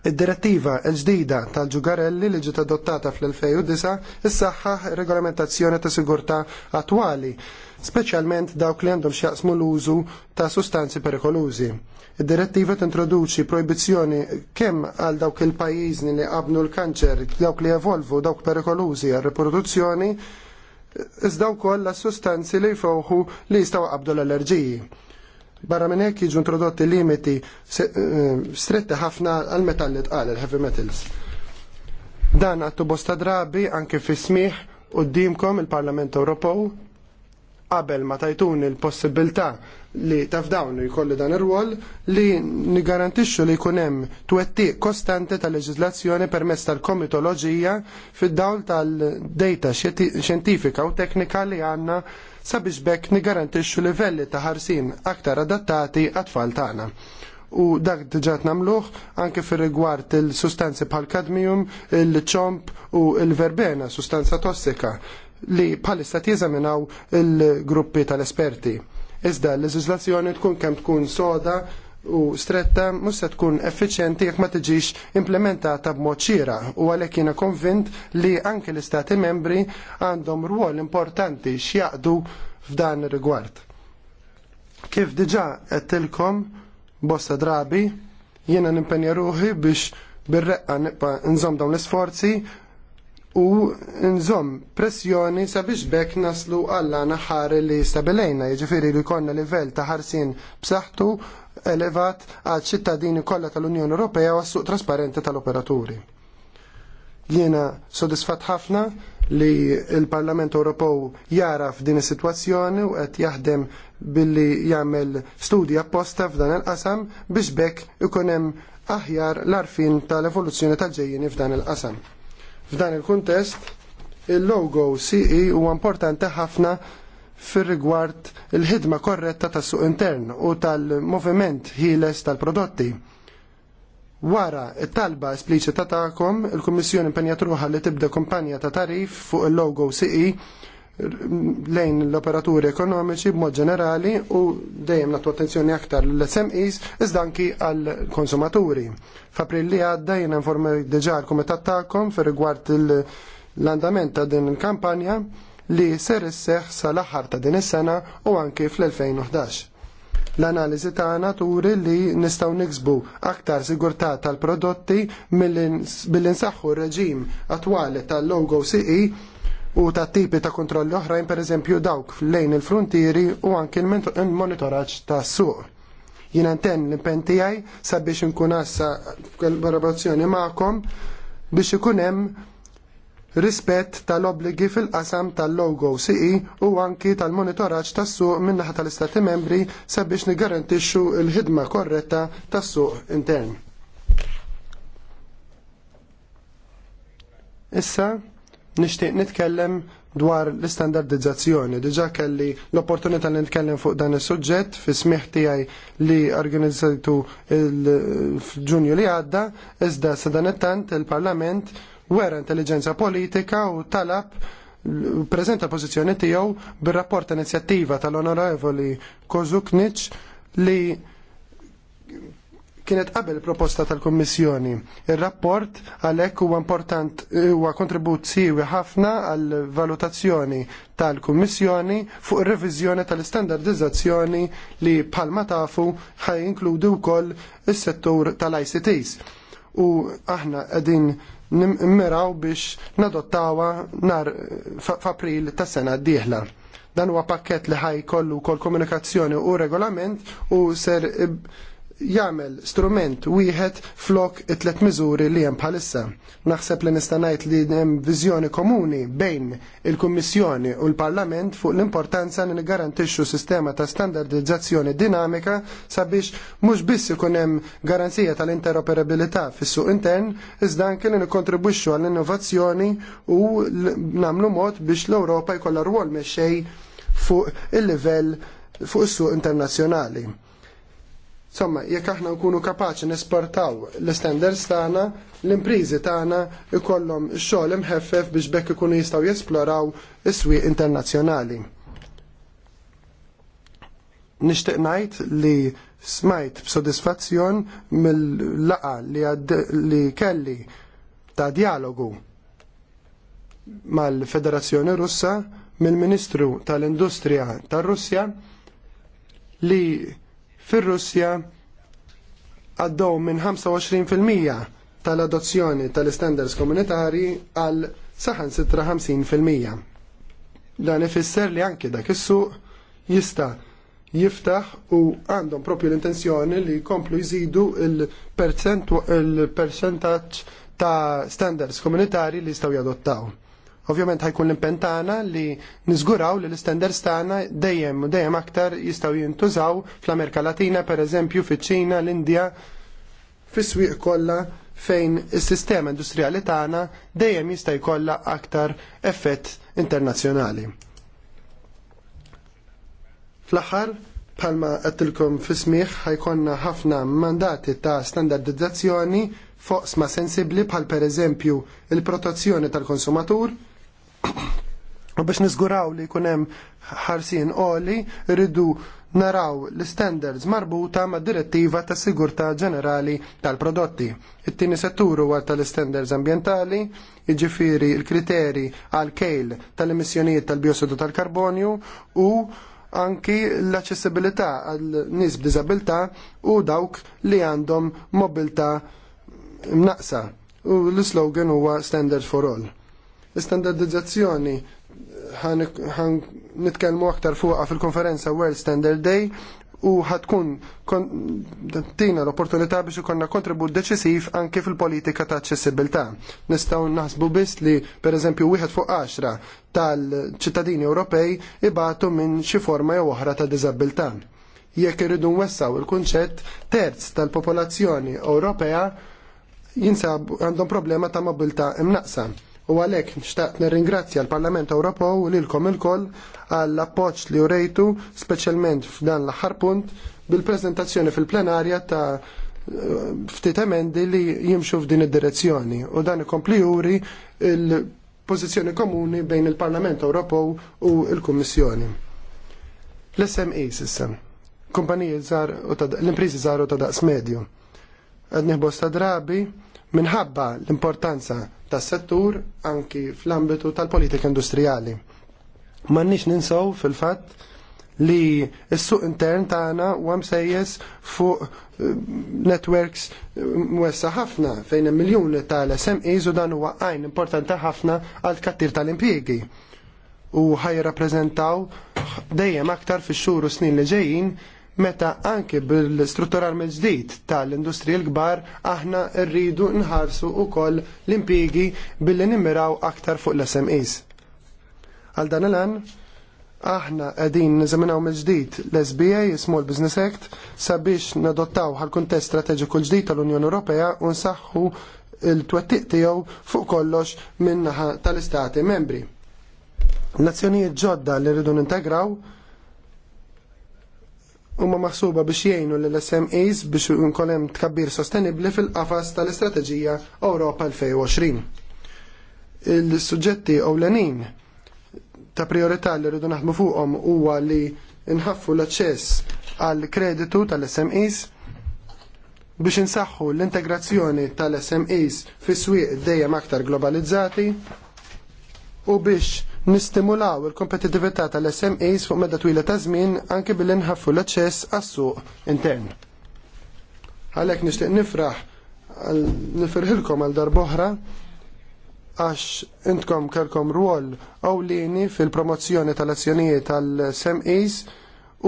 Id-direttiva l-ġdida tal-ġugarelli li ġiet adottata fl-2009 issaħħaħ regolamentazzjoni ta' sigurtà attwali speċjalment dawk li għandhom xjaqsmu l-użu ta' sustanzi perikolużi. Id-direttiva tintroduċi proibizjoni kemm għal dawk il-pajjiżni li qabnu l-kanċer, dawk li evolvu dawk perikolużi għal riproduzzjoni, iżda wkoll sustanzi li jfowħu li jistgħu qabdu l-allerġiji. Barra minn hekk jiġu introdotti limiti eh, stretti ħafna għal metalli tqal il-heavy metals. Dan għattu bosta drabi anke fi smih qoddimkom il-Parlament Ewropew qabel ma tajtuni l-possibilità li tafdawnu jkolli dan ir-rwol li nigarantixxu li jkun hemm twettiq kostanti tal-leġiżlazzjoni permezz tal-komitoloġija fid-dawl tal-data xjentifika u teknika li għandna sabiex bekk nigarantixxu livelli ta' ħarsin aktar adattati għat-tfal tagħna. U dak diġà nagħmluh anke fir rigward il-sustanzi bħal kadmium, il-ċomp u l verbena sustanza tossika li bħalissa tiżaminaw il-gruppi tal-esperti. Iżda l-leżislazzjoni tkun kemm tkun soda u stretta mhux se tkun effiċjenti jekk ma tiġix implementata b'mod xira u għalhekk jiena konvint li anke l-Istati membri għandhom rwol importanti x'jaqdu f'dan ir-rigward. Kif diġà għedtilkom bosta drabi jiena nimpenja ruħi biex bir-reqqa nibqa' nżomm dawn l-isforzi u nżomm pressjoni sabiex bekk naslu għalla naħar li stabilejna, jiġifieri li konna livell ta' ħarsien b'saħħtu elevat għal ċittadini kollha tal-Unjoni Ewropea u għas-suq trasparenti tal-operaturi. Jiena sodisfat ħafna li il-Parlament Ewropew jara f'din is-sitwazzjoni u qed jaħdem billi jagħmel studji apposta f'dan il-qasam biex bekk ikun hemm aħjar l-arfin tal-evoluzzjoni tal-ġejjini f'dan il-qasam. F'dan il-kuntest, il-logo CE huwa importanti ħafna fir-rigward il-ħidma korretta tas-suq intern u tal-moviment ħieles tal-prodotti. Wara it-talba espliċita tagħkom, il-Kummissjoni impenjat li tibda kumpanja ta' tarif fuq il-logo CE lejn l-operaturi ekonomiċi b'mod ġenerali u dejjem nagħtu attenzjoni aktar l-SMEs iżda anki għall-konsumaturi. F'April li għadda jiena informaj diġà l-kumitat tagħkom fir rigward l-andament ta' din il-kampanja li ser isseħ sal-aħħar ta' din is-sena u anki fl-2011. L-analiżi tagħna turi li nistgħu niksbu aktar sigurtà tal-prodotti mill-insaħħu r-reġim attwali tal-logo CE u ta' tipi ta' kontrolli oħrajn pereżempju dawk lejn il-frontieri u anke l-monitoraġġ ta' suq. Jien nten l-impen sabiex inkun assa kollaborazzjoni magħkom biex ikun hemm rispett tal-obligi fil-qasam tal-logo CE u anki tal-monitoraġġ tas-suq minn naħa tal-Istati membri sabiex nigarantixxu l-ħidma korretta tas-suq intern. Issa nixtieq nitkellem dwar l-istandardizzazzjoni. Diġa kelli l-opportunità li nitkellem fuq dan is-suġġett fi smieħ tiegħi li organizzajtu f'Ġunju li għadda, iżda sa dan it-tant il-Parlament wera intelligenza politika u talab prezenta pożizzjoni tiegħu bir-rapport inizjattiva tal-Onorevoli Kozuknic li kienet qabel proposta tal-Kommissjoni. Ir-rapport għalhekk huwa important huwa kontribut siwi ħafna għal valutazzjoni tal-Kummissjoni fuq ir-reviżjoni tal standardizzazzjoni li bħalma tafu ħaj inkludi wkoll is-settur tal-ICTs. U aħna qegħdin nimmiraw biex nadottawa nar f'April tas-sena d-dieħla dan huwa pakket li ħaj kollu kol komunikazzjoni u regolament u ser jagħmel strument wieħed flok it-tlet miżuri li hemm bħalissa. Naħseb li nista' ngħid li hemm viżjoni komuni bejn il-Kummissjoni u l-Parlament fuq l-importanza li nigarantixxu sistema ta' standardizzazzjoni dinamika sabiex mhux biss ikun hemm garanzija tal-interoperabilità fis-suq intern, iżda anke li nikkontribwixxu għall-innovazzjoni u nagħmlu mod biex l-Ewropa jkollha rwol mexxej fuq il-livell fuq is-suq internazzjonali Somma, jekk aħna nkunu kapaċi nesportaw l-standards tagħna, l-imprizi tagħna ikollhom xogħol imħeffef biex bekk ikunu jistgħu jesploraw is-swieq internazzjonali. Nixtieq ngħid li smajt b'sodisfazzjon mill-laqa li, li kelli ta' dialogu mal-Federazzjoni Russa mill-Ministru tal-Industrija tar-Russja li Fir-Russja għaddew minn 25% tal-adozzjoni tal-standards komunitari għal saħan 56%. Dan ifisser li anke dak is-suq jista' jiftaħ u għandhom propju l-intenzjoni li jkomplu jżidu il-percentaċ il ta' standards komunitari li jistgħu jadottaw. Ovvjament ħajkun l-impentana li niżguraw li l istenders tagħna dejjem u dejjem aktar jistgħu jintużaw fl-Amerika Latina, pereżempju fiċ-Ċina, l-Indja, fis-swieq kollha fejn is-sistema industrijali tagħna dejjem jista' jkollha aktar effett internazzjonali. Fl-aħħar, Palma għattilkom fismiħ ħajkonna ħafna mandati ta' standardizzazzjoni fuq sma sensibli bħal per eżempju il-protezzjoni tal-konsumatur, U biex niżguraw li jkun hemm ħarsien qoli, rridu naraw l-standards marbuta ma' direttiva ta' sigurtà ġenerali tal-prodotti. It-tieni settur għal tal-standards ambientali, jiġifieri l-kriteri għal kejl tal-emissjonijiet tal biosidu tal-karbonju u anki l-aċċessibilità għal nies b'diżabilità u dawk li għandhom mobilità mnaqsa. U l-slogan huwa Standards for All L-standardizzazzjoni ħan nitkellmu aktar fuqha fil-konferenza World Standard Day u ħatkun tina l-opportunità biex ikonna kontribut deċisiv anke fil-politika ta' ċessibilità. Nistgħu naħsbu biss li pereżempju wieħed fuq 10 tal-ċittadini Ewropej ibatu minn xi forma jew oħra ta' diżabilità. Jekk irridu nwessaw il-kunċett terz tal-popolazzjoni Ewropea jinsab għandhom problema ta' mobilità imnaqsa u għalhekk nixtaqt nirringrazzja l-Parlament Ewropew lilkom ilkoll għall appoġġ li urejtu speċjalment f'dan l-aħħar punt bil prezentazzjoni fil-plenarja ta' ftit emendi li jimxu f'din id-direzzjoni u dan ikompli juri il-pożizzjoni komuni bejn il-Parlament Ewropew u l-Kummissjoni. L-SME sistem kumpaniji l-imprizi zaru ta' daqs medju. Għadni bosta drabi minħabba l-importanza tas settur anki fl-ambitu tal-politika industrijali. Mannix ninsaw fil-fatt li s-suq intern tagħna huwa sejjes fuq eh, networks mwessa eh, ħafna fejn miljoni ta' tal-SMEs u dan huwa għajn importanti ħafna għal kattir tal-impjiegi u ħaj rappreżentaw dejjem aktar fix-xhur u snin li ġejjin meta anke bil mill ġdid tal-industrija l-kbar aħna rridu nħarsu wkoll l-impjiegi billi nimmiraw aktar fuq l-SMEs. Għal dan l-an, aħna għedin nizaminaw mill-ġdid l-SBA, Small Business Act, sabiex nadottaw għal-kontest strateġiku l-ġdid tal-Unjoni Ewropea u nsaħħu il-twettiq tiegħu fuq kollox minn tal-Istati membri. l ġodda li rridu nintegraw huma maħsuba biex jgħinu l smes biex inkolem tkabbir sostenibli fil-qafas tal-Istrateġija Ewropa 2020. Il-suġġetti ewlenin ta' priorità li rridu naħdmu fuqhom huwa li nħaffu l-aċċess għal kreditu tal-SMEs biex insaħħu l-integrazzjoni tal-SMEs fis swieq dejjem aktar globalizzati u biex nistimulaw il-kompetitività tal-SMEs fuq medda twila ta' żmien anke billi nħaffu l-aċċess għas-suq intern. Għalhekk nixtieq nifraħ nifirħilkom għal darboħra għax intkom kelkom rwol awlini fil-promozzjoni tal-azzjonijiet tal-SMEs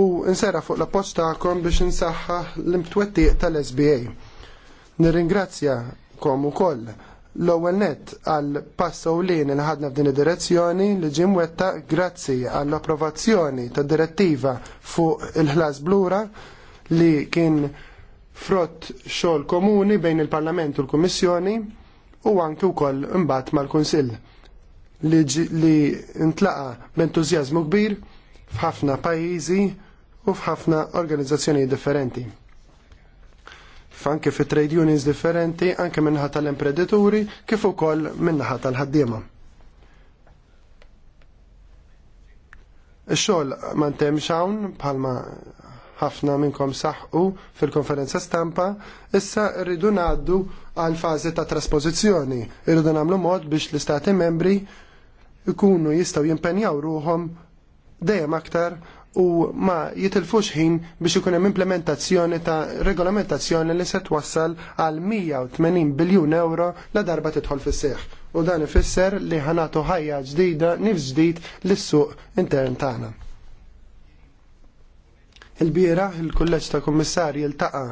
u insera fuq l-appoġġ tagħkom biex insaħħaħ l-imtwettiq tal-SBA. Nirringrazzjakom ukoll L-ewwel nett għal passa lin li ħadna f'din id-direzzjoni li ġim wetta grazzi għall-approvazzjoni tad direttiva fuq il-ħlas blura li kien frott xogħol komuni bejn il-Parlament u l-Kummissjoni u anke wkoll imbagħad mal-Kunsill li, li ntlaqa b'entużjażmu kbir f'ħafna pajjiżi u f'ħafna organizzazzjoni differenti fanke fi trade unions differenti anke minnaħa tal-imprenditori kif ukoll minnaħa tal-ħaddiema. Ix-xogħol ma ntemx hawn bħalma ħafna minnkom saħqu fil-konferenza stampa, issa rridu ngħaddu għal fażi ta' traspożizzjoni. Irridu nagħmlu mod biex l-istati membri ikunu jistgħu jimpenjaw ruhom dejjem aktar u ma jitilfux ħin biex ikun hemm implementazzjoni ta' regolamentazzjoni li se twassal għal 180 biljun euro la darba tidħol fis seħħ U dan ifisser li ħanatu ħajja ġdida nifs ġdid lis-suq intern tagħna. Il-bieraħ il-kulleġġ ta' kummissarji il-taqa'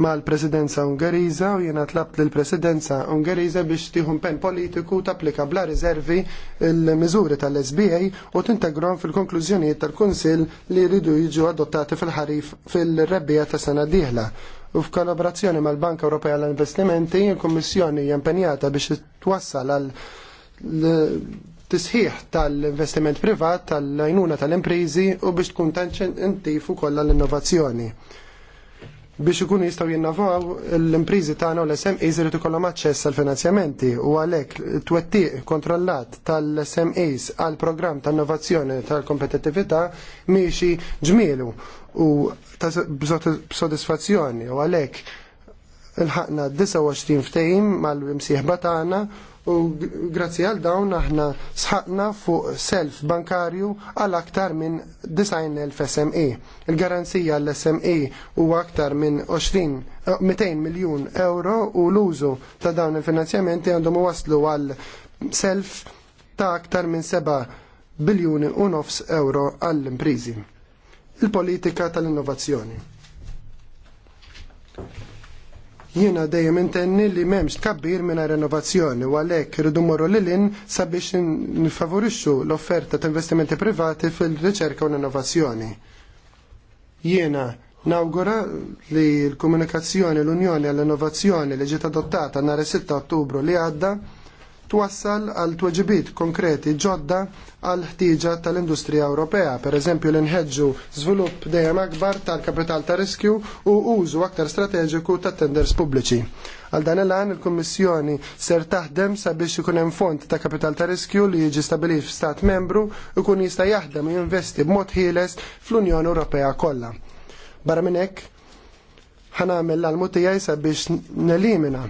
mal-Presidenza Ungeriża u jiena tlabt lill presidenza Ungeriża biex tieħu pen politiku tapplika bla riservi l-miżuri tal-SBA u tintegrom fil-konklużjonijiet tal-Kunsill li jridu jiġu adottati fil-ħarif fil-rebbija ta' sena d-dieħla. U f'kollaborazzjoni mal-Banka Ewropea l investimenti il-Kummissjoni hija impenjata biex twassal għal tisħiħ tal-investiment privat, tal-għajnuna tal-imprizi u biex tkun tanċentifu kollha l-innovazzjoni biex ikunu jistgħu jinnovaw l-imprizi tagħna u l-SMEs irid ikollhom aċċess għal finanzjamenti u għalhekk twettiq kontrollat tal-SMEs għal programm ta' innovazzjoni tal-kompetittività miexi ġmielu u ta' b'sodisfazzjoni u għalhekk il-ħakna 29 ftehim mal-imsieħba tagħna u grazzi għal dawn aħna sħaqna fuq self bankarju għal aktar minn 90.000 SME. Il-garanzija għall sme huwa aktar minn 20 200 eh, miljun euro u l-użu ta' dawn il-finanzjamenti għandhom waslu għal self ta' aktar minn 7 biljuni u nofs euro għall-imprizi. Il-politika tal-innovazzjoni. Jiena dejjem intenni li m'hemmx tkabbir mingħajr renovazzjoni u għalhekk irridu morru lilin sabiex nifavorixxu l-offerta ta' investimenti privati fil-riċerka u l-innovazzjoni. Jiena Nawgura li l-komunikazzjoni l-Unjoni għall-Innovazzjoni li ġiet adottata nhar 6 Ottubru li għadda twassal għal tweġibiet konkreti ġodda għal ħtieġa tal-industrija Ewropea, per eżempju l-inħeġġu żvilupp dejjem akbar tal-kapital ta' riskju u użu aktar strateġiku ta' tenders pubbliċi. Għal dan il-għan il-Kommissjoni ser taħdem sabiex ikun hemm fond ta' kapital ta' riskju li jiġi stabilit f'stat membru kun jista' jaħdem u jinvesti b'mod ħieles fl-Unjoni Ewropea kollha. Barra minn hekk, ħanamel l-almu tiegħi sabiex nelimina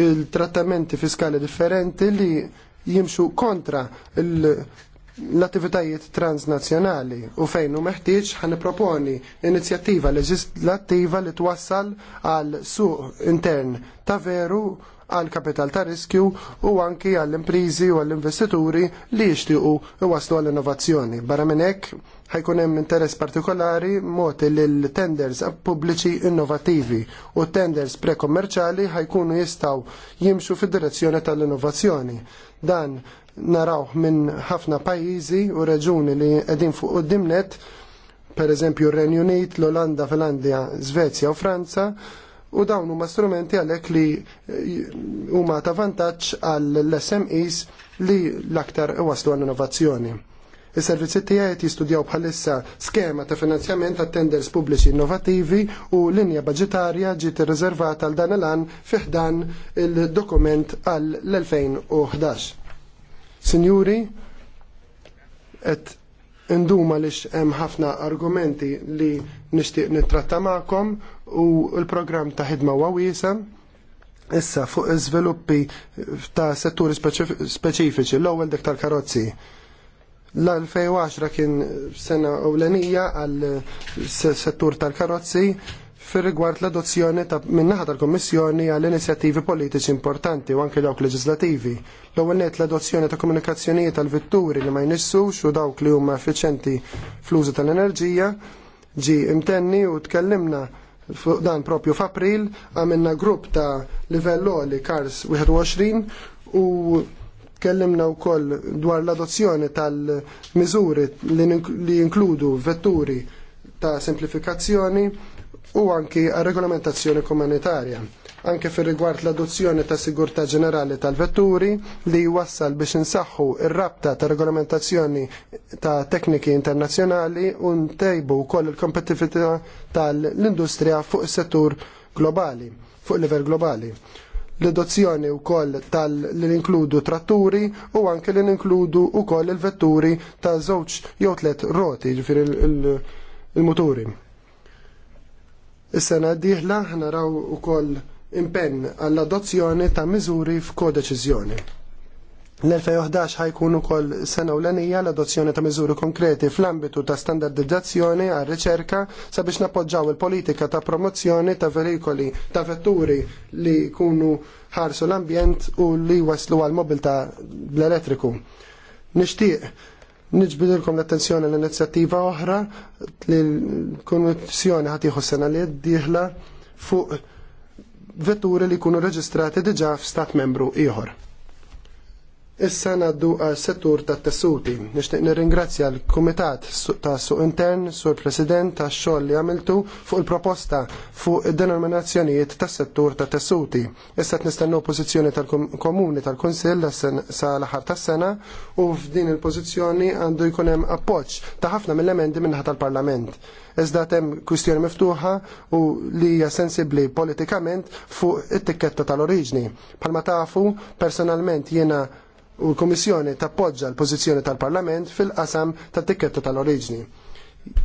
il-trattamenti fiskali differenti li jimxu kontra l-attivitajiet transnazzjonali u fejn u meħtieġ ħan proponi inizjattiva leġislattiva li twassal għal suq intern ta' veru għal kapital ta' riskju u anki għall imprizi u għall investituri li jixtiequ iwaslu għall innovazzjoni. Barra minn hekk ħajkun hemm interess partikolari mod li l-tenders pubbliċi innovativi u tenders prekommerċali ħajkunu jistgħu jimxu fid-direzzjoni tal-innovazzjoni. Dan narawh minn ħafna pajjiżi u reġuni li qegħdin fuq qudiemnet per eżempju r-Renju Unit, l-Olanda, Finlandja, Svezja u Franza, u dawn huma strumenti għalhekk li eh, huma ta' vantaġġ għall SMEs li l-aktar waslu għall innovazzjoni. Is-servizzi tiegħi qed jistudjaw bħalissa skema ta' finanzjament ta' tenders pubbliċi innovattivi u linja baġitarja ġiet irriservata għal dan il fih dan il-dokument għal l-2011. Sinjuri, qed induma lix hemm ħafna argumenti li nixtieq nittratta magħkom u l-programm ta' ħidma huwa wiesa. Issa fuq iżviluppi ta' setturi speċifiċi l-ewwel dik tal-karozzi. L-2010 kien sena ewlenija għal settur tal-karozzi fir rigward l-adozzjoni ta' minnaħa tal-Kommissjoni għall inizjattivi politiċi importanti u anke dawk leġislativi. L-ewwel net l-adozzjoni ta' komunikazzjonijiet tal-vetturi li ma jnissux u dawk li huma effiċenti fl-użu tal-enerġija ġi imtenni u tkellimna dan propju f'April għamilna grupp ta' livell li Kars 21 u u wkoll dwar l-adozzjoni tal-miżuri li jinkludu vetturi ta' semplifikazzjoni u anki għal regolamentazzjoni komunitarja anke fir rigward l-adozzjoni ta' sigurtà ġenerali tal-vetturi li jwassal biex insaħħu ir-rabta ta' regolamentazzjoni ta' tekniki internazzjonali u ntejbu wkoll il-kompetitività tal-industrija fuq is-settur globali, fuq il livell globali l u wkoll tal-inkludu tratturi u anke li inkludu wkoll il-vetturi ta' żewġ jew tliet roti ġifir il-muturi. Is-sena d-dieħla u ukoll impenn għall-adozzjoni ta' miżuri f'kodeċiżjoni. L-2011 ħajkun ukoll sena u l-adozzjoni ta' miżuri konkreti fl-ambitu ta' standardizzazzjoni għal riċerka sabiex nappoġġaw il-politika ta' promozzjoni ta' verikoli ta' vetturi li jkunu ħarsu l-ambjent u li waslu għal mobilta l-elettriku. Nixtieq Nġbidilkom l-attenzjoni l-inizjattiva oħra li l konvenzjoni ħatiħu sena li d-dieħla fuq vetturi li kunu reġistrati diġa f'stat membru ieħor. Issa naddu għal settur ta' tessuti. Nishtiq nirringrazzja l-Kumitat ta' Suq Intern, Sur President ta' xogħol li għamiltu fuq il-proposta fuq id-denominazzjonijiet ta' settur ta' tessuti. Issa nistennu pożizzjoni tal-Komuni tal-Kunsill sa' l-aħħar tas-sena u f'din il-pożizzjoni għandu jkun hemm appoġġ ta' ħafna mill-emendi minnaħa tal-Parlament. Iżda hemm kwistjoni miftuħa u li hija sensibbli politikament fuq it-tikketta tal-oriġni. Palma tafu, personalment jiena u l-Komissjoni tappoġġa l-pożizzjoni tal-Parlament fil-qasam tat-tikketta tal-oriġni.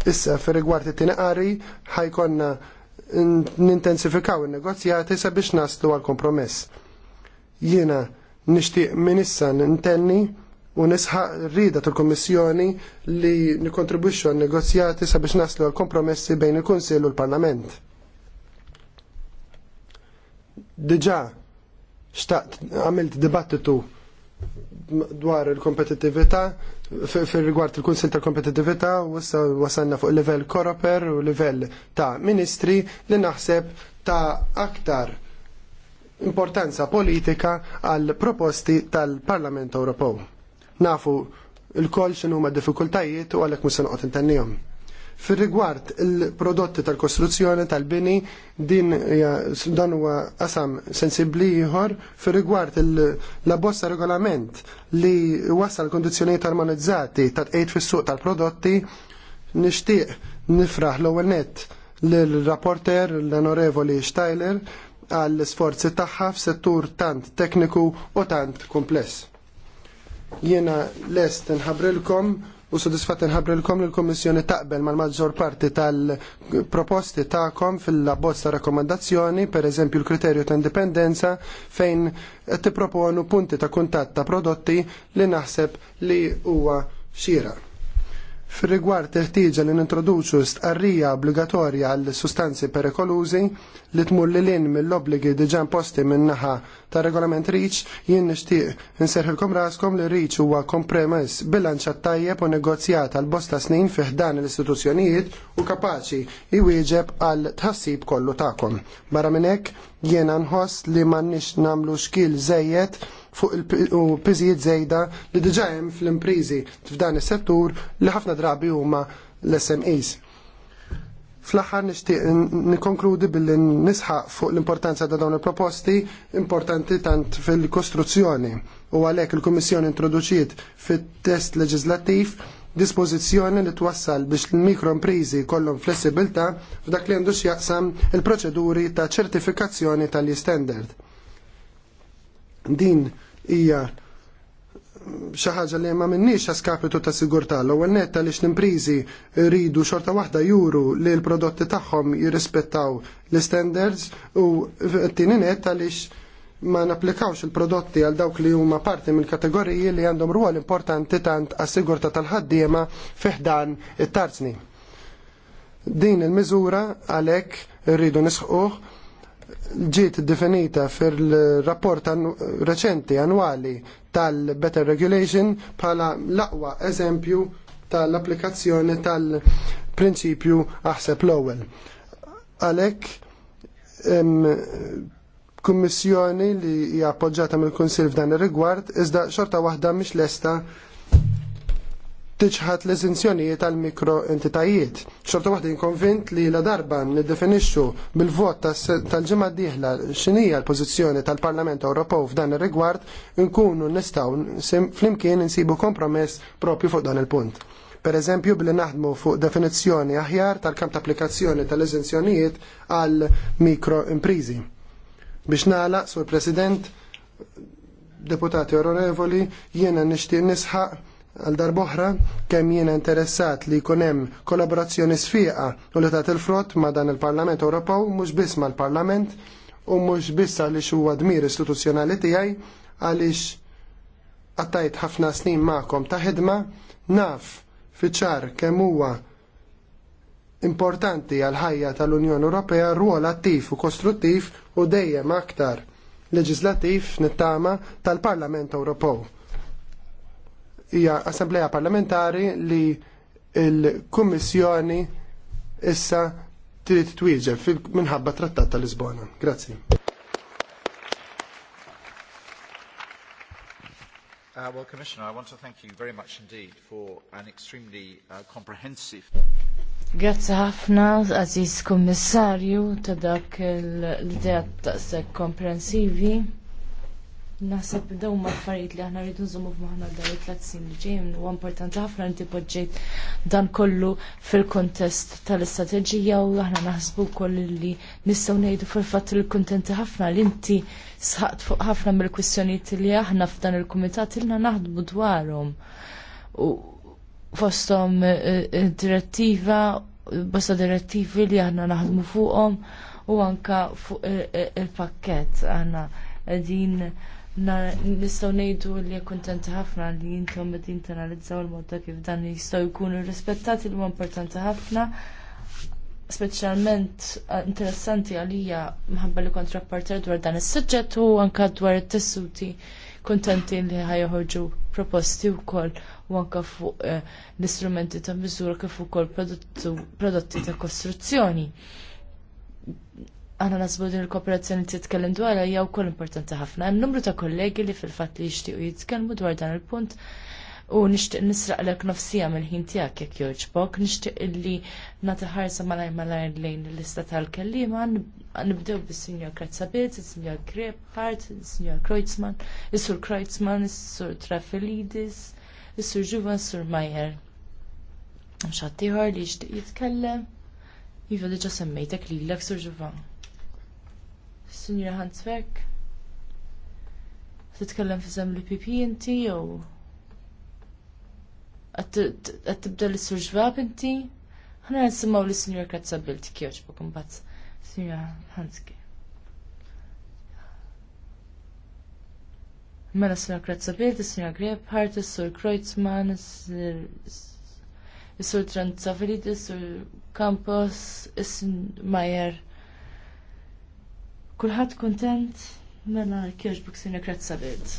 Issa fir rigward it-tieni qari ħajkonna nintensifikaw in-negozjati sabiex naslu għal kompromess. Jiena nixtieq minn issa nintenni u nisħaq rrida tal-Komissjoni li nikontribwixxu għal negozjati sabiex naslu għal kompromessi bejn il-Kunsill u l-Parlament. Diġà xtaqt għamilt dibattitu dwar il-kompetitività fil rigward il-Kunsil tal-Kompetitività u wasanna fuq livell koroper u livell ta' ministri li naħseb ta' aktar importanza politika għal proposti tal-Parlament Ewropew. Nafu il-kol xinu ma' diffikultajiet u għalek musan qot intennijom. Fir rigward il-prodotti tal-kostruzzjoni tal-bini din dan huwa qasam sensibbli ieħor fir rigward la bossa regolament li wassal kondizzjonijiet armonizzati ta' tqejt fis-suq tal-prodotti nixtieq nifraħ l-ewwel nett lill-rapporter l-onorevoli Steiler għall sforzi tagħha f'settur tant tekniku u tant kumpless. Jiena lest nħabrilkom u sodisfat l-kom l-Komissjoni taqbel mal-maġġor parti tal-proposti ta'kom fil-abbozza rakkomandazzjoni, per eżempju l-kriterju ta' indipendenza, fejn tipproponu punti ta' kuntatt ta' prodotti li naħseb li huwa xira. Fir-rigward teħtieġa li nintroduċu stqarrija obbligatorja għall sustanzi perikolużi li tmur li lin mill-obbligi diġà imposti min-naħa tar regolament Reach jien nixtieq inserħilkom raskom li Reach huwa kompremess bilanċat tajjeb u negozjat għal bosta snin fih dan l-istituzzjonijiet u kapaċi iwieġeb għal tħassib kollu tagħkom. Barra minn hekk jiena nħoss li m'għandniex nagħmlu xkil żejjed fuq il piżijiet żejda li diġà hemm fl-imprizi f'dan is-settur li ħafna drabi huma l-SMEs. Fl-aħħar nixtieq nikkonkludi billi nisħaq fuq l-importanza ta' dawn il-proposti importanti tant fil-kostruzzjoni u għalhekk il-Kummissjoni introduċiet fit-test leġislattiv dispożizzjoni li twassal biex l-mikroimprizi kollhom flessibilta f'dak li għandu x'jaqsam il-proċeduri ta' ċertifikazzjoni tal-standard din hija mm, xi ħaġa li ma minnix kapitu ta' sigurtà l-ewwel netta li l-imprizi rridu xorta waħda juru li l-prodotti tagħhom jirrispettaw l-standards u t-tieni netta għaliex ma napplikawx il-prodotti għal dawk li huma parti mill-kategoriji li għandhom rwol importanti tant għas-sigurtà tal-ħaddiema fiħdan it-tarzni. Din il-miżura għalhekk rridu nisħuh ġiet definita fil-rapport reċenti annwali tal-Better Regulation bħala l-aqwa eżempju tal-applikazzjoni tal-prinċipju aħseb l-ewwel. Għalhekk kummissjoni li hija appoġġjata mill-Kunsill f'dan ir-rigward iżda xorta waħda mhix lesta tiċħat l-esenzjonijiet tal mikro entitajiet. Xorta waħda konvint li la darba niddefinixxu bil-vot tal-ġimgħa d-dieħla l-pożizzjoni tal-Parlament Ewropew f'dan ir-rigward nkunu nistgħu flimkien insibu kompromess propju fuq dan il-punt. Per eżempju, billi naħdmu fuq definizzjoni aħjar tal-kamp ta' applikazzjoni tal-eżenzjonijiet għal mikroimprizi. Biex nagħlaq, Sur President, deputati onorevoli, jiena nixtieq nisħaq għal darboħra kemm jiena interessat li jkun hemm kollaborazzjoni sfiqa u li tagħti il-frott ma' dan il-Parlament Ewropew mhux biss mal-Parlament u mhux biss għaliex huwa dmir istituzzjonali tiegħi għaliex għattajt ħafna snin ma'kom ta' ħidma naf fiċar kemm huwa importanti għal ħajja tal-Unjoni Ewropea rwol attiv u kostruttiv u dejjem aktar leġislattiv nittama tal-Parlament Ewropew hija assembleja parlamentari li il-Kummissjoni issa trid twieġeb minħabba trattat ta' Lisbona. Grazzi. Uh, well, Commissioner, I want to thank you very much indeed for an extremely uh, comprehensive. Grazie ħafna, Aziz Kommissarju, ta' dak l-idea ta' komprensivji. Naħseb daw ma affarijiet li aħna rridu nżommu f'maħna dawn it-tliet sin li ġejjin huwa importanti ħafna inti poġġejt dan kollu fil-kontest tal-istrateġija u aħna naħsbu wkoll li nistgħu ngħidu fil-fatt li kuntenti ħafna li inti sħaqt fuq ħafna mill-kwistjonijiet li aħna f'dan il-kumitat ilna naħdmu dwarhom. U fosthom eh, eh, direttiva, bosta direttivi li aħna naħdmu fuqhom u anka fuq eh, il-pakkett aħna din nistgħu ngħidu li kuntenti ħafna li intom qed internalizzaw il-modda kif dan jistgħu jkunu rispettati li huwa importanti ħafna speċjalment interessanti għalija minħabba li kont rapporter dwar dan is-suġġett u anke dwar it-tessuti kuntenti li ħajħorġu proposti wkoll u anke fuq eh, l-istrumenti ta' miżura kif ukoll prodotti ta' kostruzzjoni Għana nasbu din il-kooperazzjoni titkellem dwar hija wkoll importanti ħafna. Hemm numru ta' kollegi li fil-fatt li jixtiequ jitkellmu dwar dan il-punt u nixtieq nisraqlek nofsija mill-ħin tiegħek jekk jogħġbok, nixtieq li nagħti ħarsa malajr malajr lejn l-lista tal-kellima, nibdew bis-Sinjor Krazzabiz, is-Sinjor Grebhardt, is-Sinjor Kreutzmann, is-Sur Kreutzmann, is-Sur Trafelidis, is-Sur Ġuvan, is-Sur Majer. Mxattiħor li jixtieq jitkellem, jiva diġa semmejtek li l-ek Sur Ġuvan. Signora Hansvek? Titkellem fizem li pipi inti jew? Għat tibda l surġvab inti? Ħana nisimaw li Signora Kazzabilti kjoċ bu kumbat. Signora Hanski. Mela Signora Kazzabilti, Signora Grebhardt, Sur Kreutzmann, Sur Tranzavilidis, Sur Campos, Sur Mayer. Kulħadd kuntent mela kieġbuk sinja krazza bid.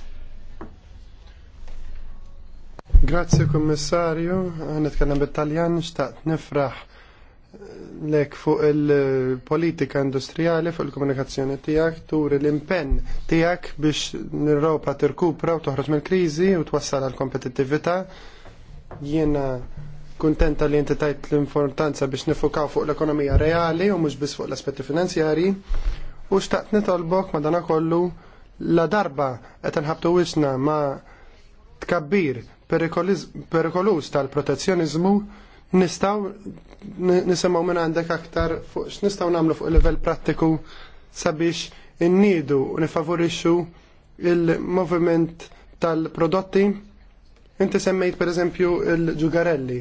Grazie kommissarju, nitkellem bit-Taljan, xtaqt nifraħ eh, lek fuq il-politika industrijali, fuq il-komunikazzjoni tijak, tur l-impenn tijak biex l europa tirkupra u toħroġ mill-krizi u twassal għal-kompetittivita. Jiena kontenta li inti tajt l-importanza biex nifukaw fuq l-ekonomija reali u mux biex fuq l-aspetti finanzjari u xtaqt nitolbok madana kollu la darba qed nħabtu wisna ma' tkabbir perikolus tal-protezzjonizmu nistaw nisimaw minn għandek aktar fuq x'nistgħu nagħmlu fuq il-livell prattiku sabiex innidu u nifavorixxu il-moviment tal-prodotti. Inti semmejt pereżempju il-ġugarelli.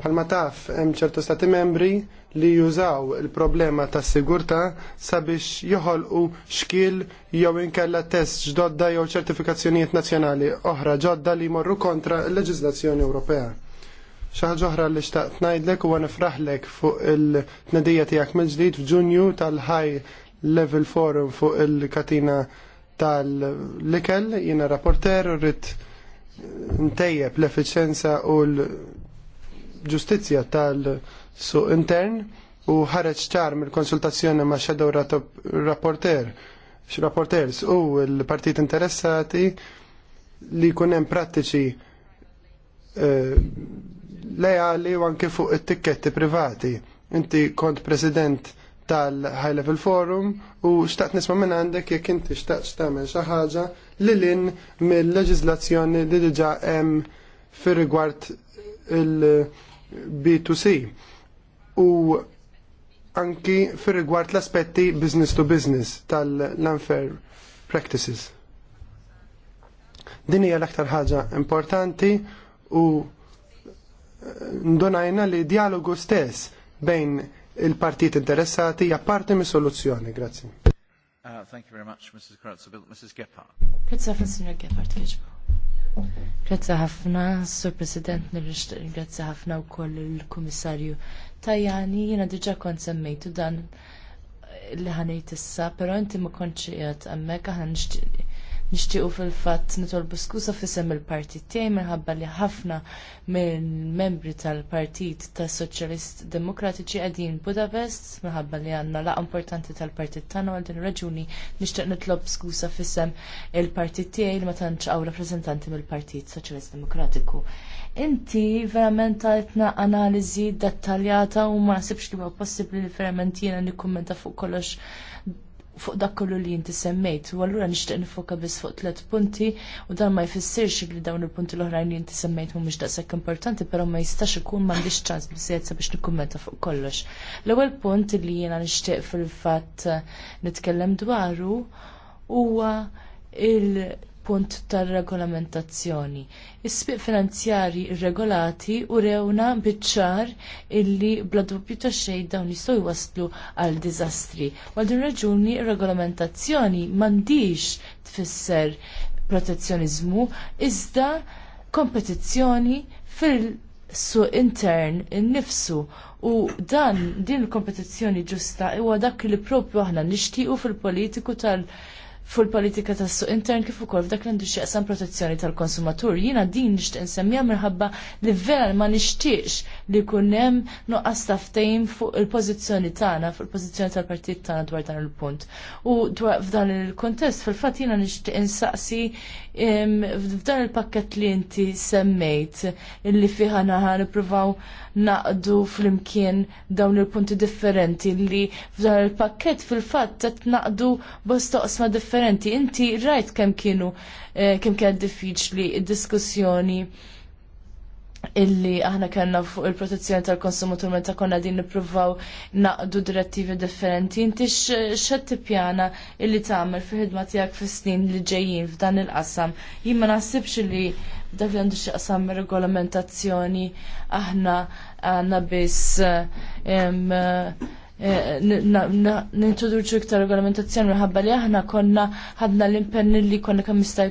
Bħalma taf hemm ċertu stati membri li jużaw il-problema tas sigurtà sabiex joħolqu xkil jew inkella test ġdodda jew ċertifikazzjonijiet nazzjonali oħra ġodda li jmorru kontra l-leġiżlazzjoni Ewropea. Xaħġa oħra li xtaqt ngħidlek u nifraħlek fuq il-tnedija tiegħek mill-ġdid f'Ġunju tal-High Level Forum fuq il-katina tal-likel jiena rapporter rrid ntejjeb l-efficienza u l-ġustizja tal- su intern u ħareġ ċar mill-konsultazzjoni ma' shadow rapporter rapporters u l-partit interessati li kunem prattiċi uh, lejali u anke fuq it-tikketti privati. Inti kont president tal-High Level Forum u xtaqt nisma minn għandek jekk inti xtaqt xtamen xi ħaġa li lin mill-leġiżlazzjoni li diġa' hemm fir rigward il-B2C u anki fir rigward l-aspetti business to business tal-unfair practices. Din hija l-aktar ħaġa importanti u eh, ndonajna li dialogu stess bejn il-partit interessati hija parti mis soluzzjoni. Grazzi. Uh, thank you very much, Mrs. Kratza. Mrs. Gephardt. Grazie ħafna, Signor Gephardt, Grazie ħafna, Sur President, nirriġt, grazie ħafna u koll il-Komissarju Tajani jiena diġà kont semmejtu dan li ħanejt issa, però inti ma kontx qiegħed hemmhekk aħna nixtiequ fil-fatt nitolbu skuża fisem il-partit tiegħi minħabba li ħafna mill-membri tal-Partit tas-Soċjalist Demokratiċi qegħdin Budapest minħabba li għandna laqgħa importanti tal-partit tagħna għal din raġuni nixtieq nitlob skuża fisem il-partit tiegħi li ma tantx hawn rappreżentanti mill-Partit Soċjalist Demokratiku inti verament għaltna analiżi dettaljata u ma nasibx li huwa possibbli li verament jiena nikkummenta fuq kollox fuq dak kollu li inti semmejt. U allura nixtieq nifoka biss fuq tliet punti u dan ma jfissirx li dawn il-punti l-oħrajn li inti semmejt mhumiex daqshekk importanti, però ma jistax ikun m'għandix ċans biżejjed sabiex nikkummenta fuq kollox. L-ewwel punt li jiena nixtieq fil-fatt nitkellem dwaru huwa il- punt tar-regolamentazzjoni. is spiq finanzjarji regolati u rewna biċ-ċar illi bla dubju ta' xejn dawn jistgħu jwasslu għal diżastri. Għal din raġuni ir-regolamentazzjoni m'għandix tfisser protezzjoniżmu iżda kompetizzjoni fil- su intern innifsu u dan din il kompetizzjoni ġusta huwa dak li propju aħna nixtiequ fil-politiku tal- fil-politika tas suq intern kif ukoll f'dak li għandu xieqsam protezzjoni tal-konsumatur. Jiena din nixtieq insemmija minħabba li vera ma nixtiex li jkun hemm nuqqas taftejn fuq il-pożizzjoni tagħna, fuq il-pożizzjoni tal-partit tagħna dwar dan il-punt. U dwar f'dan il-kontest fil-fatt jiena nixtieq insaqsi f'dan il-pakket li inti semmejt illi fiħa naħa nipruvaw naqdu fl-imkien dawn il-punti differenti li f'dan il-pakket fil-fatt qed naqdu bostoqsma differenti. Inti rajt kemm kienu eh, kemm kienet diffiċli id-diskussjoni illi aħna kellna fuq il-protezzjoni tal-konsumatur meta konna din nippruvaw naqdu direttivi differenti. Inti x'qed tippjana illi tagħmel fil-ħidma tiegħek fis-snin li ġejjin f'dan il-qasam. Jien ma naħsibx li dak li għandu x'qasam regolamentazzjoni aħna għandna biss Eh, nintroduċu iktar regolamentazzjoni minħabba li aħna konna ħadna l-impenn li konna kemm jista'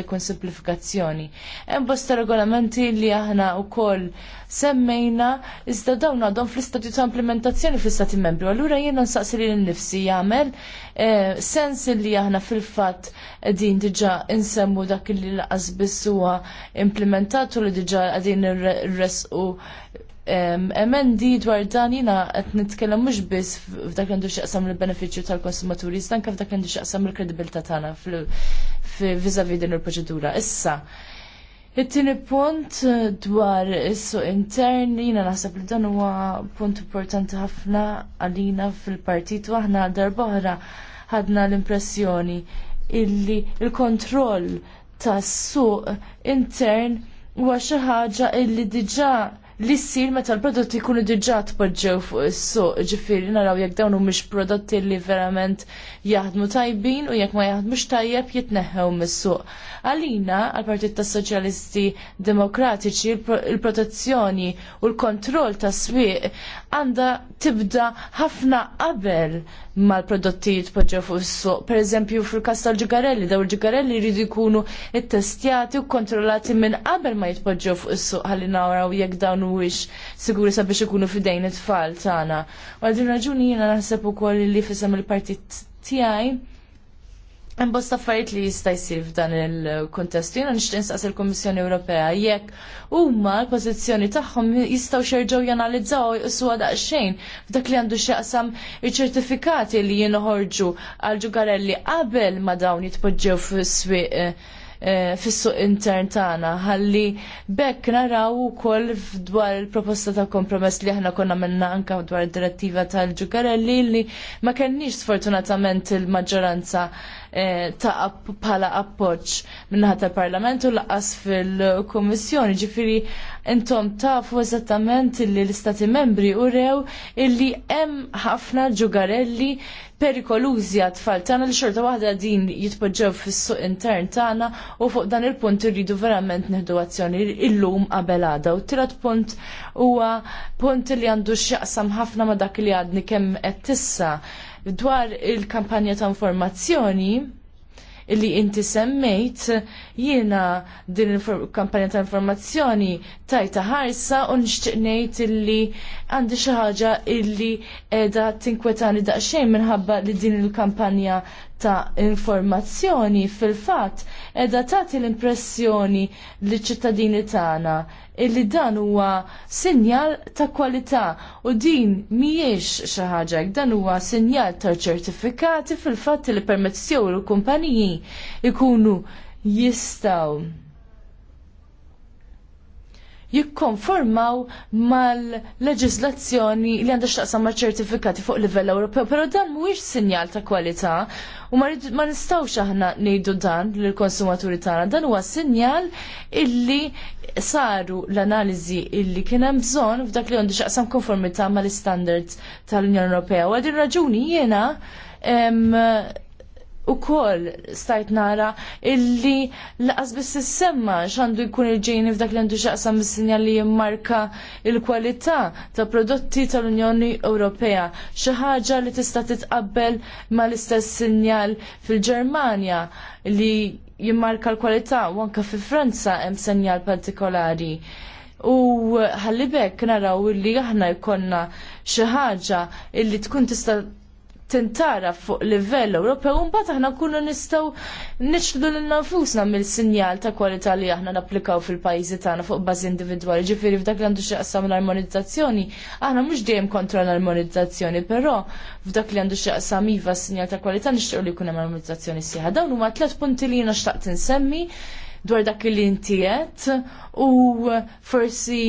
jkun simplifikazzjoni. Hemm bosta regolamenti li aħna wkoll semmejna iżda dawn għadhom fl istatju ta' implementazzjoni fl-istati membri. Allura jiena nsaqsi li nnifsi jagħmel eh, sens li aħna fil-fatt din diġa insemmu dak li laqas biss huwa implementatu li diġa qegħdin irresqu emendi dwar dan jina qed nitkellem mhux biss f'dak għandu x'aqsam il-benefiċċju tal-konsumaturi, iżda kif f'dak għandu x'aqsam il kredibilta tagħna f'vizavi din il-proċedura. Issa, it-tieni punt dwar is-suq intern jina naħseb li dan huwa punt importanti ħafna għalina fil-partit u aħna darba oħra ħadna l-impressjoni illi l kontroll tas-suq intern huwa xi ħaġa illi diġà li ssir meta l-prodotti jkunu diġà tpoġġew fuq is-suq, ġifieri naraw jekk dawn mhumiex prodotti li verament jaħdmu tajbin u jekk ma jaħdmux tajjeb jitneħħew mis-suq. Għalina għall partit tas Soċjalisti Demokratiċi il-protezzjoni u l-kontroll tas-swieq għandha tibda ħafna qabel mal-prodotti jitpoġġew fuq is-suq. Pereżempju fil-każ tal-ġigarelli, daw il-ġigarelli jridu jkunu ttestjati u kontrollati minn qabel ma jitpoġġew fuq is-suq ħalli naraw jekk dawn mhuwiex siguri sabiex ikunu fidejn it-tfal tagħna. Għal din raġuni jiena naħseb ukoll li fisem il-partit tiegħi Hemm bosta affarijiet li jista' jsir f'dan il-kuntest. Jiena nixtieq nistaqs il-Kummissjoni Ewropea jekk huma l-pożizzjoni tagħhom jistgħu xerġgħu janalizzaw jqisuha daqsxejn f'dak li għandu x'jaqsam iċ-ċertifikati li jinħorġu għal ġugarelli qabel ma dawn jitpoġġew fis-swieq eh, Eh, fis-suq intern tagħna ħalli bekk naraw ukoll dwar il-proposta ta' kompromess li aħna konna menna anka dwar id-direttiva tal ġukarelli li ma kenniex sfortunatament il-maġġoranza eh, ta' bħala appoġġ minnaħa tal-Parlament u laqas fil-Kummissjoni. ġifiri intom tafu eżattament li l-Istati membri u rew illi hemm ħafna ġugarelli perikolużi għat-tfal tagħna li xorta waħda din jitpoġġew fis-suq intern tagħna u fuq dan il-punt irridu verament neħdu azzjoni illum qabel għada. U tirat punt huwa punt li għandu x'jaqsam ħafna ma dak li għadni kemm qed tissa dwar il-kampanja ta' informazzjoni li inti semmejt jiena din il-kampanja ta' informazzjoni tajta ħarsa u nixtieq ngħid illi għandi xi ħaġa illi qiegħda tinkwetani daqsxejn minħabba li din il-kampanja ta' informazzjoni fil-fatt edha tagħti l-impressjoni li ċittadini tagħna illi dan huwa sinjal ta' kwalità u din mhijiex xi ħaġa dan huwa sinjal ta' ċertifikati fil-fatt li permezz jew il-kumpaniji ikunu jistgħu jikkonformaw mal-leġislazzjoni li għandha x'taqsam ma' ċertifikati fuq livell Ewropew, però dan mhuwiex sinjal ta' kwalità u ma nistgħux aħna ngħidu dan lill-konsumaturi tagħna. Dan huwa sinjal illi saru l-analiżi illi kien hemm bżonn f'dak li għandu x'aqsam konformità mal-istandards tal-Unjoni Ewropea. U għadin raġuni jiena kol stajt nara illi laqas biss semma x'għandu jkun il-ġejni f'dak li għandu x'aqsam mis-sinjal li jimmarka il-kwalità ta' prodotti tal-Unjoni Ewropea. Xi ħaġa li tista' titqabbel mal-istess sinjal fil-Ġermanja li jimmarka l-kwalità u anke fi Franza hemm sinjal partikolari. U ħallibek naraw li aħna jkollna xi ħaġa illi tkun tista' tintara fuq livell Ewropew u mbagħad aħna nkunu nistgħu niċċdu lil nafusna mill-sinjal ta' kwalità li aħna napplikaw fil-pajjiżi tagħna fuq bażi individwali. Ġifieri f'dak li għandu qasam l-armonizzazzjoni, aħna mhux dejjem kontra l-armonizzazzjoni, però f'dak li għandu qasam iva s-sinjal ta' kwalità nixtiequ li jkun hemm armonizzazzjoni sieħa. Dawn huma tliet punti li jiena xtaqt insemmi dwar dak li inti u forsi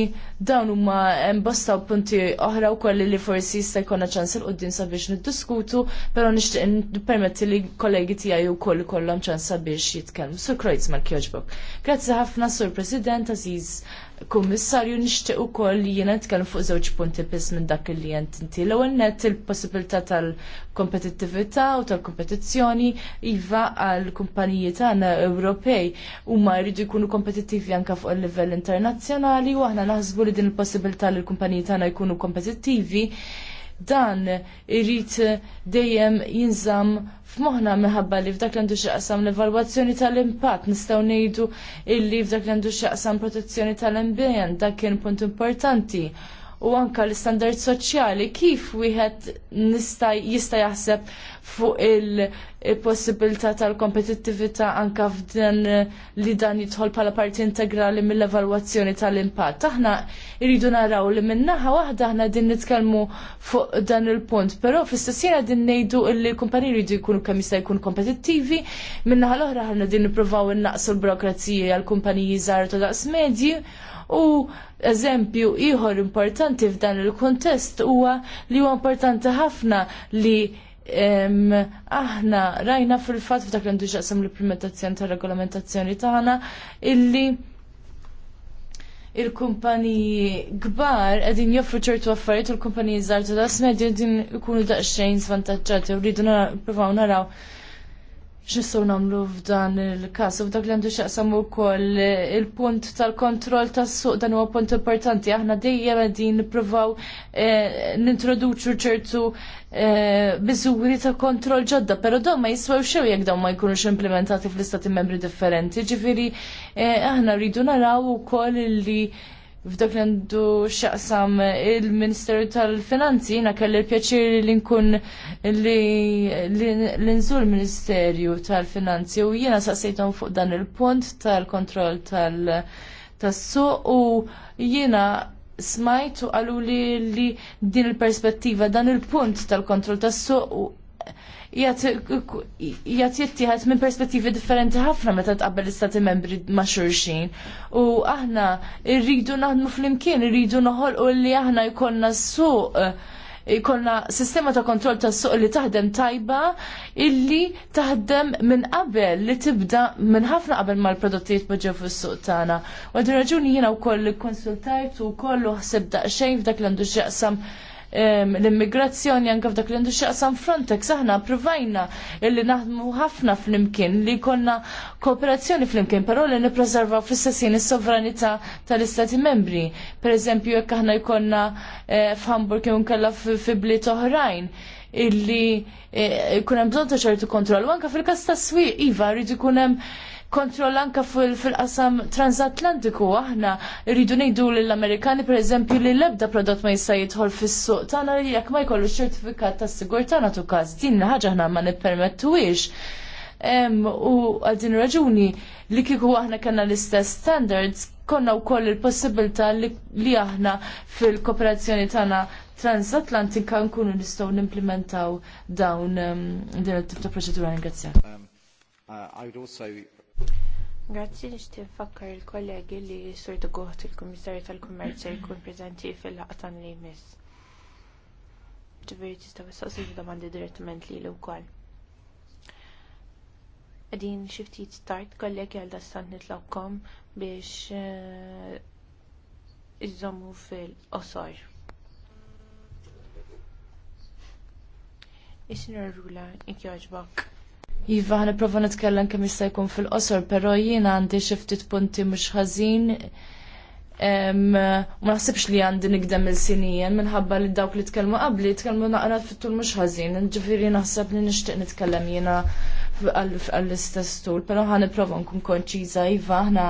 dawn huma imbostaw punti oħra kolli li forsi jista' jkollna ċans il qudiem sabiex niddiskutu, però nixtieq nippermetti li kollegi tiegħi wkoll ikollhom ċans sabiex jitkellmu. Sur Kreuzmann kjoġbok. Grazzi ħafna Sur President Aziz kummissarju nixtieq ukoll li jena nitkellem fuq żewġ punti biss minn dak li jent inti. L-ewwel nett il-possibilità tal-kompetittività u tal-kompetizzjoni iva għal kumpaniji tagħna Ewropej huma jridu jkunu kompetittivi anke fuq il-livell internazzjonali u aħna naħsbu li din il-possibilità li l-kumpaniji tagħna jkunu kompetittivi dan irrit dejjem jinżam f'moħħna minħabba li f'dak li għandu xaqsam l-evalwazzjoni tal-impatt nistgħu ngħidu illi f'dak li għandu xaqsam protezzjoni tal-ambjent dak kien punt importanti u anka l-standard soċjali kif wieħed nista' jista' jaħseb fuq il-possibilità tal-kompetittività anka f'dan li dan jidħol bħala parti integrali mill-evalwazzjoni tal-impatt. Aħna jridu naraw li min-naħa waħda aħna din nitkellmu fuq dan il-punt, però fl-istess jiena din ngħidu li l-kumpaniji jridu jkunu kemm jista' jkun kompetittivi, min-naħa l-oħra aħna din nippruvaw innaqsu l-burokrazija għall kumpaniji żgħar ta' daqs medji U eżempju ieħor importanti f'dan il-kontest huwa li huwa importanti ħafna li Um, aħna rajna fil-fat f'dak li ntuġaqsam l-implementazzjoni ta' regolamentazzjoni tagħna illi il-kumpaniji kbar qegħdin joffru ċertu affarijiet u l-kumpaniji żgħar ta' medju qegħdin ikunu daqsxejn svantaġġati u rridu nippruvaw naraw ġissu namlu f'dan il-kas. U f'dak li għandu xaqsam u koll il-punt tal-kontroll tas suq dan huwa punt importanti. Aħna dejjem għedin niprovaw eh, nintroduċu ċertu bizzuri eh, ta' kontroll ġodda, pero dawn ma jiswew xew jekk dawn ma jkunux implementati fl-istati membri differenti. Ġifiri, eh, aħna rridu naraw u koll li f'dak li għandu xaqsam il-Ministeru tal-Finanzi, jina kelli l-pjaċir li nkun li nżur il-Ministerju tal-Finanzi u jina saqsejtom fuq dan il-punt tal-kontroll tal-tassu u jina smajt u għalu li, li din il-perspettiva dan il-punt tal-kontroll tas-suq jgħat jittieħed minn perspettivi differenti ħafna meta tqabbel l-istati membri ma' xurxin. U aħna rridu naħdmu fl-imkien, rridu noħolqu li aħna jkollna suq eh, jkollna sistema ta' kontroll ta' suq li taħdem tajba illi taħdem minn qabel li tibda minn ħafna qabel mal prodotti jitpoġġew fis-suq tagħna. U għadu raġuni jiena wkoll konsultajt u kollu ħseb daqsxejn f'dak li għandu x'jaqsam l-immigrazzjoni anke f'dak li għandu xaqsam Frontex aħna provajna illi naħdmu ħafna flimkien li konna kooperazzjoni flimkien, però li nippreservaw fl-istessin is-sovranità tal-Istati membri. Per eżempju, jekk aħna jkollna eh, f'Hamburg jew nkella fi bliet oħrajn illi eh, jkun hemm bżonn ta' ċertu u Anke fil-każ tas-swieq iva rrid ikun hemm kontroll anka fil-qasam transatlantiku. Aħna rridu ngħidu lill-Amerikani pereżempju li l-ebda prodott ma jista' jidħol fis-suq tagħna li jekk ma jkollu ċertifikat tas sigurtà nagħtu każ. Din ħaġa aħna ma nippermettuhiex. U għal din raġuni li kieku aħna kellna l-istess standards konna wkoll il-possibilità li aħna fil-kooperazzjoni tagħna transatlantika nkunu nistgħu nimplementaw dawn din il tip ta' proċedura ringrazzjak. Um, uh, I would also Grazzi nixtieq nfakkar il-kollegi li Sur Dugoħt il-Kummissarju tal kummerċi jkun preżenti fil-laqatan li jmiss. Ġifieri tista' tistaqsi domandi direttament lilu wkoll. Qegħdin xi ftit start kollegi għal dastant nitlawkom biex eh, iżommu fil-qosor. is rula, ikjoġbok. Iva, ħan prova nitkellem kemm jista' jkun fil-qosor, però jiena għandi xi ftit punti mhux ħażin. Ma naħsibx li għandi nikdem il-sinijen minħabba li dawk li tkellmu qabli tkellmu naqra fit-tul mhux ħażin. Ġifieri naħseb li nixtieq nitkellem jiena għall-istess tul, però ħan prova nkun konċiża, iva, aħna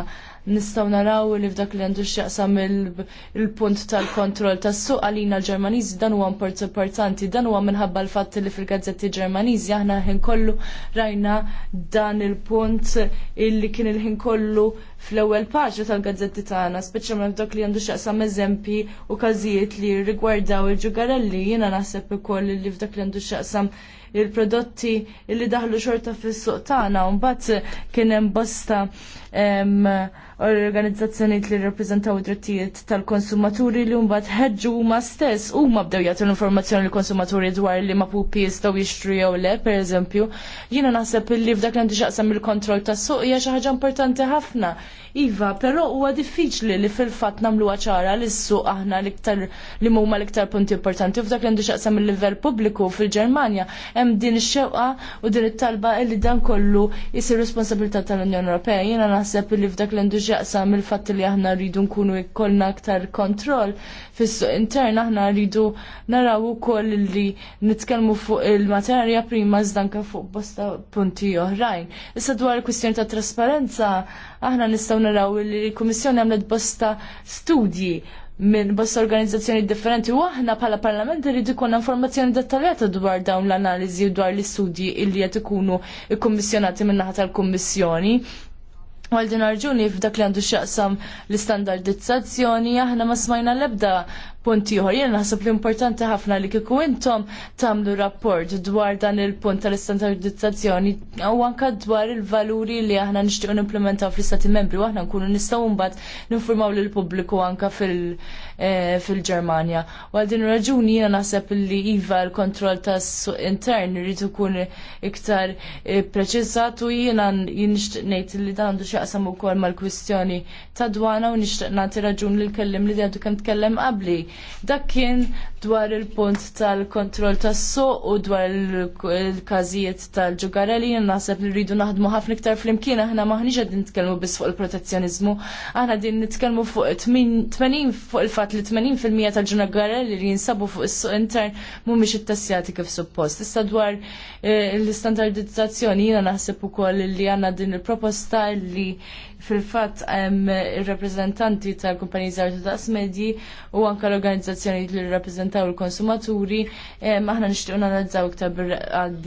nistaw naraw li f'dak li għandu x'jaqsam il-punt tal-kontroll tas-suq għalina l-Ġermaniżi dan huwa importanti, dan huwa minħabba l-fatt li fil-gazzetti Ġermaniżi aħna ħin kollu rajna dan il-punt illi kien il-ħin kollu fl-ewwel paġna tal-gazzetti tagħna, speċjalment f'dak li għandu x'jaqsam eżempji u każijiet li rigwardaw il-ġugarelli jiena naħseb ukoll li f'dak li għandu x'jaqsam il-prodotti li daħlu xorta fis-suq tagħna u mbagħad kien hemm bosta organizzazzjonijiet li rappresentaw drittijiet tal-konsumaturi li mbagħad ħeġġu huma stess huma bdew jagħtu l-informazzjoni l-konsumaturi dwar li ma pupi jistgħu jixtru jew le, pereżempju. Jiena naħseb illi f'dak li xaqsam il-kontroll tas-suq hija xi ħaġa importanti ħafna. Iva, però huwa diffiċli li fil-fatt nagħmluha ċara li s-suq aħna l-iktar li huma l-iktar punti importanti f'dak li xaqsam il-livell pubbliku fil-Ġermanja hemm din ix-xewqa u din it-talba li dan kollu jsir responsabilità tal-Unjoni Ewropea. Jiena naħseb li f'dak li x'jaqsam il-fatt li aħna rridu nkunu jkollna aktar kontroll fis-suq intern aħna rridu naraw ukoll li nitkellmu fuq il-materja prima iżda anke fuq bosta punti oħrajn. Issa dwar il-kwistjoni ta' trasparenza aħna nistgħu naraw li l-Kummissjoni għamlet bosta studji minn bosta organizzazzjoni differenti u aħna bħala parlament rridu konna informazzjoni dettaljata dwar dawn l-analiżi u dwar l-istudji illi qed ikunu l-kummissjonati min-naħa tal-Kummissjoni. Għal din f'dak li għandu xaqsam l-istandardizzazzjoni aħna ma smajna l-ebda punt ieħor. Jena naħseb li importanti ħafna li kieku intom tagħmlu rapport dwar dan il-punt tal-istandardizzazzjoni u anke dwar il-valuri li aħna nixtiequ nimplementaw fl-Istati Membri u aħna nkunu nistgħu mbagħad ninformaw lill pubbliku anke eh, fil-Ġermanja. U għal din raġuni jiena naħseb li iva l-kontroll tas-suq intern irid ikun iktar eh, preċiżat u jiena nixtieq ngħid li dan għandu x'jaqsam ukoll mal-kwistjoni ta' dwana u nixtieq nagħti raġun li kellim li għadu kemm tkellem qabli Dak kien dwar il-punt tal-kontroll tas-suq u dwar il-każijiet tal-ġugarelli naħseb li rridu naħdmu ħafna iktar flimkien aħna maħniġ qegħdin nitkellmu biss fuq il-protezzjoniżmu, aħna din nitkellmu fuq 80 fuq il-fatt li 80% tal-ġugarelli li jinsabu fuq is-suq intern mhumiex it-tassjati kif suppost. Issa dwar eh, l-istandardizzazzjoni jiena naħseb ukoll li għandna din il-proposta li fil-fatt hemm reprezentanti ta' kumpaniji żgħar ta' medji u anke l-organizzazzjoni li rappreżentaw il-konsumaturi aħna nixtiequ nanalizzaw iktar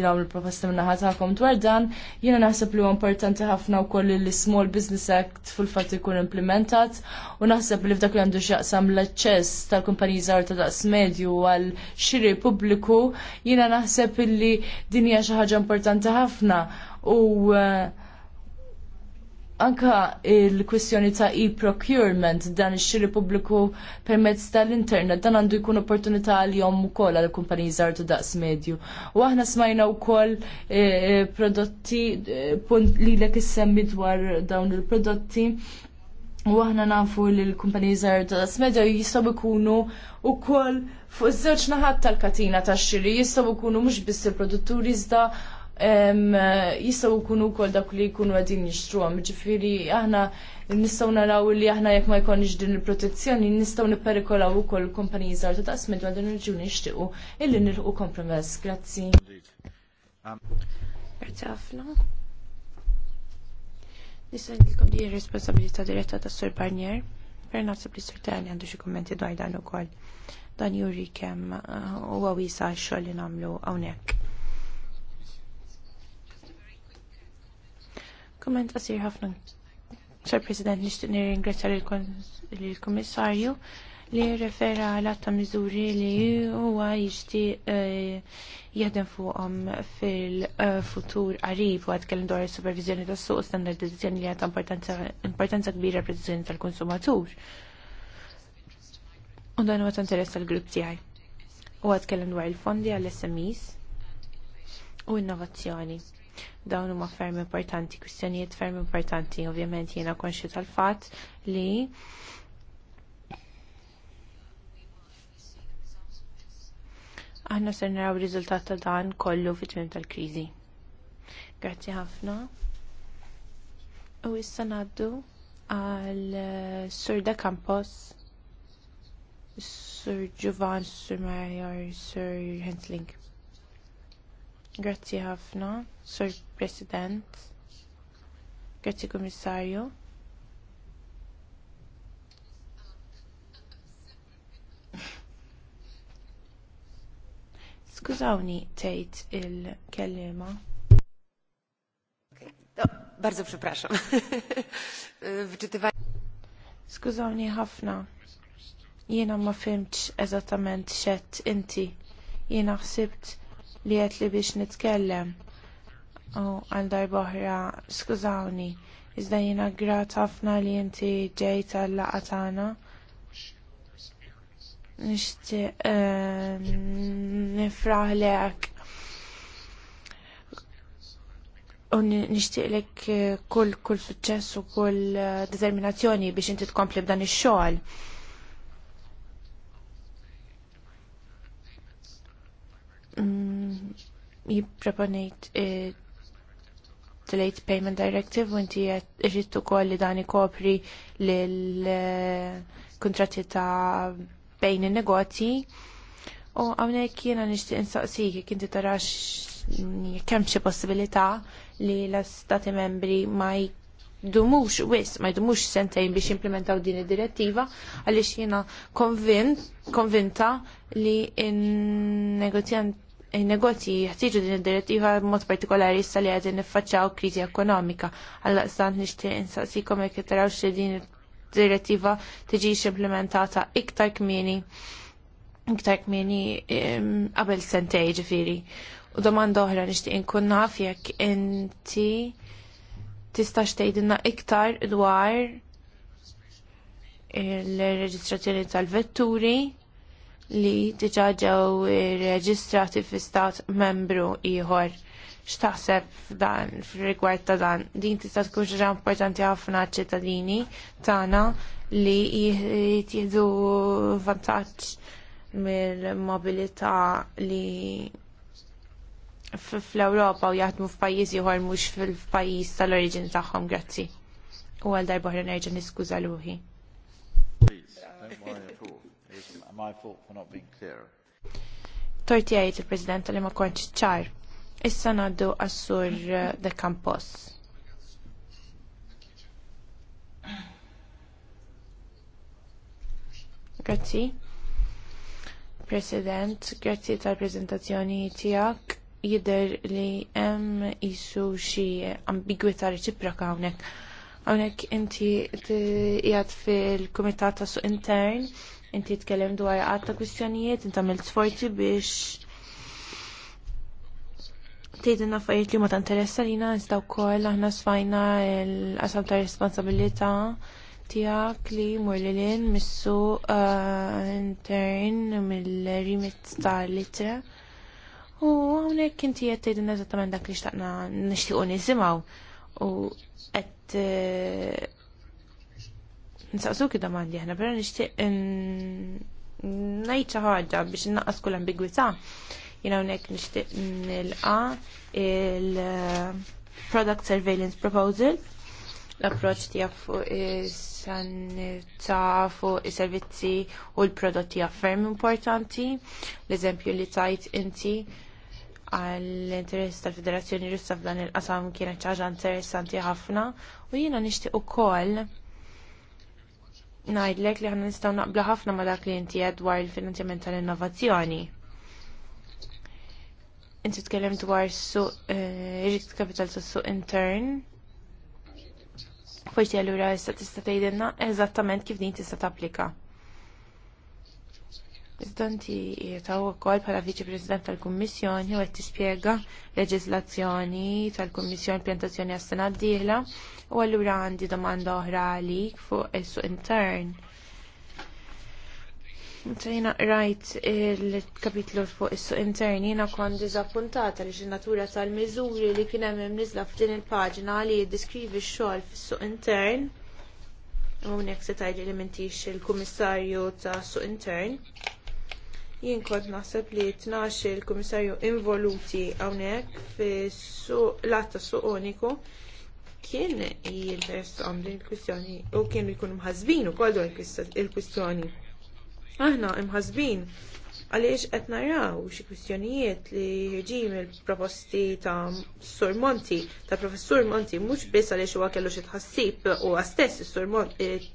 dawn il-proposta minn naħa tagħkom dwar dan. Jiena naħseb li huwa importanti ħafna koll li l-Small Business Act fil-fatt ikun implementat u naħseb li f'dak li għandu x'jaqsam l-aċċess tal-kumpaniji żgħar ta' daqs medju għal xiri pubbliku jiena naħseb li din hija xi ħaġa importanti ħafna u uh, Anka il kwestjoni ta' e-procurement dan ix-xiri pubbliku permezz tal-internet dan għandu jkun opportunità għal jom ukoll għal kumpaniji żgħar daqs medju. U aħna smajna wkoll eh, eh, prodotti eh, punt lilek issemmi dwar dawn il-prodotti U aħna nafu li l-kumpaniji żgħar ta' medju jistgħu jkunu wkoll fuq żewġ naħat tal-katina tax-xiri jistgħu jkunu mhux biss il-produtturi iżda jistaw kunu kol dak li kunu għadin jishtruhom. Ġifiri, aħna nistaw naraw li aħna jekk ma jkonix din il-protezzjoni, nistaw nipperikolaw ukoll kompani żgħar ta' smidu dwar din il-ġuni jixtiequ illi nirħu kompromess. Grazzi. Grazzi ħafna. Nista' ngħidilkom di responsabilita diretta tas Sur Barnier. Per naħseb li Sir Tani għandu xi kummenti dwar dan ukoll. Dan juri kemm eh, u għawisa x-xogħol li nagħmlu hawnhekk Komment għasir ħafna. Sir President, nixtieq nirringrazzja lill-Kummissarju li refera għal ta' miżuri li huwa jixtieq eh, jaħdem fuqhom fil-futur qarib u għadkellem dwar is-supervizjoni tas-suq standardizzazzjoni li għadha importanza kbira protezzjoni tal-konsumatur. U dan huwa ta' interess tal-grupp tiegħi. U għadkellem dwar il-fondi għall-SMEs u innovazzjoni. Dawn huma ferm importanti, kwistjonijiet ferm importanti, ovvjament jiena konxi tal-fatt li aħna ser naraw riżultat ta' dan kollu fit tal-kriżi. Grazzi ħafna. U issa ngħaddu għal eh, Surda Campos. Sir Giovanni, Sir Mayor, Sir Hensling. Grazzi ħafna, Sir President. Grazzi Kummissarju. *laughs* Skużawni tgħid il-kellima. Bardzo przepraszam. *laughs* Skużawni ħafna. Jiena ma fimtx eżattament xett inti. Jiena ħsibt li għet li biex nitkellem. U għal darba skużawni, iżda jina grat ħafna li inti ġej tal laqatana tagħna. Nixtieq ehm, nifraħlek u nixtieqlek eh, kull kull suċċess u kull eh, determinazzjoni biex inti tkompli b'dan ix-xogħol Mm, jipproponejt eh, Delayed Payment Directive u inti irrid ukoll li dan ikopri l eh, kuntratti ta' bejn in negoti U hawnhekk jiena nixtieq insaqsik kinti inti tarax mm, kemm xi possibilità li l stati membri ma dumux wis, ma jdumux sentejn biex implementaw din id-direttiva, għaliex jiena konvinta li il-negozji jħtiġu din id-direttiva b'mod partikolari issa li għadin niffaċċaw kriżi ekonomika. Għalla stant nixtieq insaqsikom jekk taraw xi din id-direttiva tiġix implementata iktar kmini iktar kmieni qabel sentej ġifiri. U domanda oħra nixtieq inkun naf jekk inti Tista' tgħidilna iktar dwar il-reġistrazzjoni tal-vetturi li diġà ġew reġistrati fl-istat membru ieħor. X'taħseb f'dan f'rigward ta' dan? Din tista' tkun xi importanti ħafna ċittadini tagħna li jieħdu vantaġġ mill-mobilità li fl-Ewropa u jaħdmu f'pajjiżi ieħor mhux fil-pajjiż tal-oriġini tagħhom, grazzi. U għal darba nerġa' niskuża ruħi. Torti għajt il-President li ma konċ ċar. Issa naddu għassur eh, de Campos. Grazzi. President, grazzi tal-prezentazzjoni tijak jidher li hemm isu xi ambigwità reċiproka hawnhekk. Hawnhekk inti qiegħed fil-Kumitat tas Suq Intern, inti tkellem dwar għatta ta' kwistjonijiet, inti għamilt sforzi biex tgħidilna affarijiet li ma ta' interessa lina iżda wkoll aħna sfajna l-qasam ta' responsabilità tijak li murlilin missu uh, eh, intern mill-rimit ta' litra U hawnhekk inti qed din eżattament dak li xtaqna nixtiequ nizimaw. u qed e, Nsaqsu kida mandi aħna, però nixtieq ngħid xi ħaġa biex innaqqas kull ambigwità. Jiena hawnhekk nixtieq nilqa il-Product e, Surveillance Proposal l-approċ tiegħek fuq is-sanità, fuq is-servizzi u l-prodotti ferm importanti. L-eżempju li tajt inti għall-interess tal-Federazzjoni Russa f'dan il-qasam kienet ċaġa interessanti ħafna u jiena nixtieq ukoll ngħidlek li ħana nistgħu naqbla ħafna ma dak li inti dwar il-finanzjament tal-innovazzjoni. Inti tkellem dwar suq eh, risk capital tas suq intern. Forsi allura issa tista' tgħidilna eżattament kif din tista' tapplika. Iżda jitaw u ukoll bħala Viċi President tal-Kummissjoni u qed tispjega leġizlazzjoni tal-Kummissjoni pjantazzjoni għas-sena d-dieħla u allura għandi domanda oħra għalik fuq is-suq intern. Tajna rajt il-kapitlu fuq is-suq intern jiena kon diżappuntata li natura tal-miżuri li kien hemm nizla f'din il-paġna li jiddiskrivi x-xogħol fis-suq intern. Hawnhekk se tgħidli li m'intix il-Kummissarju ta' suq intern. Jien kont naħseb li tnax il-Kummissarju involuti hawnhekk fis-suq l-atta uniku kien jinteressom din il-kwistjoni u kienu jkunu mħazbin ukoll dwar il-kwistjoni. Aħna imħazbin għaliex qed naraw xi kwistjonijiet li ħirġim il-proposti ta' Sur Monti, ta' Professur Monti, mhux biss għaliex huwa kellu xi tħassib u stess eh,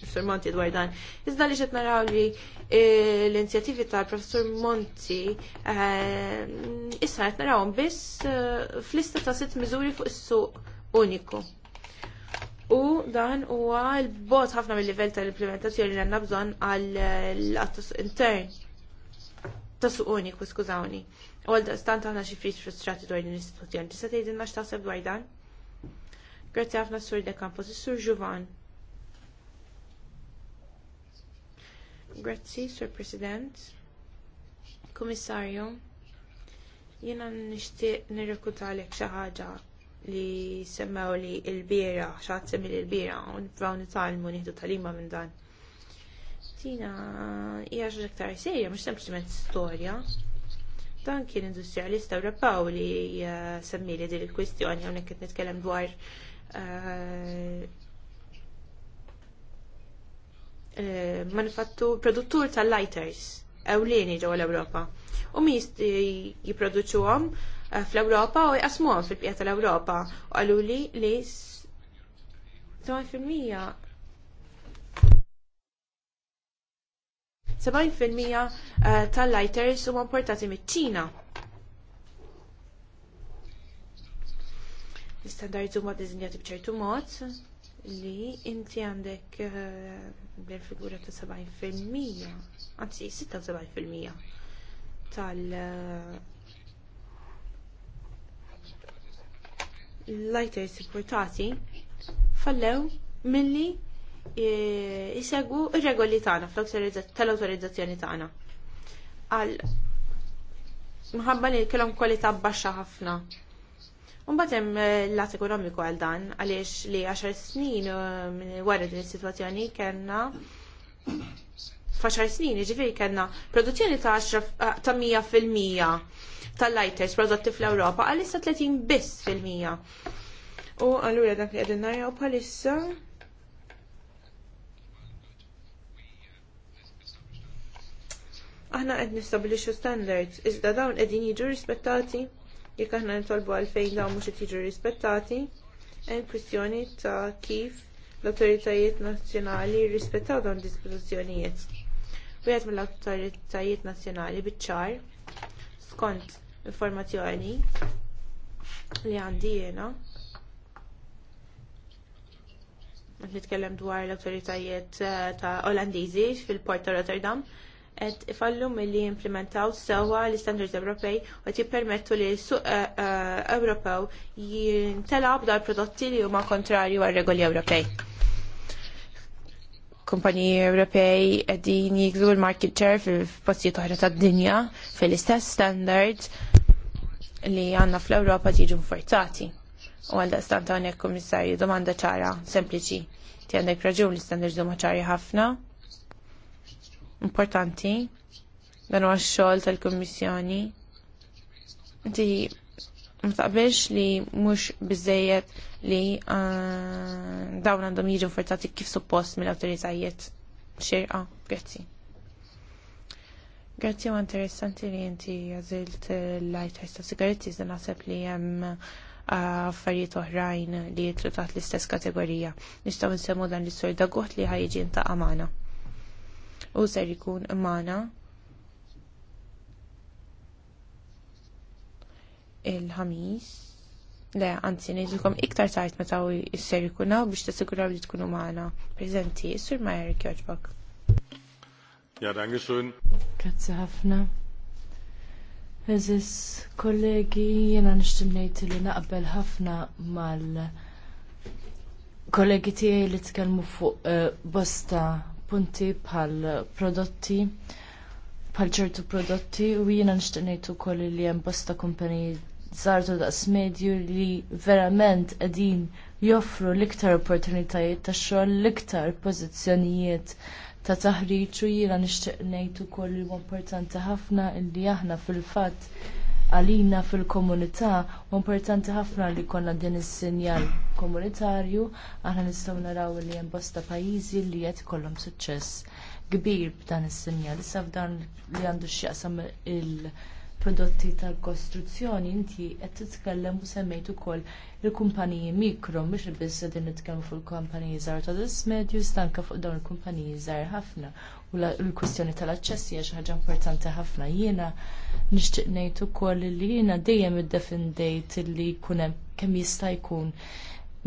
Sur Monti dwar dan. Iżda għaliex qed naraw li eh, l-inzjattivi tal-Professur Monti eh, issa qed narawhom biss fl-lista ta' sitt miżuri fuq is-suq uniku. U dan huwa l-bot ħafna mill-livell tal-implementazzjoni li għandna bżonn għall-attus intern tasuqoni, ku skużawni. U għal stant aħna xi frustrati dwar din l-istituzzjoni. Tista' tgħidilna x'taħseb dwar dan? Grazzi ħafna sur De Campos, sur Juvan. Grazzi, sur President. Kommissarju. jiena nixtieq nirrekutalek xi ħaġa li semmew li l-bira, xaħat semmi l-bira, un nitalmu nieħdu talima minn dan Tina hija xi iktar serja mhux sempliċement storja. Dan kien industrijalisti Ewropew li eh, semmili din il-kwistjoni hawnhekk qed nitkellem dwar eh, eh, manifattu produttur tal-lighters ewlieni ġew l-Ewropa. U mi jipproduċuhom fl-Ewropa u jqasmuhom fil-pjata tal-Ewropa u qalu li li 70% eh, tal-lighters huma importati miċ-Ċina. L-istandards huma ddiżinjati b'ċertu mod li inti għandek eh, bil-figura ta' 70%, anzi 76% tal- eh, lighters importati fallew milli jisegwu ir-regoli tagħna tal-awtorizzazzjoni tagħna. Għal minħabba li kellhom kwalità baxxa ħafna. Mbagħad hemm l-lat eh, ekonomiku għal dan għaliex li 10 snin eh, minn wara din is-sitwazzjoni kellna f'għaxar snin, ġifiri kena produzzjoni ta' 100% eh, tal-lighters prodotti fl-Europa, għalissa 30 biss fil-mija. U għallura dak li għedin najja u bħalissa Aħna qed nistabilixxu standards, iżda dawn qegħdin jiġu rispettati jekk aħna nitolbu għalfejn dawn mhux qed jiġu rispettati, hemm kwistjoni ta' kif l-awtoritajiet nazzjonali jirrispettaw dawn dispożizzjonijiet. Wieħed mill-awtoritajiet nazzjonali biċ-ċar skont informazzjoni li għandi jiena. nitkellem dwar l-awtoritajiet eh, ta' Olandiżi fil-Port ta' Rotterdam qed ifallu milli jimplementaw sewwa l-istandards Ewropej u qed jippermettu li s-suq eh, eh, Ewropew jintelab dal prodotti li huma kontrarju għar regoli Ewropej. Kumpaniji Ewropej qegħdin jigżu l-market share fil-postijiet oħra tad-dinja fil-istess standards li għandna fl-Ewropa jiġu forzati. U għal daqstant hawnhekk kummissarju domanda ċara, sempliċi. Ti għandek raġun l istandards huma ċari ħafna importanti dan huwa x-xogħol tal-Kummissjoni. Inti ma taqbilx li mhux biżejjed li ah, dawn għandhom jiġu forzati kif suppost mill-awtoritajiet xirqa. Grazzi. Grazzi huwa interessanti li inti għazilt l lajt ta' sigaretti zda naħseb li hemm ah, affarijiet oħrajn li jitlu taħt l-istess kategorija. Nistgħu nsemmu dan l-istorja dagot li ħajġi ta' magħna u ser jkun mana il-ħamis. Le, għanzi nejżilkom iktar tajt ma u jisser jikunaw biex tassiguraw li tkunu maħna. Prezenti, sur Majer Kjoġbak. Ja, danke schön. Grazie ħafna. Eżis, kollegi, jena nishtim nejti li naqbel ħafna mal kollegi tijaj li tkellmu fuq eh, bosta punti pal prodotti bħal ċertu prodotti u jiena nixtieq ngħid ukoll li hemm bosta kumpaniji zartu daqs medju li verament qegħdin joffru l-iktar opportunitajiet ta' xogħol l-iktar pożizzjonijiet ta' taħriġ u jiena nixtieq ngħid ukoll li huwa importanti ħafna illi aħna fil-fatt għalina fil-komunità u importanti ħafna li jkollna din is-sinjal komunitarju aħna nistgħu naraw li hemm bosta pajjiżi li qed ikollhom suċċess kbir b'dan is-sinjal. Issa f'dan li għandu x'jaqsam il- prodotti tal-kostruzzjoni inti qed titkellem u semmejt ukoll il-kumpaniji mikro mhux biss qegħdin nitkellmu fuq il-kumpaniji żgħar ta' dils medju stanka fuq dawn il-kumpaniji żgħar ħafna u l-kwistjoni tal-aċċess hija xi ħaġa importanti ħafna. Jiena nixtieq ngħid ukoll li jiena dejjem iddefendejt li jkun hemm kemm jista' jkun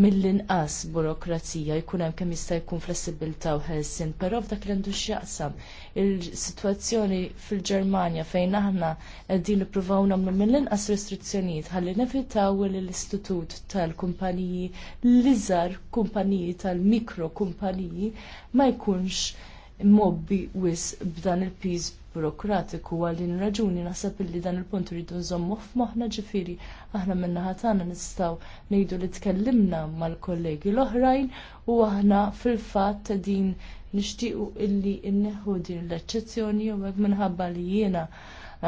mill-inqas burokrazija jkun hemm kemm jista' jkun flessibilta u ħelsin, però f'dak li għandu x'jaqsam il-sitwazzjoni fil-Ġermanja fejn aħna qegħdin nippruvaw nagħmlu mill-inqas restrizzjonijiet ħalli nevitaw li l-istitut tal-kumpaniji l-iżgħar kumpaniji tal-mikro kumpaniji ma jkunx mobbi wis b'dan il-piż burokratiku għal din raġuni naħseb illi dan il-punt rridu nżommu f'moħħna ġifieri aħna min-naħa tagħna nistgħu ngħidu li tkellimna mal-kollegi l-oħrajn u aħna fil-fatt din nixtiequ illi nneħħu din l-eċċezzjoni u hekk minħabba li jiena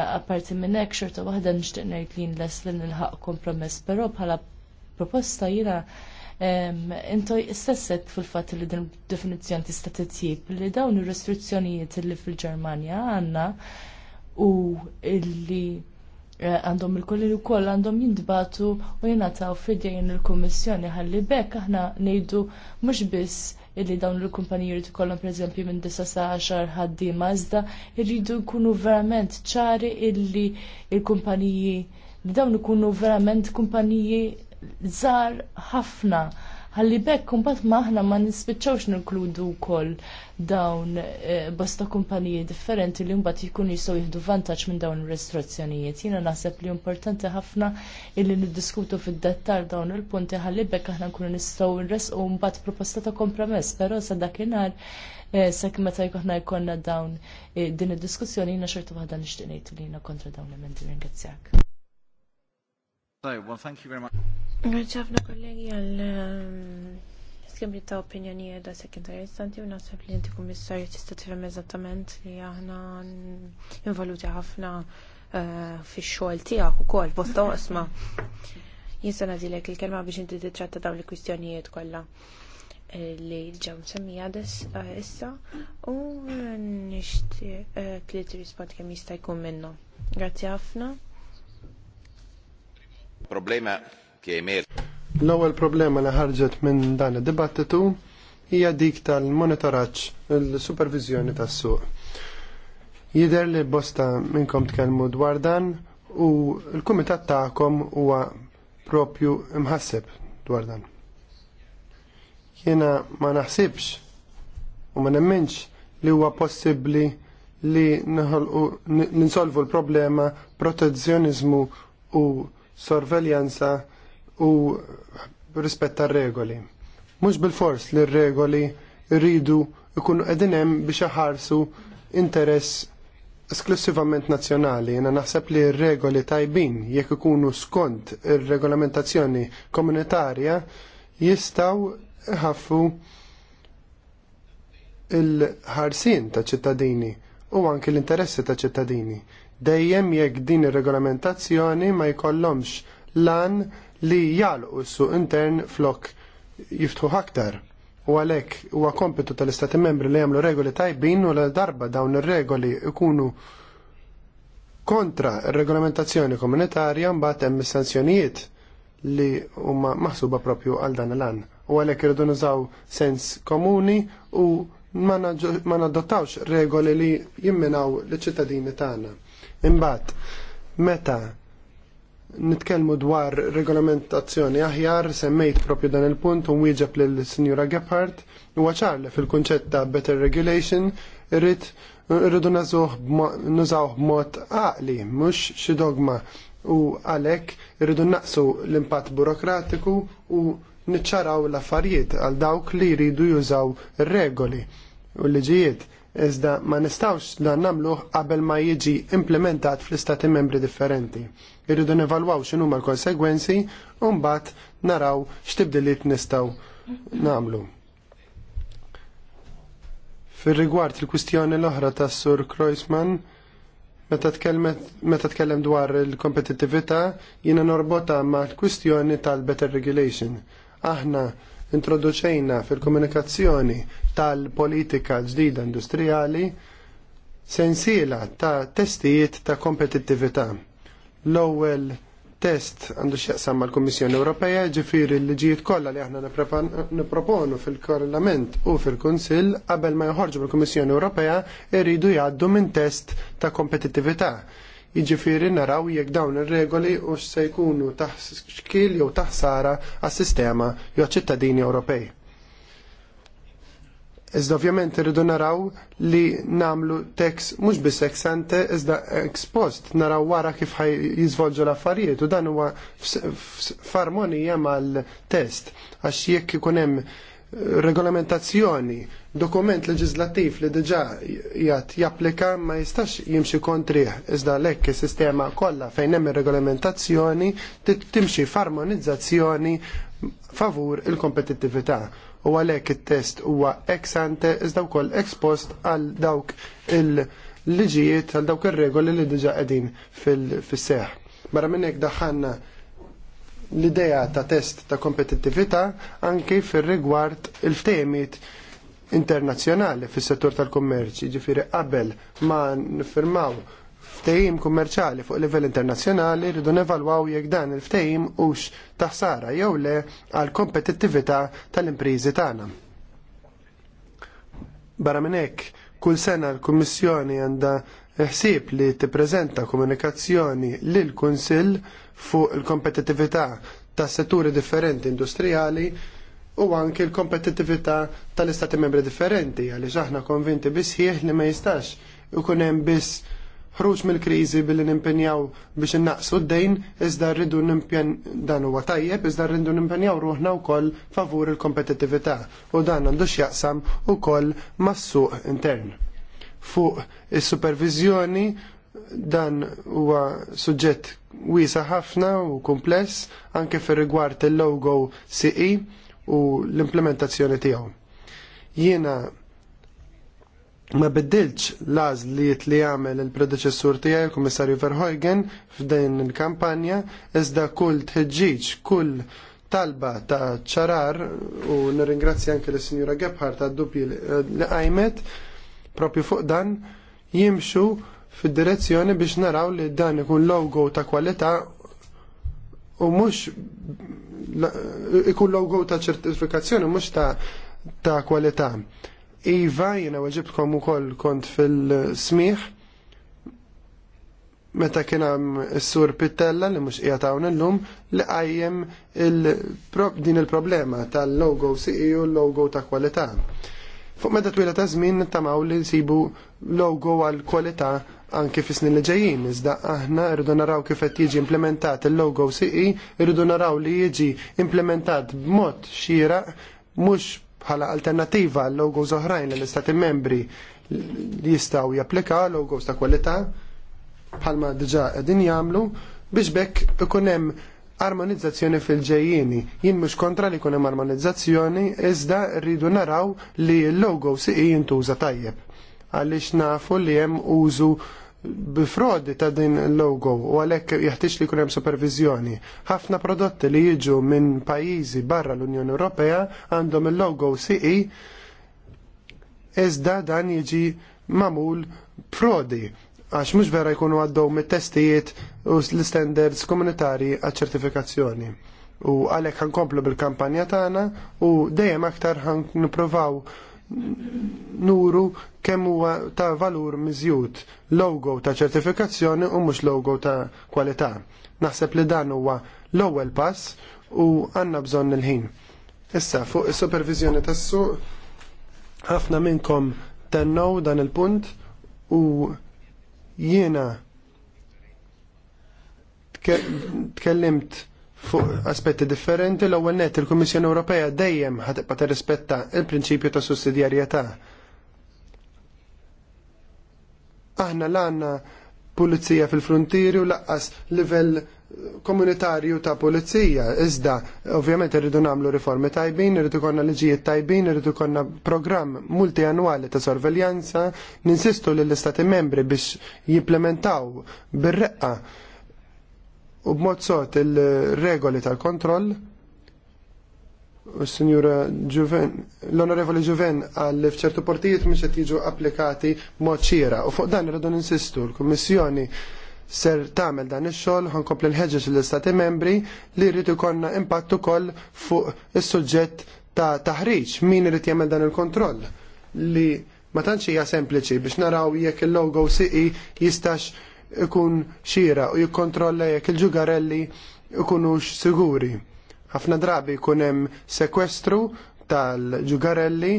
apparti minn hekk xorta waħda nixtieq ngħid li nles li nilħaq kompromess, però bħala proposta jiena Intu stesset fil-fat li din definizjon tista' titjib li dawn ir-restrizzjonijiet li fil-Ġermanja għandna u li eh, għandhom il-kolli u koll għandhom jindbatu u jenataw fidejn il-Kommissjoni ħalli bekk aħna nejdu mux biss illi dawn il-kumpaniji rritu kollom per eżempju minn 19 ħaddi mażda irridu jkunu verament ċari illi il-kumpaniji li dawn ikunu verament kumpaniji żgħar ħafna. Ħalli bekk kumbat maħna ma nispiċċawx ninkludu wkoll dawn eh, bosta kumpaniji differenti li mbagħad jkunu jistgħu jieħdu vantaġġ minn dawn ir-restrizzjonijiet. Jiena naħseb li importanti ħafna illi niddiskutu fid-dettar dawn il-punti ħalli bekk aħna nkunu nistgħu nresqu mbagħad proposta ta' kompromess, però sa dakinhar eh, sekk meta jkollna jkollna dawn eh, din id-diskussjoni jiena xorta waħda nixtieq ngħid li jiena kontra dawn l-emendi ringrazzjak well, thank you very much. kollegi għal ehm, skimri ta' opinjoni għedha sekretarja istanti u nasab li inti kummissarju tista' tifhem eżattament li aħna involuti ħafna eh, fi xogħol tiegħek ukoll bosta osma. Jinsana nadilek il-kelma biex inti titratta dawn il-kwistjonijiet kollha eh, li ġew għades eh, issa u nishti li tirrispondi kemm jista' jkun minnhom. Grazzi ħafna problema kiemer. L-ewwel problema li ħarġet minn dan id-dibattitu hija dik tal-monitoraġġ il-supervizjoni tas-suq. Jider li bosta minnkom tkellmu dwar dan u l-kumitat tagħkom huwa propju imħasseb dwar dan. Jiena ma naħsibx u ma nemminx li huwa possibbli li ninsolvu l-problema protezzjonizmu u sorveljanza u rispetta regoli. Mhux bil-fors li regoli rridu ikunu qegħdin hemm biex ħarsu interess esklusivament nazzjonali. Jena naħseb li regoli tajbin jekk ikunu skont ir-regolamentazzjoni komunitarja jistaw ħaffu il-ħarsin ta' ċittadini u anki l-interessi ta' ċittadini dejjem jekk din ir-regolamentazzjoni ma jkollhomx lan li jalqu s-suq intern flok jiftħu aktar. U għalhekk huwa kompitu tal-Istati membri li jagħmlu regoli tajbin u la darba dawn ir-regoli ikunu kontra ir-regolamentazzjoni komunitarja mbagħad hemm is-sanzjonijiet li huma maħsuba propju għal dan l-an. U għalhekk irridu nużaw sens komuni u ma nadottawx regoli li jimminaw l-ċittadini tagħna. Imbagħad, meta nitkellmu dwar regolamentazzjoni aħjar, semmejt propju dan il-punt u wieġeb lil sinjura Gephardt, u ċarli fil-kunċett ta' better regulation irrid irridu nużawh b'mod għaqli, mhux xi dogma u għalek irridu naqsu l-impatt burokratiku u niċċaraw l-affarijiet għal dawk li jridu jużaw ir-regoli u l-liġijiet iżda ma nistawx dan namluħ qabel ma jiġi implementat fl-istati membri differenti. Irridu nevalwaw xinu ma l-konsegwenzi u mbagħad naraw x'tibdiliet nistgħu namlu. Fir-rigward il-kwistjoni l-oħra tas Sur Kreuzmann, meta tkellem dwar il-kompetittività, jiena norbota ma l-kwistjoni tal-better regulation. Aħna introduċejna fil-komunikazzjoni tal-politika ġdida industrijali sensiela ta' testijiet ta' kompetittività. L-ewwel test għandu x'jaqsam mal-Kummissjoni Ewropea ġifieri l-liġijiet kollha li aħna nipproponu fil-Parlament u fil-Kunsill qabel ma joħorġu mill-Kummissjoni Ewropea jridu jgħaddu minn test ta' kompetittività Jiġifieri naraw jekk dawn ir-regoli u se jkunu taħskil jew taħsara għas-sistema jew ċittadini Ewropej. Iżda ovvjament irridu naraw li nagħmlu teks mhux biss ex ante iżda ex post naraw wara kif ħaj jiżvolġu l-affarijiet u dan huwa f'armonija mal-test għax jekk ikun hemm regolamentazzjoni dokument leġislattiv li diġà jgħat japplika ma jistax jimxi kontrih iżda lekk is-sistema kollha fejn hemm ir-regolamentazzjoni timxi f'armonizzazzjoni favur il-kompetittività u għalhekk it-test huwa ex ante iżda wkoll ex post għal dawk il-liġijiet għal dawk ir-regoli li diġà qegħdin fis-seħ. Barra minn hekk daħħalna l-idea ta' test ta' kompetittività anke fir-rigward il-ftehimiet internazzjonali fis-settur tal-kummerċ, jiġifieri qabel ma nifirmaw ftehim kummerċali fuq livell internazzjonali rridu nevalwaw jekk dan il-ftehim hux taħsara jew le għal kompetittività tal-imprizi tagħna. Barra minn hekk, kull sena l-Kummissjoni għandha ħsieb li tippreżenta komunikazzjoni lill kunsill fuq il-kompetittività ta' setturi differenti industrijali u anke l-kompetittività tal-istati membri differenti għaliex aħna konvinti bisħieħ li ma jistax ikun hemm biss ħruġ mill-kriżi billi nimpenjaw biex innaqsu d-dejn iżda rridu nimpen dan huwa tajjeb iżda rridu nimpenjaw ruħna wkoll favur il kompetitivita u dan għandu x'jaqsam ukoll mas-suq intern. Fuq is-supervizjoni dan huwa suġġett wiesa ħafna u kumpless anke fir rigward il-logo CE u l-implementazzjoni tiegħu. Jiena ma biddilx l-għażliet li għamel il-predeċessur tiegħi il-Kummissarju Verhoeven f'din il-kampanja iżda kull tħeġġiġ, kull talba ta' ċarar u nirringrazzja anke l-Sinjura Gebhardt għad dubji li eh, qajmet propju fuq dan jimxu fid-direzzjoni biex naraw li dan ikun logo ta' kwalità u mhux ikun logo ta' ċertifikazzjoni mhux ta' ta' kwalità. Iva, jiena weġibkom ukoll kont fil-smiħ meta kien hemm sur Pittella li mhux jgħatawna l illum li għajjem din il-problema tal-logo CEU u l-logo ta' kwalità. Fuq meta twila ta' żmien tamaw li nsibu logo għal kwalità anke fi snin li ġejjin, iżda aħna rridu naraw kif qed jiġi implementat il-logo CE, rridu naraw li jiġi implementat b'mod xieraq mhux bħala alternattiva għal logos oħrajn l istati membri li jistgħu japplika logos ta' kwalità bħalma diġà qegħdin jagħmlu biex bekk ikun hemm armonizzazzjoni fil-ġejjieni. Jien mhux kontra li jkun hemm armonizzazzjoni, iżda rridu naraw li l-logo CE jintuża tajjeb għaliex nafu li hemm użu bifrodi ta' din il-logo u għalhekk jaħtix li jkun hemm supervizjoni. Ħafna prodotti li jiġu minn pajjiżi barra l-Unjoni Ewropea għandhom il-logo CE iżda dan jiġi mamul frodi għax mhux vera jkunu għaddew mit-testijiet u l-standards komunitarji għaċ-ċertifikazzjoni u għalek ħankomplu bil-kampanja tagħna u dejjem aktar ħan nippruvaw nuru kemm huwa ta' valur miżjud logo ta' ċertifikazzjoni u mhux logo ta' kwalità. Naħseb li dan huwa l-ewwel pass u għandna bżonn il-ħin. Issa fuq is-supervizjoni tas-suq ħafna minnkom tennow dan il-punt u jiena tkellimt fuq aspetti differenti l-ewwel nett il-Kummissjoni Ewropea dejjem ħatibqa' tirrispetta l prinċipju ta' sussidjarjetà. Aħna l għanna pulizija fil-frontieri u laqqas livell komunitarju ta' pulizija. Iżda, ovvjament rridu nagħmlu riformi tajbin, rridu konna liġijiet tajbin, rridu konna programm multianwali ta' sorveljanza, ninsistu lill istati membri biex jimplementaw bir-reqqa u b'mod sort il-regoli tal-kontroll Signora Juven, l-Onorevoli Juven għalli fċertu portijiet mhux qed jiġu applikati b'mod ċira u fuq dan irridu ninsistu l-Kummissjoni ser tagħmel dan ix-xogħol ħankompli nħeġġeġ l-Istati membri li jrid ikollna impatt ukoll fuq is-suġġett ta' taħriġ min irid jagħmel dan il-kontroll li ma tantx hija sempliċi biex naraw jekk il-logo siqi jistax ikun xira u jikkontrolla jekk il-ġugarelli ikunux siguri. Ħafna drabi jkun hemm sekwestru tal-ġugarelli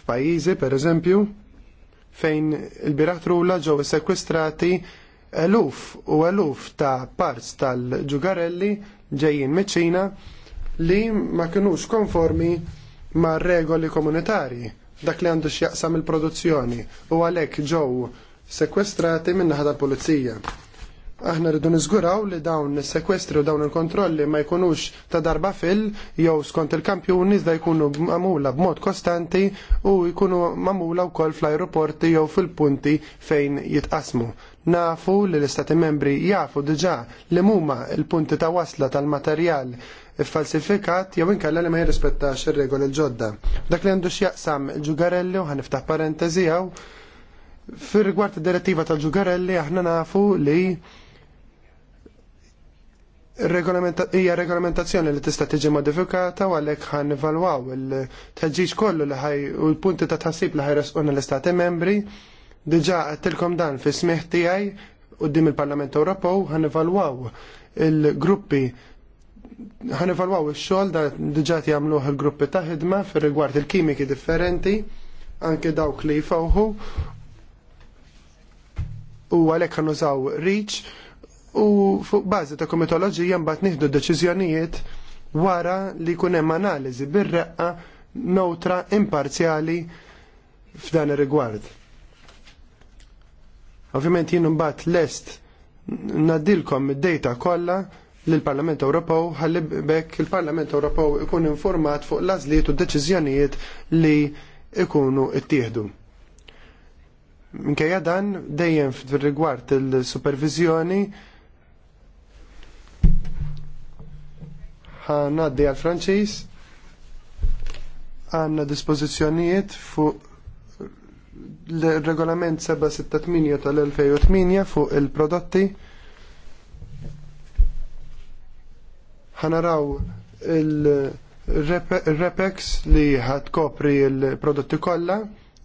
f'pajjiżi pereżempju fejn il-biratrula ġew sekwestrati eluf u eluf ta' parts tal-ġugarelli ġejjin meċina li ma kinux konformi ma' regoli komunitarji dak li għandu x'jaqsam il-produzzjoni u għalhekk ġew sekwestrati minn naħa tal-pulizija. Aħna rridu niżguraw li dawn is-sekwestri u dawn il-kontrolli ma jkunux ta' darba fil jew skont il-kampjuni iżda jkunu magħmula b'mod kostanti u jkunu magħmula wkoll fl-ajruporti jew fil-punti fejn jitqasmu nafu li l-istati membri jafu diġa li mumma il-punti ta' wasla tal-materjal falsifikat jew inkella li ma jirrispettax ir-regoli l-ġodda. Dak li għandu x'jaqsam ġugarelli u ħaniftaħ parentesi hawn Fir rigward id-direttiva tal-ġugarelli aħna nafu li hija regolamentazzjoni li tista' tiġi modifikata u għalhekk ħan il-taġġiġ kollu li ħaj u l-punti ta' tħassib li ħajresquna l-Istati membri. Diġà għattilkom dan fi smieħ tiegħi qudiem il-Parlament Ewropew ħan nivalwaw il-gruppi ħan nivalwaw ix-xogħol da diġat jagħmluh il-gruppi ta' ħidma fir rigward il-kimiki differenti anke dawk li jfawħu u għalhekk ħanużaw reach u fuq bażi ta' komitoloġija mbagħad nieħdu deċiżjonijiet wara li jkun hemm analiżi bir-reqqa neutra imparzjali f'dan ir-rigward. Ovvjament jien mbagħad lest nadilkom id-data kollha l-Parlament Ewropew ħalli bekk il-Parlament Ewropew ikun informat fuq l-għażliet u d-deċiżjonijiet li ikunu ttieħdu. Minkejja dan dejjem fil-rigward il-supervizjoni ħanaddi għal franċiż għandna dispożizzjonijiet fuq l-regolament 768 tal-2008 fuq il-prodotti ħanaraw il-repex li ħad kopri il-prodotti kollha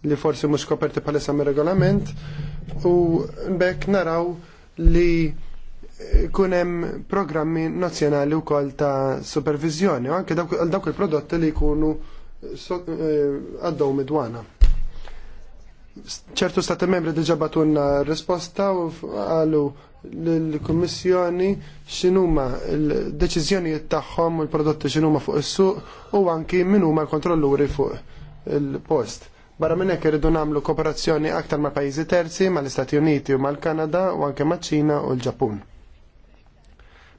li forsi mhux koperti bħalissa me regolament u bekk naraw li kunem programmi nazzjonali u kol ta' supervizjoni, u anke dawk il-prodotti li jkunu eh, għaddew midwana. ċertu stati membri diġa batunna risposta u għalu l-Kommissjoni x'inhuma l-deċiżjonijiet tagħhom u l-prodotti x'inhuma fuq is-suq u anki min huma l-kontrolluri fuq il-post. Barra minn hekk irridu nagħmlu kooperazzjoni aktar ma' pajjiżi terzi, mal-Istati Uniti u mal-Kanada u anke maċ-Ċina u l-Ġapun.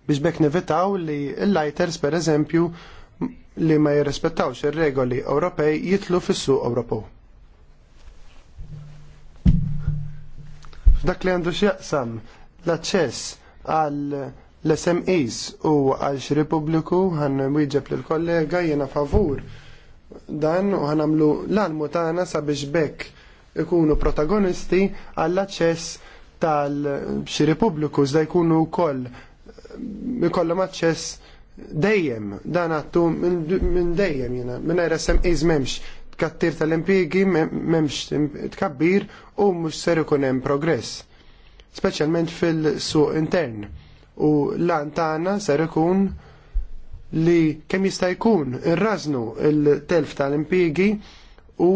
Biex bekk nevitaw li l-lighters pereżempju li ma jirrispettawx ir-regoli Ewropej jitlu fis-suq Ewropew. F'dak li għandu x'jaqsam l-aċċess għal l-SMEs u għal xi pubbliku għan wieġeb lill kollega jiena favur dan u għanamlu l-almu tagħna sabiex bekk ikunu protagonisti għall-aċċess tal-xi Repubbliku iżda jkunu wkoll ikollhom aċċess dejjem dan għattu minn dejjem jiena għajra SMEs m'hemmx tkattir tal-impjiegi m'hemmx tkabbir u mhux ser ikun hemm progress, speċjalment fil-suq intern. U l-lan tagħna ser ikun li kemm jista' jkun irrażnu il-telf tal-impjiegi u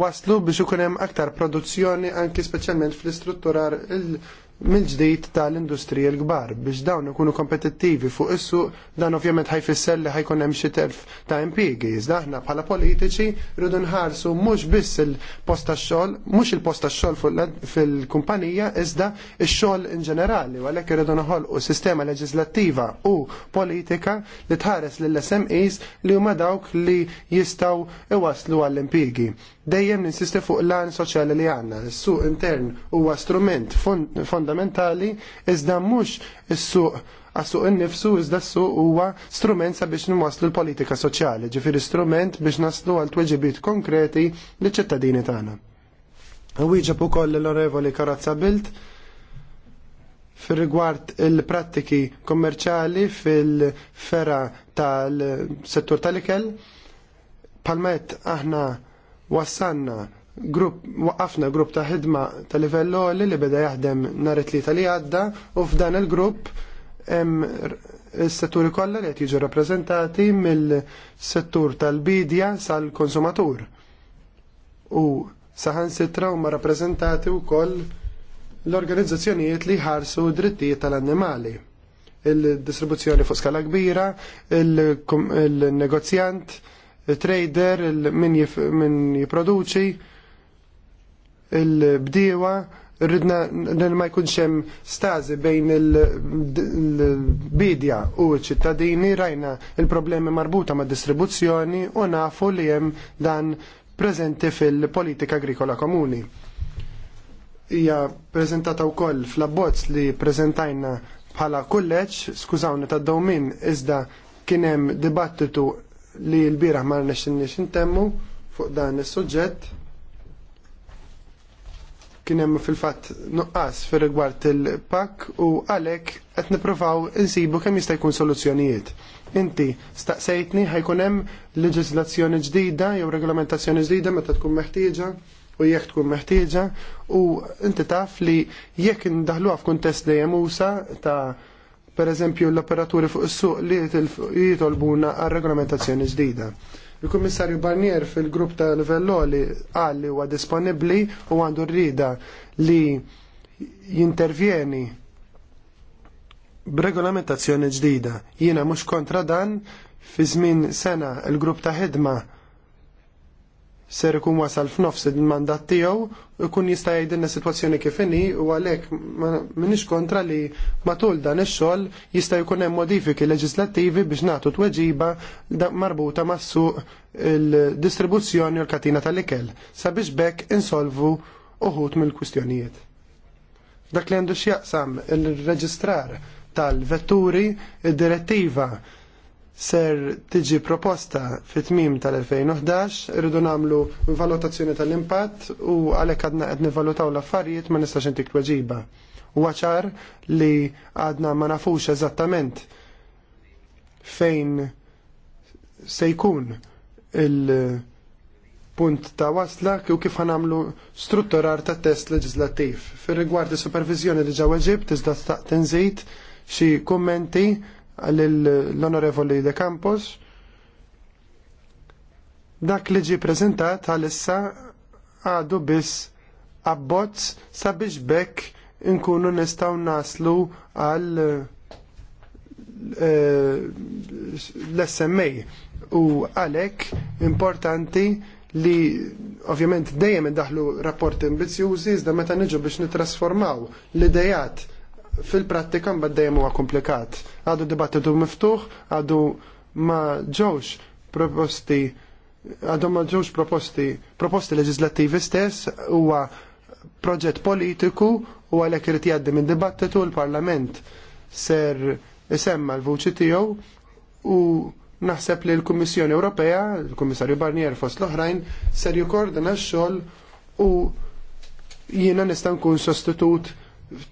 waslu biex ikun hemm aktar produzzjoni anki speċjalment fl istruttura mill-ġdid tal-industrija l-kbar biex dawn ikunu kompetittivi fuq issu dan ovvjament ħajfisser li ħajkun hemm xi telf ta' impjiegi. Iżda aħna bħala politiċi rridu nħarsu mhux biss il-post tax-xogħol, mhux il-post tax-xogħol fil-kumpanija iżda x-xogħol in ġenerali, għalhekk irridu noħolqu sistema leġislattiva u politika li tħares lill-SMEs li huma dawk li jistgħu iwaslu għall-impjiegi dejjem ninsisti fuq l-għan soċjali li għanna. Is-suq intern huwa strument fondamentali iżda mhux is-suq għas-suq innifsu iżda s-suq huwa strument sabiex nwaslu l-politika soċjali, ġifieri strument biex naslu għal tweġibiet konkreti li ċittadini tagħna. Wieġeb ukoll l-Onorevoli Karazza Bilt fir rigward il-prattiki kommerċali fil-fera tal-settur tal-ikel. Palmet aħna wassanna grupp waqafna grupp ta' ħidma ta' livell li li beda jaħdem nhar it-tlieta li għadda u f'dan il-grupp hemm is-setturi kollha li qed jiġu rappreżentati mill-settur tal-bidja sal-konsumatur. U saħansitra huma rappreżentati wkoll l-organizzazzjonijiet li ħarsu drittijiet tal-annimali il-distribuzzjoni fuq skala kbira, il-negozjant, il-trader, il-min jiproduċi, il-bdiewa, rridna ma jkunx hemm stażi bejn il-bidja u ċ-ċittadini rajna il-problemi marbuta ma' distribuzzjoni u nafu li hemm dan preżenti fil-politika agrikola komuni. Hija preżentata wkoll fl-abbozz li preżentajna bħala kulleġġ, skużawni tad dawmin iżda kien hemm dibattitu li l birax ma rnexxinniex intemmu fuq dan is-suġġett kien hemm fil-fatt nuqqas fir-rigward il-pak u għalhekk qed nippruvaw insibu kemm jista' jkun soluzzjonijiet. Inti staqsejtni ħajkun hemm leġislazzjoni ġdida jew regolamentazzjoni ġdida meta tkun meħtieġa u jekk tkun meħtieġa u inti taf li jekk indaħluha f'kuntest dejjem usa ta' per eżempju l-operaturi fuq is-suq li jitolbuna għal regolamentazzjoni ġdida. Il-Kummissarju Barnier fil-grupp ta' livello li qal li huwa disponibbli u għandu rrida li jintervjeni b'regolamentazzjoni ġdida. Jiena mhux kontra dan fi żmien sena l-grupp ta' ħidma ser ikun wasal f'nofs il-mandat tiegħu ikun jista' jgħidilna sitwazzjoni kif inhi u għalhekk m'iniex kontra li matul dan ix-xogħol jista' jkun hemm modifiki leġislattivi biex nagħtu tweġiba marbuta mas-suq il-distribuzzjoni u l-katina tal-ikel sabiex bekk insolvu uħut mill-kwistjonijiet. Dak li għandu x'jaqsam il-reġistrar tal-vetturi, id-direttiva il reġistrar tal vetturi id direttiva ser tiġi proposta fit tmim tal-2011, rridu namlu valutazzjoni tal-impatt u għalhekk għadna qed nivalutaw l-affarijiet ma nistax intik tweġiba. U għaċar li għadna ma nafux eżattament fejn se jkun il-punt ta' wasla u kif għanamlu strutturar ta' test leġislattiv. Fir rigward supervizjoni li weġib ġib, tizda tenżit xi kummenti l-Onorevoli De Campos. Dak li ġi prezentat għalissa għadu biss abbozz sabiex bekk inkunu nistaw naslu għal eh, l-SMA u għalek importanti li ovvjament dejjem daħlu rapporti ambizjużi iżda meta niġu biex nitrasformaw l-idejat fil-prattika mbagħad dejjem huwa komplikat. Għadu dibattitu miftuħ, għadu ma ġewx proposti għadu ma ġewx proposti proposti leġislattivi stess huwa proġett politiku u għalhekk irid jgħaddi minn dibattitu l-Parlament ser isemma l-vuċi tiegħu u naħseb li l-Kummissjoni Ewropea, l-Kummissarju Barnier fost l-oħrajn, ser jikordina x-xogħol u jiena nista' nkun sostitut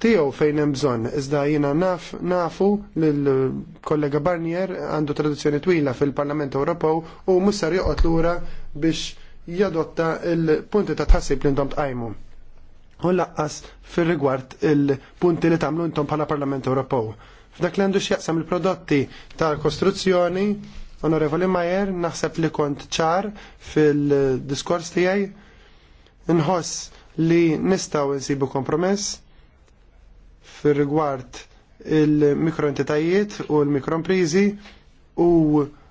tiegħu fejn hemm bżonn. Iżda jiena naf nafu l kollega Barnier għandu traduzzjoni twila fil-Parlament Ewropew u mussar joqgħod lura biex jadotta il-punti ta' tħassib li intom tqajmu. U laqqas fir-rigward il-punti li tagħmlu intom bħala Parlament Ewropew. F'dak li għandu x'jaqsam il-prodotti tal-kostruzzjoni, Onorevoli Majer, naħseb li kont ċar fil-diskors tiegħi nħoss li nistaw nsibu kompromess fir-rigward il-mikroentitajiet u l-mikroimprizi u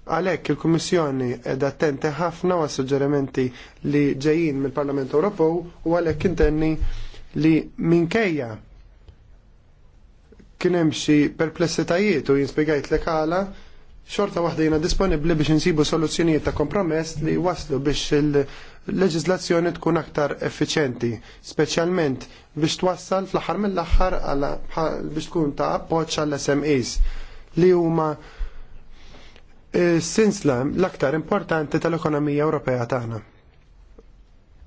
għalhekk il-Kummissjoni qiegħda attenti ħafna għas suġġerimenti li ġejjin mill-Parlament Ewropew u għalhekk intenni li minkejja kien hemm xi perplessitajiet u jinspjegajt lek għala xorta waħda jiena disponibbli biex insibu soluzzjonijiet ta' kompromess li waslu biex il-j'jba l leġislazzjoni tkun aktar effiċenti, speċjalment biex twassal fl-aħħar mill-aħħar biex tkun ta' appoġġ għall smes li huma e, sinsla l-aktar importanti tal-ekonomija Ewropea tagħna.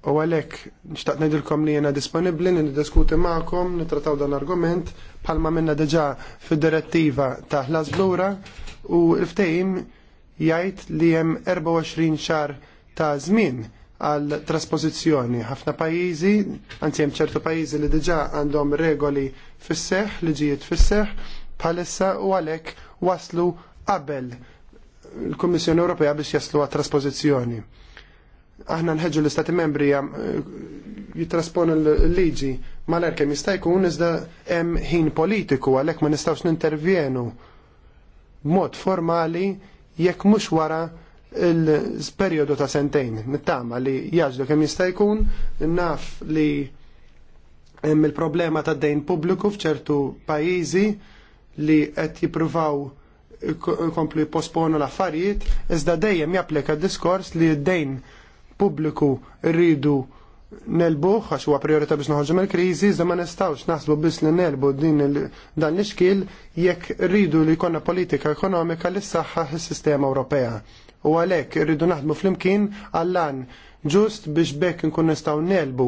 U għalhekk nixtaq ngħidilkom li jiena disponibbli niddiskuti magħkom nitrataw dan argument bħalma minna diġà fid-direttiva ta' ħlas u il ftehim jgħid li hemm 24 xahar ta' żmien għal trasposizjoni. Ħafna pajjiżi, anzi hemm ċertu pajjiżi li diġà għandhom regoli fis seħħ liġijiet fis seħħ bħalissa u għalhekk waslu qabel l-Kummissjoni Ewropea biex jaslu għat trasposizjoni. Aħna nħeġġu l-Istati membri eh, jitrasponu l-liġi mal-er kemm jista' jkun iżda hemm ħin politiku għalhekk ma nistgħux nintervjenu b'mod formali jekk mhux wara il-periodu ta' sentejn. Nittama li jaġdu kemm jista' jkun, naf li hemm il-problema ta' dejn pubbliku f'ċertu pajjiżi li qed jippruvaw komplu jposponu l-affarijiet, iżda dejjem japplika diskors li d-dejn pubbliku rridu nelbuħ għax huwa priorità biex noħorġu mill-kriżi, iżda ma nistgħux naħsbu biss li nelbu din dan l-ixkil jekk rridu li jkollna politika ekonomika li ssaħħaħ is-sistema Ewropea U għalhekk irridu naħdmu flimkien għall għallan ġust biex bekk nkun nistgħu nelbu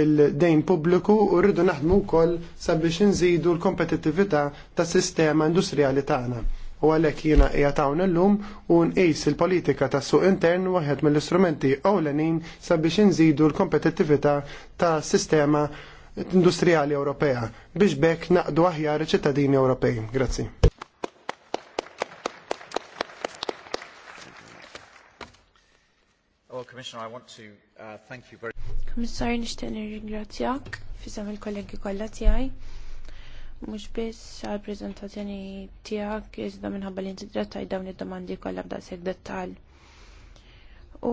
il-dejn pubbliku u rridu naħdmu wkoll sabiex nżidu l-kompetittività tas sistema industrijali tagħna. U għalhekk jiena qiegħed hawn illum u nqis il-politika tas suq intern waħed mill-istrumenti ewlenin sabiex nżidu l-kompetittività tas sistema industrijali Ewropea biex bekk naqdu aħjar ċittadini Ewropej. Grazzi. Commissioner, I want to uh, thank you very Komissar, nishtiq nirringrazzjak fisem il-kollegi kollha tiegħi. Mhux biss għall-preżentazzjoni tiegħek iżda minħabba li inti dawn id-domandi kollha b'daqshekk dettall.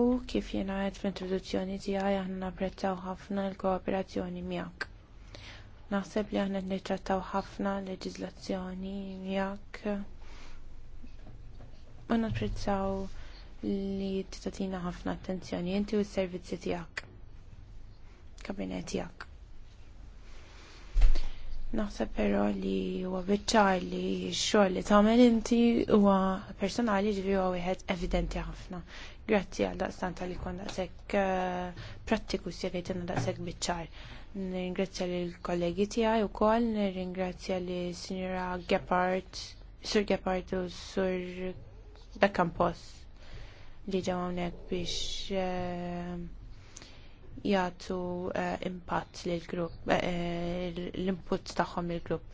U kif jiena għed fl-introduzzjoni tiegħi aħna napprezzaw ħafna l-kooperazzjoni miegħek. Naħseb li aħna nittrattaw ħafna leġiżlazzjoni miegħek. Ma napprezzaw li titatina ħafna attenzjoni inti u s-servizzi tiegħek. Kabinet tiegħek. Naħseb però li huwa biċċar li x-xogħol li tagħmel inti huwa personali ġifi huwa wieħed evidenti ħafna. Grazzi għal daqstan tal-li kon daqsek eh, prattiku s-segħetina daqsek biċċar. Nirringrazzja l-kollegi tiegħi wkoll, nirringrazzja li s-sinjura Gephardt, Sur Gephardt u Sur Dakampos li ġew hawnhekk biex eh, jagħtu eh, impatt lill grupp eh, l-input tagħhom lill grupp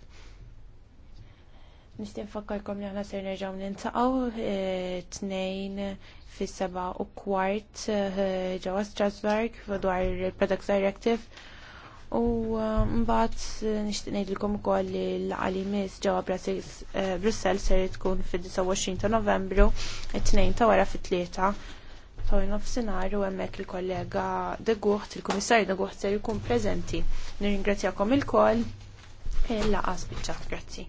Nistien nfakkarkom li aħna ser nerġgħu nintaqgħu tnejn fis-seba' u kwart ġewwa Strasbourg dwar il product Directive U uh, mbagħad uh, nixtieq ngħidilkom ukoll li l-qalimis ġewwa Brussell uh, ser tkun fid-29 ta' Novembru, it-tnejn ta' wara fit-tlieta ta' nofsinhar u hemmhekk il-kollega De Gucht, il-Kummissarju De Gucht ser jkun preżenti. Nirringrazzjakom ilkoll il-laqas biċċa. Grazzi.